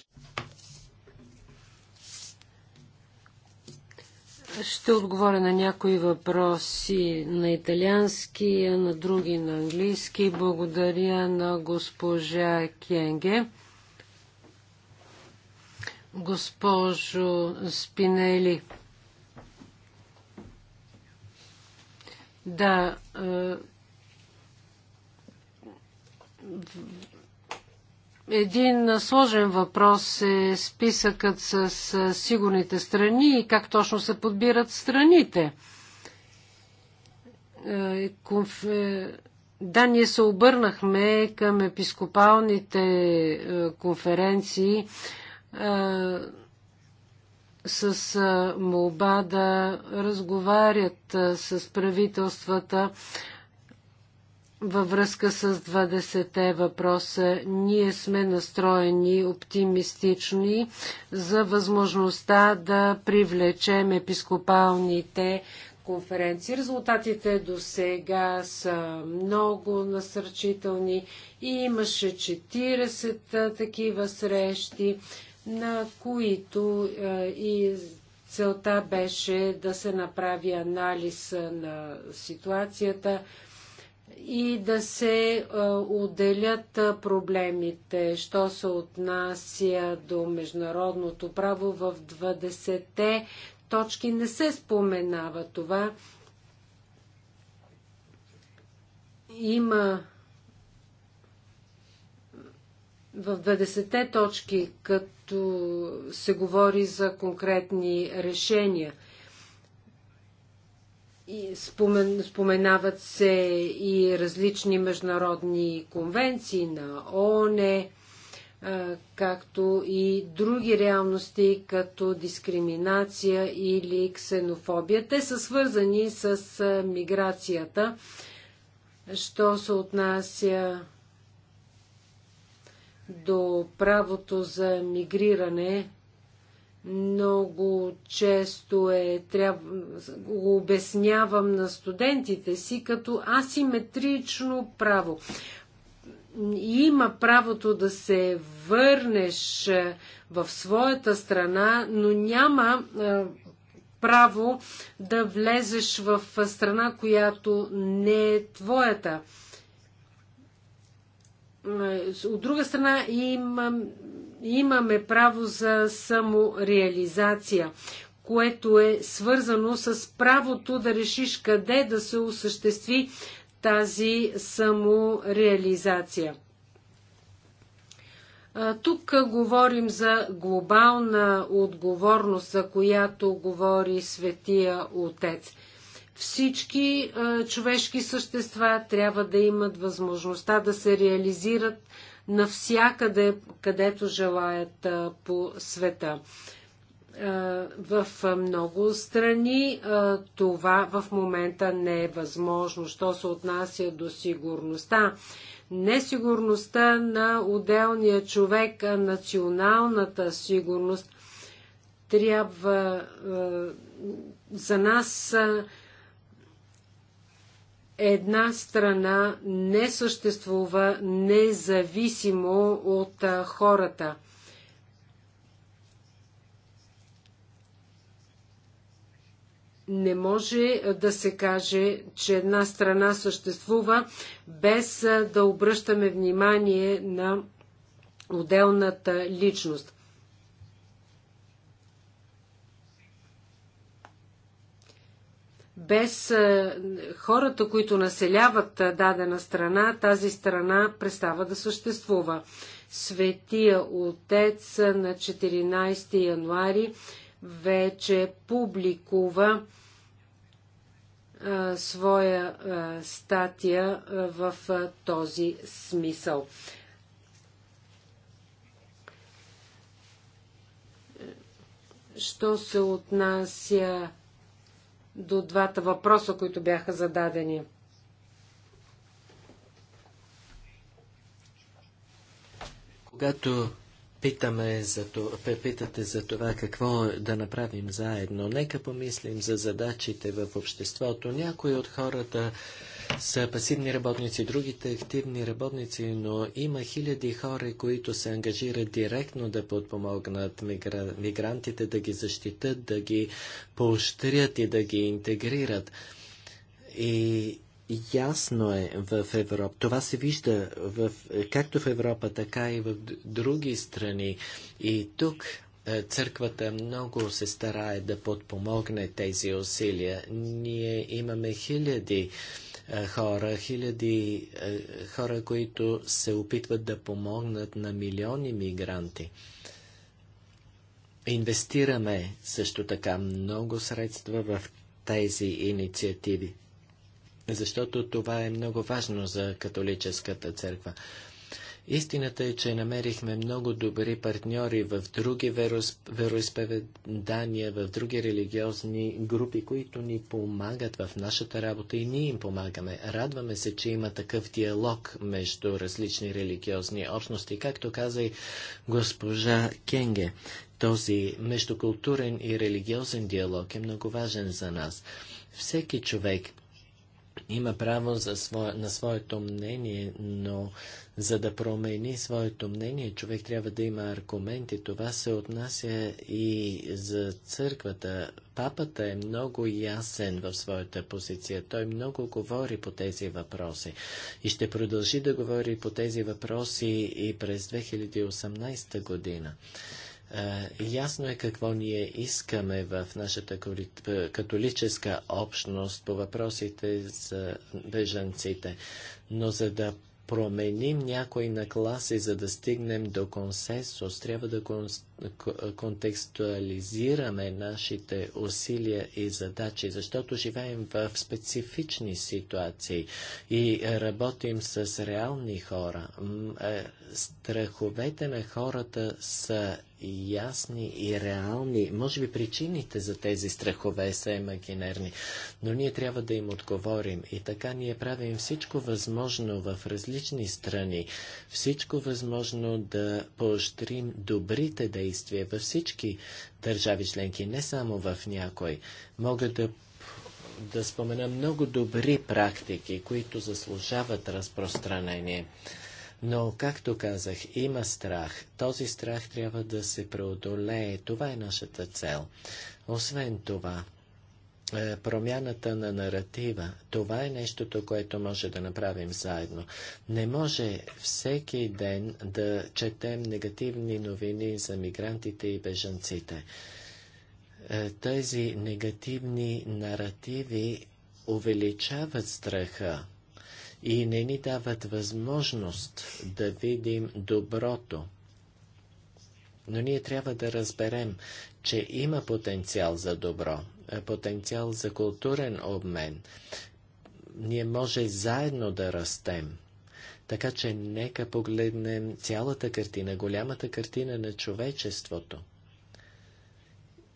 Ще отговоря на някои въпроси на италиански, а на други на английски. Благодаря на госпожа Кенге. Госпожо Спинели, да, е, един сложен въпрос е списъкът с сигурните страни и как точно се подбират страните. Е, е, да, ние се обърнахме към епископалните е, конференции с молба да разговарят с правителствата във връзка с 20-те въпроса, ние сме настроени оптимистични за възможността да привлечем епископалните конференции. Резултатите до сега са много насърчителни и имаше 40 такива срещи, на които и целта беше да се направи анализ на ситуацията – и да се отделят проблемите, що се отнася до международното право в 20-те точки. Не се споменава това. Има в 20-те точки, като се говори за конкретни решения – и спомен, споменават се и различни международни конвенции на ОНЕ, както и други реалности, като дискриминация или ксенофобия. Те са свързани с миграцията. Що се отнася до правото за мигриране, много често е, трябва, го обяснявам на студентите си като асиметрично право. Има правото да се върнеш е, в своята страна, но няма е, право да влезеш в страна, която не е твоята. Е, от друга страна, има имаме право за самореализация, което е свързано с правото да решиш къде да се осъществи тази самореализация. Тук говорим за глобална отговорност, за която говори Светия Отец. Всички човешки същества трябва да имат възможността да се реализират навсякъде, където желаят по света. В много страни това в момента не е възможно. Що се отнася до сигурността? Несигурността на отделния човек, а националната сигурност трябва за нас една страна не съществува независимо от хората. Не може да се каже, че една страна съществува без да обръщаме внимание на отделната личност. без е, хората, които населяват е, дадена страна, тази страна престава да съществува. Светия Отец е, на 14 януари вече публикува своя статия в този смисъл. Що се отнася до двата въпроса, които бяха зададени. Когато питаме за това, питате за това какво да направим заедно, нека помислим за задачите в обществото. Някои от хората са пасивни работници, другите активни работници, но има хиляди хора, които се ангажират директно да подпомогнат мигра... мигрантите, да ги защитат, да ги поощрят и да ги интегрират. И Ясно е в Европа. Това се вижда в, както в Европа, така и в други страни. И тук е, църквата много се старае да подпомогне тези усилия. Ние имаме хиляди е, хора, хиляди е, хора, които се опитват да помогнат на милиони мигранти. Инвестираме също така много средства в тези инициативи, защото това е много важно за католическата църква. Истината е, че намерихме много добри партньори в други вероисповедания, в други религиозни групи, които ни помагат в нашата работа и ние им помагаме. Радваме се, че има такъв диалог между различни религиозни общности, както каза и госпожа Кенге. Този междукултурен и религиозен диалог е много важен за нас. Всеки човек – има право за свое, на своето мнение, но за да промени своето мнение, човек трябва да има аргументи. Това се отнася и за църквата. Папата е много ясен в своята позиция. Той много говори по тези въпроси и ще продължи да говори по тези въпроси и през 2018 година. Ясно е какво ние искаме в нашата католическа общност по въпросите за бежанците, но за да променим някои накласи, за да стигнем до консенсус, трябва да кон... контекстуализираме нашите усилия и задачи, защото живеем в специфични ситуации и работим с реални хора. Е, страховете на хората са ясни и реални. Може би причините за тези страхове са имагинерни, но ние трябва да им отговорим. И така ние правим всичко възможно в различни страни, всичко възможно да поощрим добрите действия във всички държави членки, не само в някой. Мога да да спомена много добри практики, които заслужават разпространение. Но, както казах, има страх. Този страх трябва да се преодолее. Това е нашата цел. Освен това, е, промяната на наратива, това е нещото, което може да направим заедно. Не може всеки ден да четем негативни новини за мигрантите и бежанците. Е, тези негативни наративи увеличават страха и не ни дават възможност да видим доброто. Но ние трябва да разберем, че има потенциал за добро, е, потенциал за културен обмен. Ние може заедно да растем. Така че нека погледнем цялата картина, голямата картина на човечеството.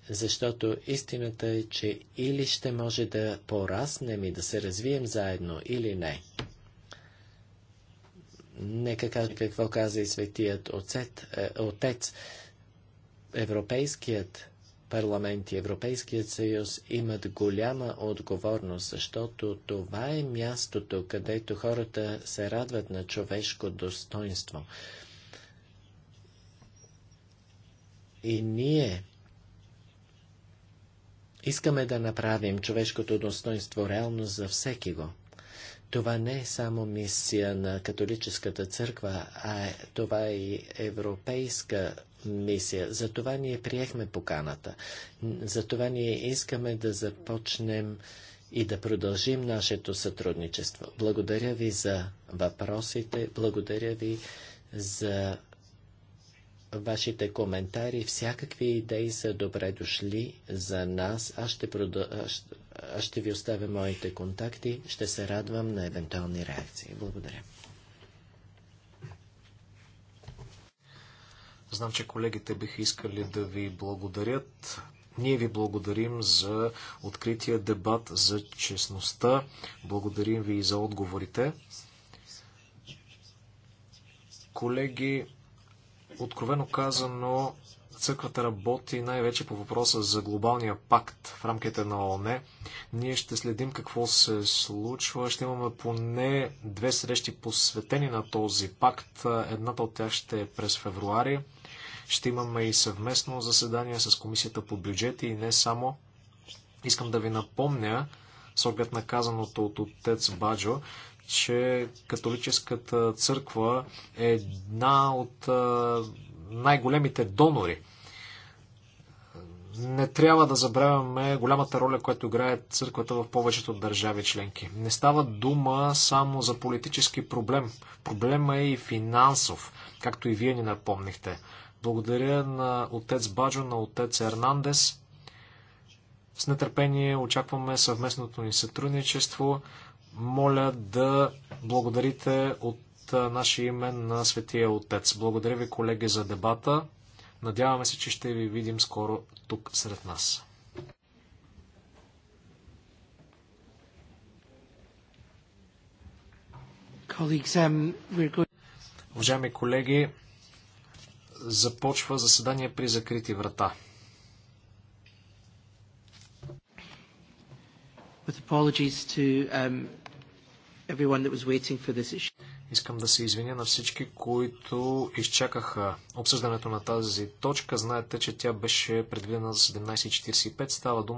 Защото истината е, че или ще може да пораснем и да се развием заедно, или не. Нека кажа какво каза и светият е, отец. Европейският парламент и Европейският съюз имат голяма отговорност, защото това е мястото, където хората се радват на човешко достоинство. И ние искаме да направим човешкото достоинство реално за всеки го. Това не е само мисия на католическата църква, а е, това е и европейска мисия. За това ние приехме поканата. За това ние искаме да започнем и да продължим нашето сътрудничество. Благодаря ви за въпросите, благодаря ви за вашите коментари. Всякакви идеи са добре дошли за нас. Аз ще, продължа аз ще ви оставя моите контакти. Ще се радвам на евентуални реакции. Благодаря. Знам, че колегите биха искали да ви благодарят. Ние ви благодарим за открития дебат, за честността. Благодарим ви и за отговорите. Колеги, откровено казано, църквата работи най-вече по въпроса за глобалния пакт в рамките на ООН. Ние ще следим какво се случва. Ще имаме поне две срещи посветени на този пакт. Едната от тях ще е през февруари. Ще имаме и съвместно заседание с Комисията по бюджети и не само. Искам да ви напомня, с оглед на казаното от отец Баджо, че католическата църква е една от най-големите донори. Не трябва да забравяме голямата роля, която играе църквата в повечето държави членки. Не става дума само за политически проблем. Проблема е и финансов, както и вие ни напомнихте. Благодаря на отец Баджо, на отец Ернандес. С нетърпение очакваме съвместното ни сътрудничество. Моля да благодарите от наше име на Светия Отец. Благодаря ви, колеги, за дебата. Надяваме се, че ще ви видим скоро тук сред нас. Um, Уважаеми колеги, започва заседание при закрити врата. With apologies to um, everyone that was waiting for this issue. Искам да се извиня на всички, които изчакаха обсъждането на тази точка. Знаете, че тя беше предвидена за 17.45. Става дума